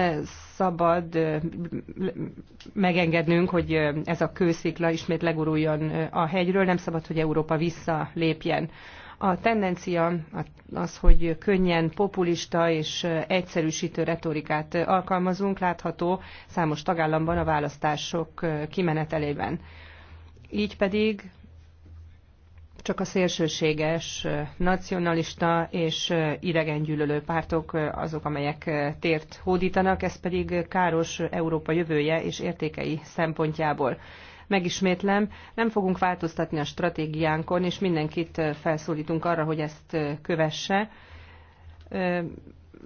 szabad megengednünk, hogy ez a kőszikla ismét leguruljon a hegyről, nem szabad, hogy Európa visszalépjen. A tendencia az, hogy könnyen populista és egyszerűsítő retorikát alkalmazunk, látható számos tagállamban a választások kimenetelében. Így pedig csak a szélsőséges, nacionalista és idegengyűlölő pártok azok, amelyek tért hódítanak, ez pedig káros Európa jövője és értékei szempontjából megismétlem, nem fogunk változtatni a stratégiánkon, és mindenkit felszólítunk arra, hogy ezt kövesse.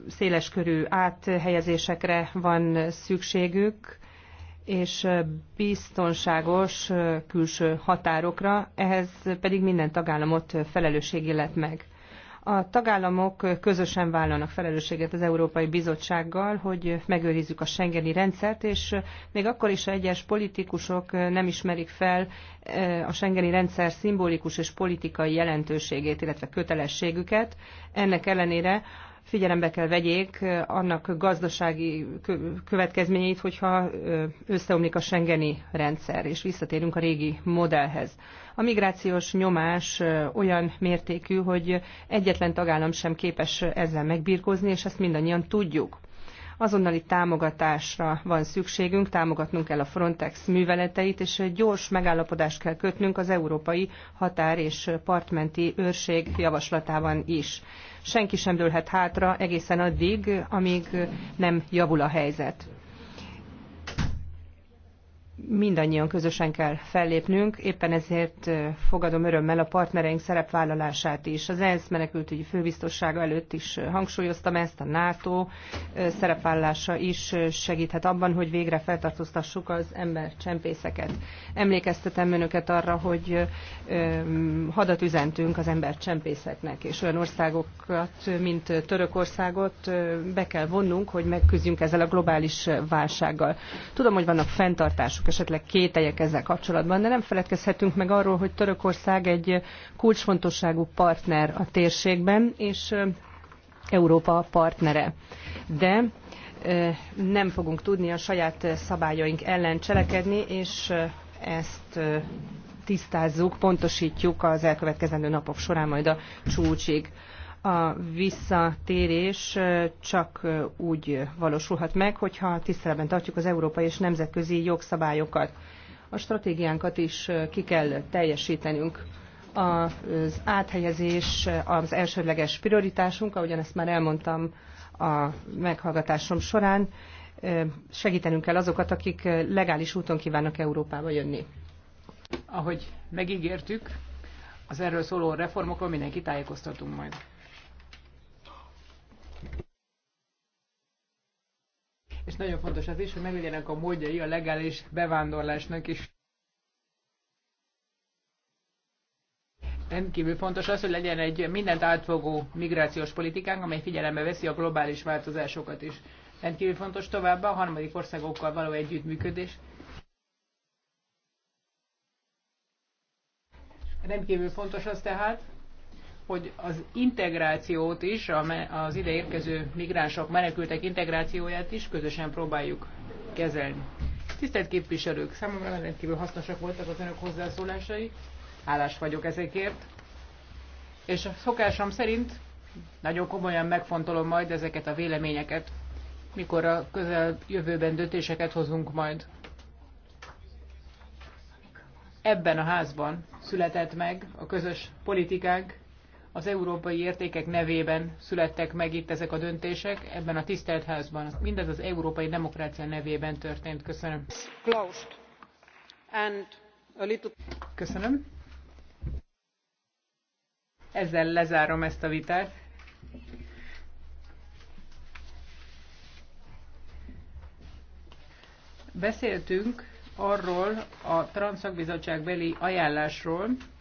Széleskörű áthelyezésekre van szükségük, és biztonságos külső határokra, ehhez pedig minden tagállamot felelősség illet meg. A tagállamok közösen vállalnak felelősséget az Európai Bizottsággal, hogy megőrizzük a Schengeni rendszert, és még akkor is, ha egyes politikusok nem ismerik fel e, a Schengeni rendszer szimbolikus és politikai jelentőségét, illetve kötelességüket, ennek ellenére figyelembe kell vegyék annak gazdasági következményeit, hogyha összeomlik a Schengeni rendszer, és visszatérünk a régi modellhez. A migrációs nyomás olyan mértékű, hogy egyetlen tagállam sem képes ezzel megbírkozni, és ezt mindannyian tudjuk azonnali támogatásra van szükségünk, támogatnunk kell a Frontex műveleteit, és gyors megállapodást kell kötnünk az Európai Határ és Partmenti Őrség javaslatában is senki sem dőlhet hátra egészen addig, amíg nem javul a helyzet mindannyian közösen kell fellépnünk, éppen ezért fogadom örömmel a partnereink szerepvállalását is. Az ENSZ menekültügyi főbiztossága előtt is hangsúlyoztam ezt, a NATO szerepvállalása is segíthet abban, hogy végre feltartóztassuk az ember csempészeket. Emlékeztetem önöket arra, hogy hadat üzentünk az ember csempészeknek, és olyan országokat, mint Törökországot be kell vonnunk, hogy megküzdjünk ezzel a globális válsággal. Tudom, hogy vannak fenntartások vannak esetleg kételyek ezzel kapcsolatban, de nem feledkezhetünk meg arról, hogy Törökország egy kulcsfontosságú partner a térségben, és Európa partnere. De nem fogunk tudni a saját szabályaink ellen cselekedni, és ezt tisztázzuk, pontosítjuk az elkövetkezendő napok során majd a csúcsig a visszatérés csak úgy valósulhat meg, hogyha tiszteletben tartjuk az európai és nemzetközi jogszabályokat. A stratégiánkat is ki kell teljesítenünk. Az áthelyezés az elsődleges prioritásunk, ahogyan ezt már elmondtam a meghallgatásom során. Segítenünk kell azokat, akik legális úton kívánnak Európába jönni. Ahogy megígértük, az erről szóló reformokról mindenki tájékoztatunk majd. és nagyon fontos az is, hogy meglegyenek a módjai a legális bevándorlásnak is. Rendkívül fontos az, hogy legyen egy mindent átfogó migrációs politikánk, amely figyelembe veszi a globális változásokat is. Rendkívül fontos továbbá a harmadik országokkal való együttműködés. Rendkívül fontos az tehát, hogy az integrációt is, az ide érkező migránsok, menekültek integrációját is közösen próbáljuk kezelni. Tisztelt képviselők, számomra rendkívül hasznosak voltak az önök hozzászólásai, hálás vagyok ezekért, és a szokásom szerint nagyon komolyan megfontolom majd ezeket a véleményeket, mikor a közel jövőben döntéseket hozunk majd. Ebben a házban született meg a közös politikánk, az európai értékek nevében születtek meg itt ezek a döntések, ebben a tisztelt házban. Mindez az európai demokrácia nevében történt. Köszönöm. Köszönöm. Ezzel lezárom ezt a vitát. Beszéltünk arról a Transzakbizottság beli ajánlásról,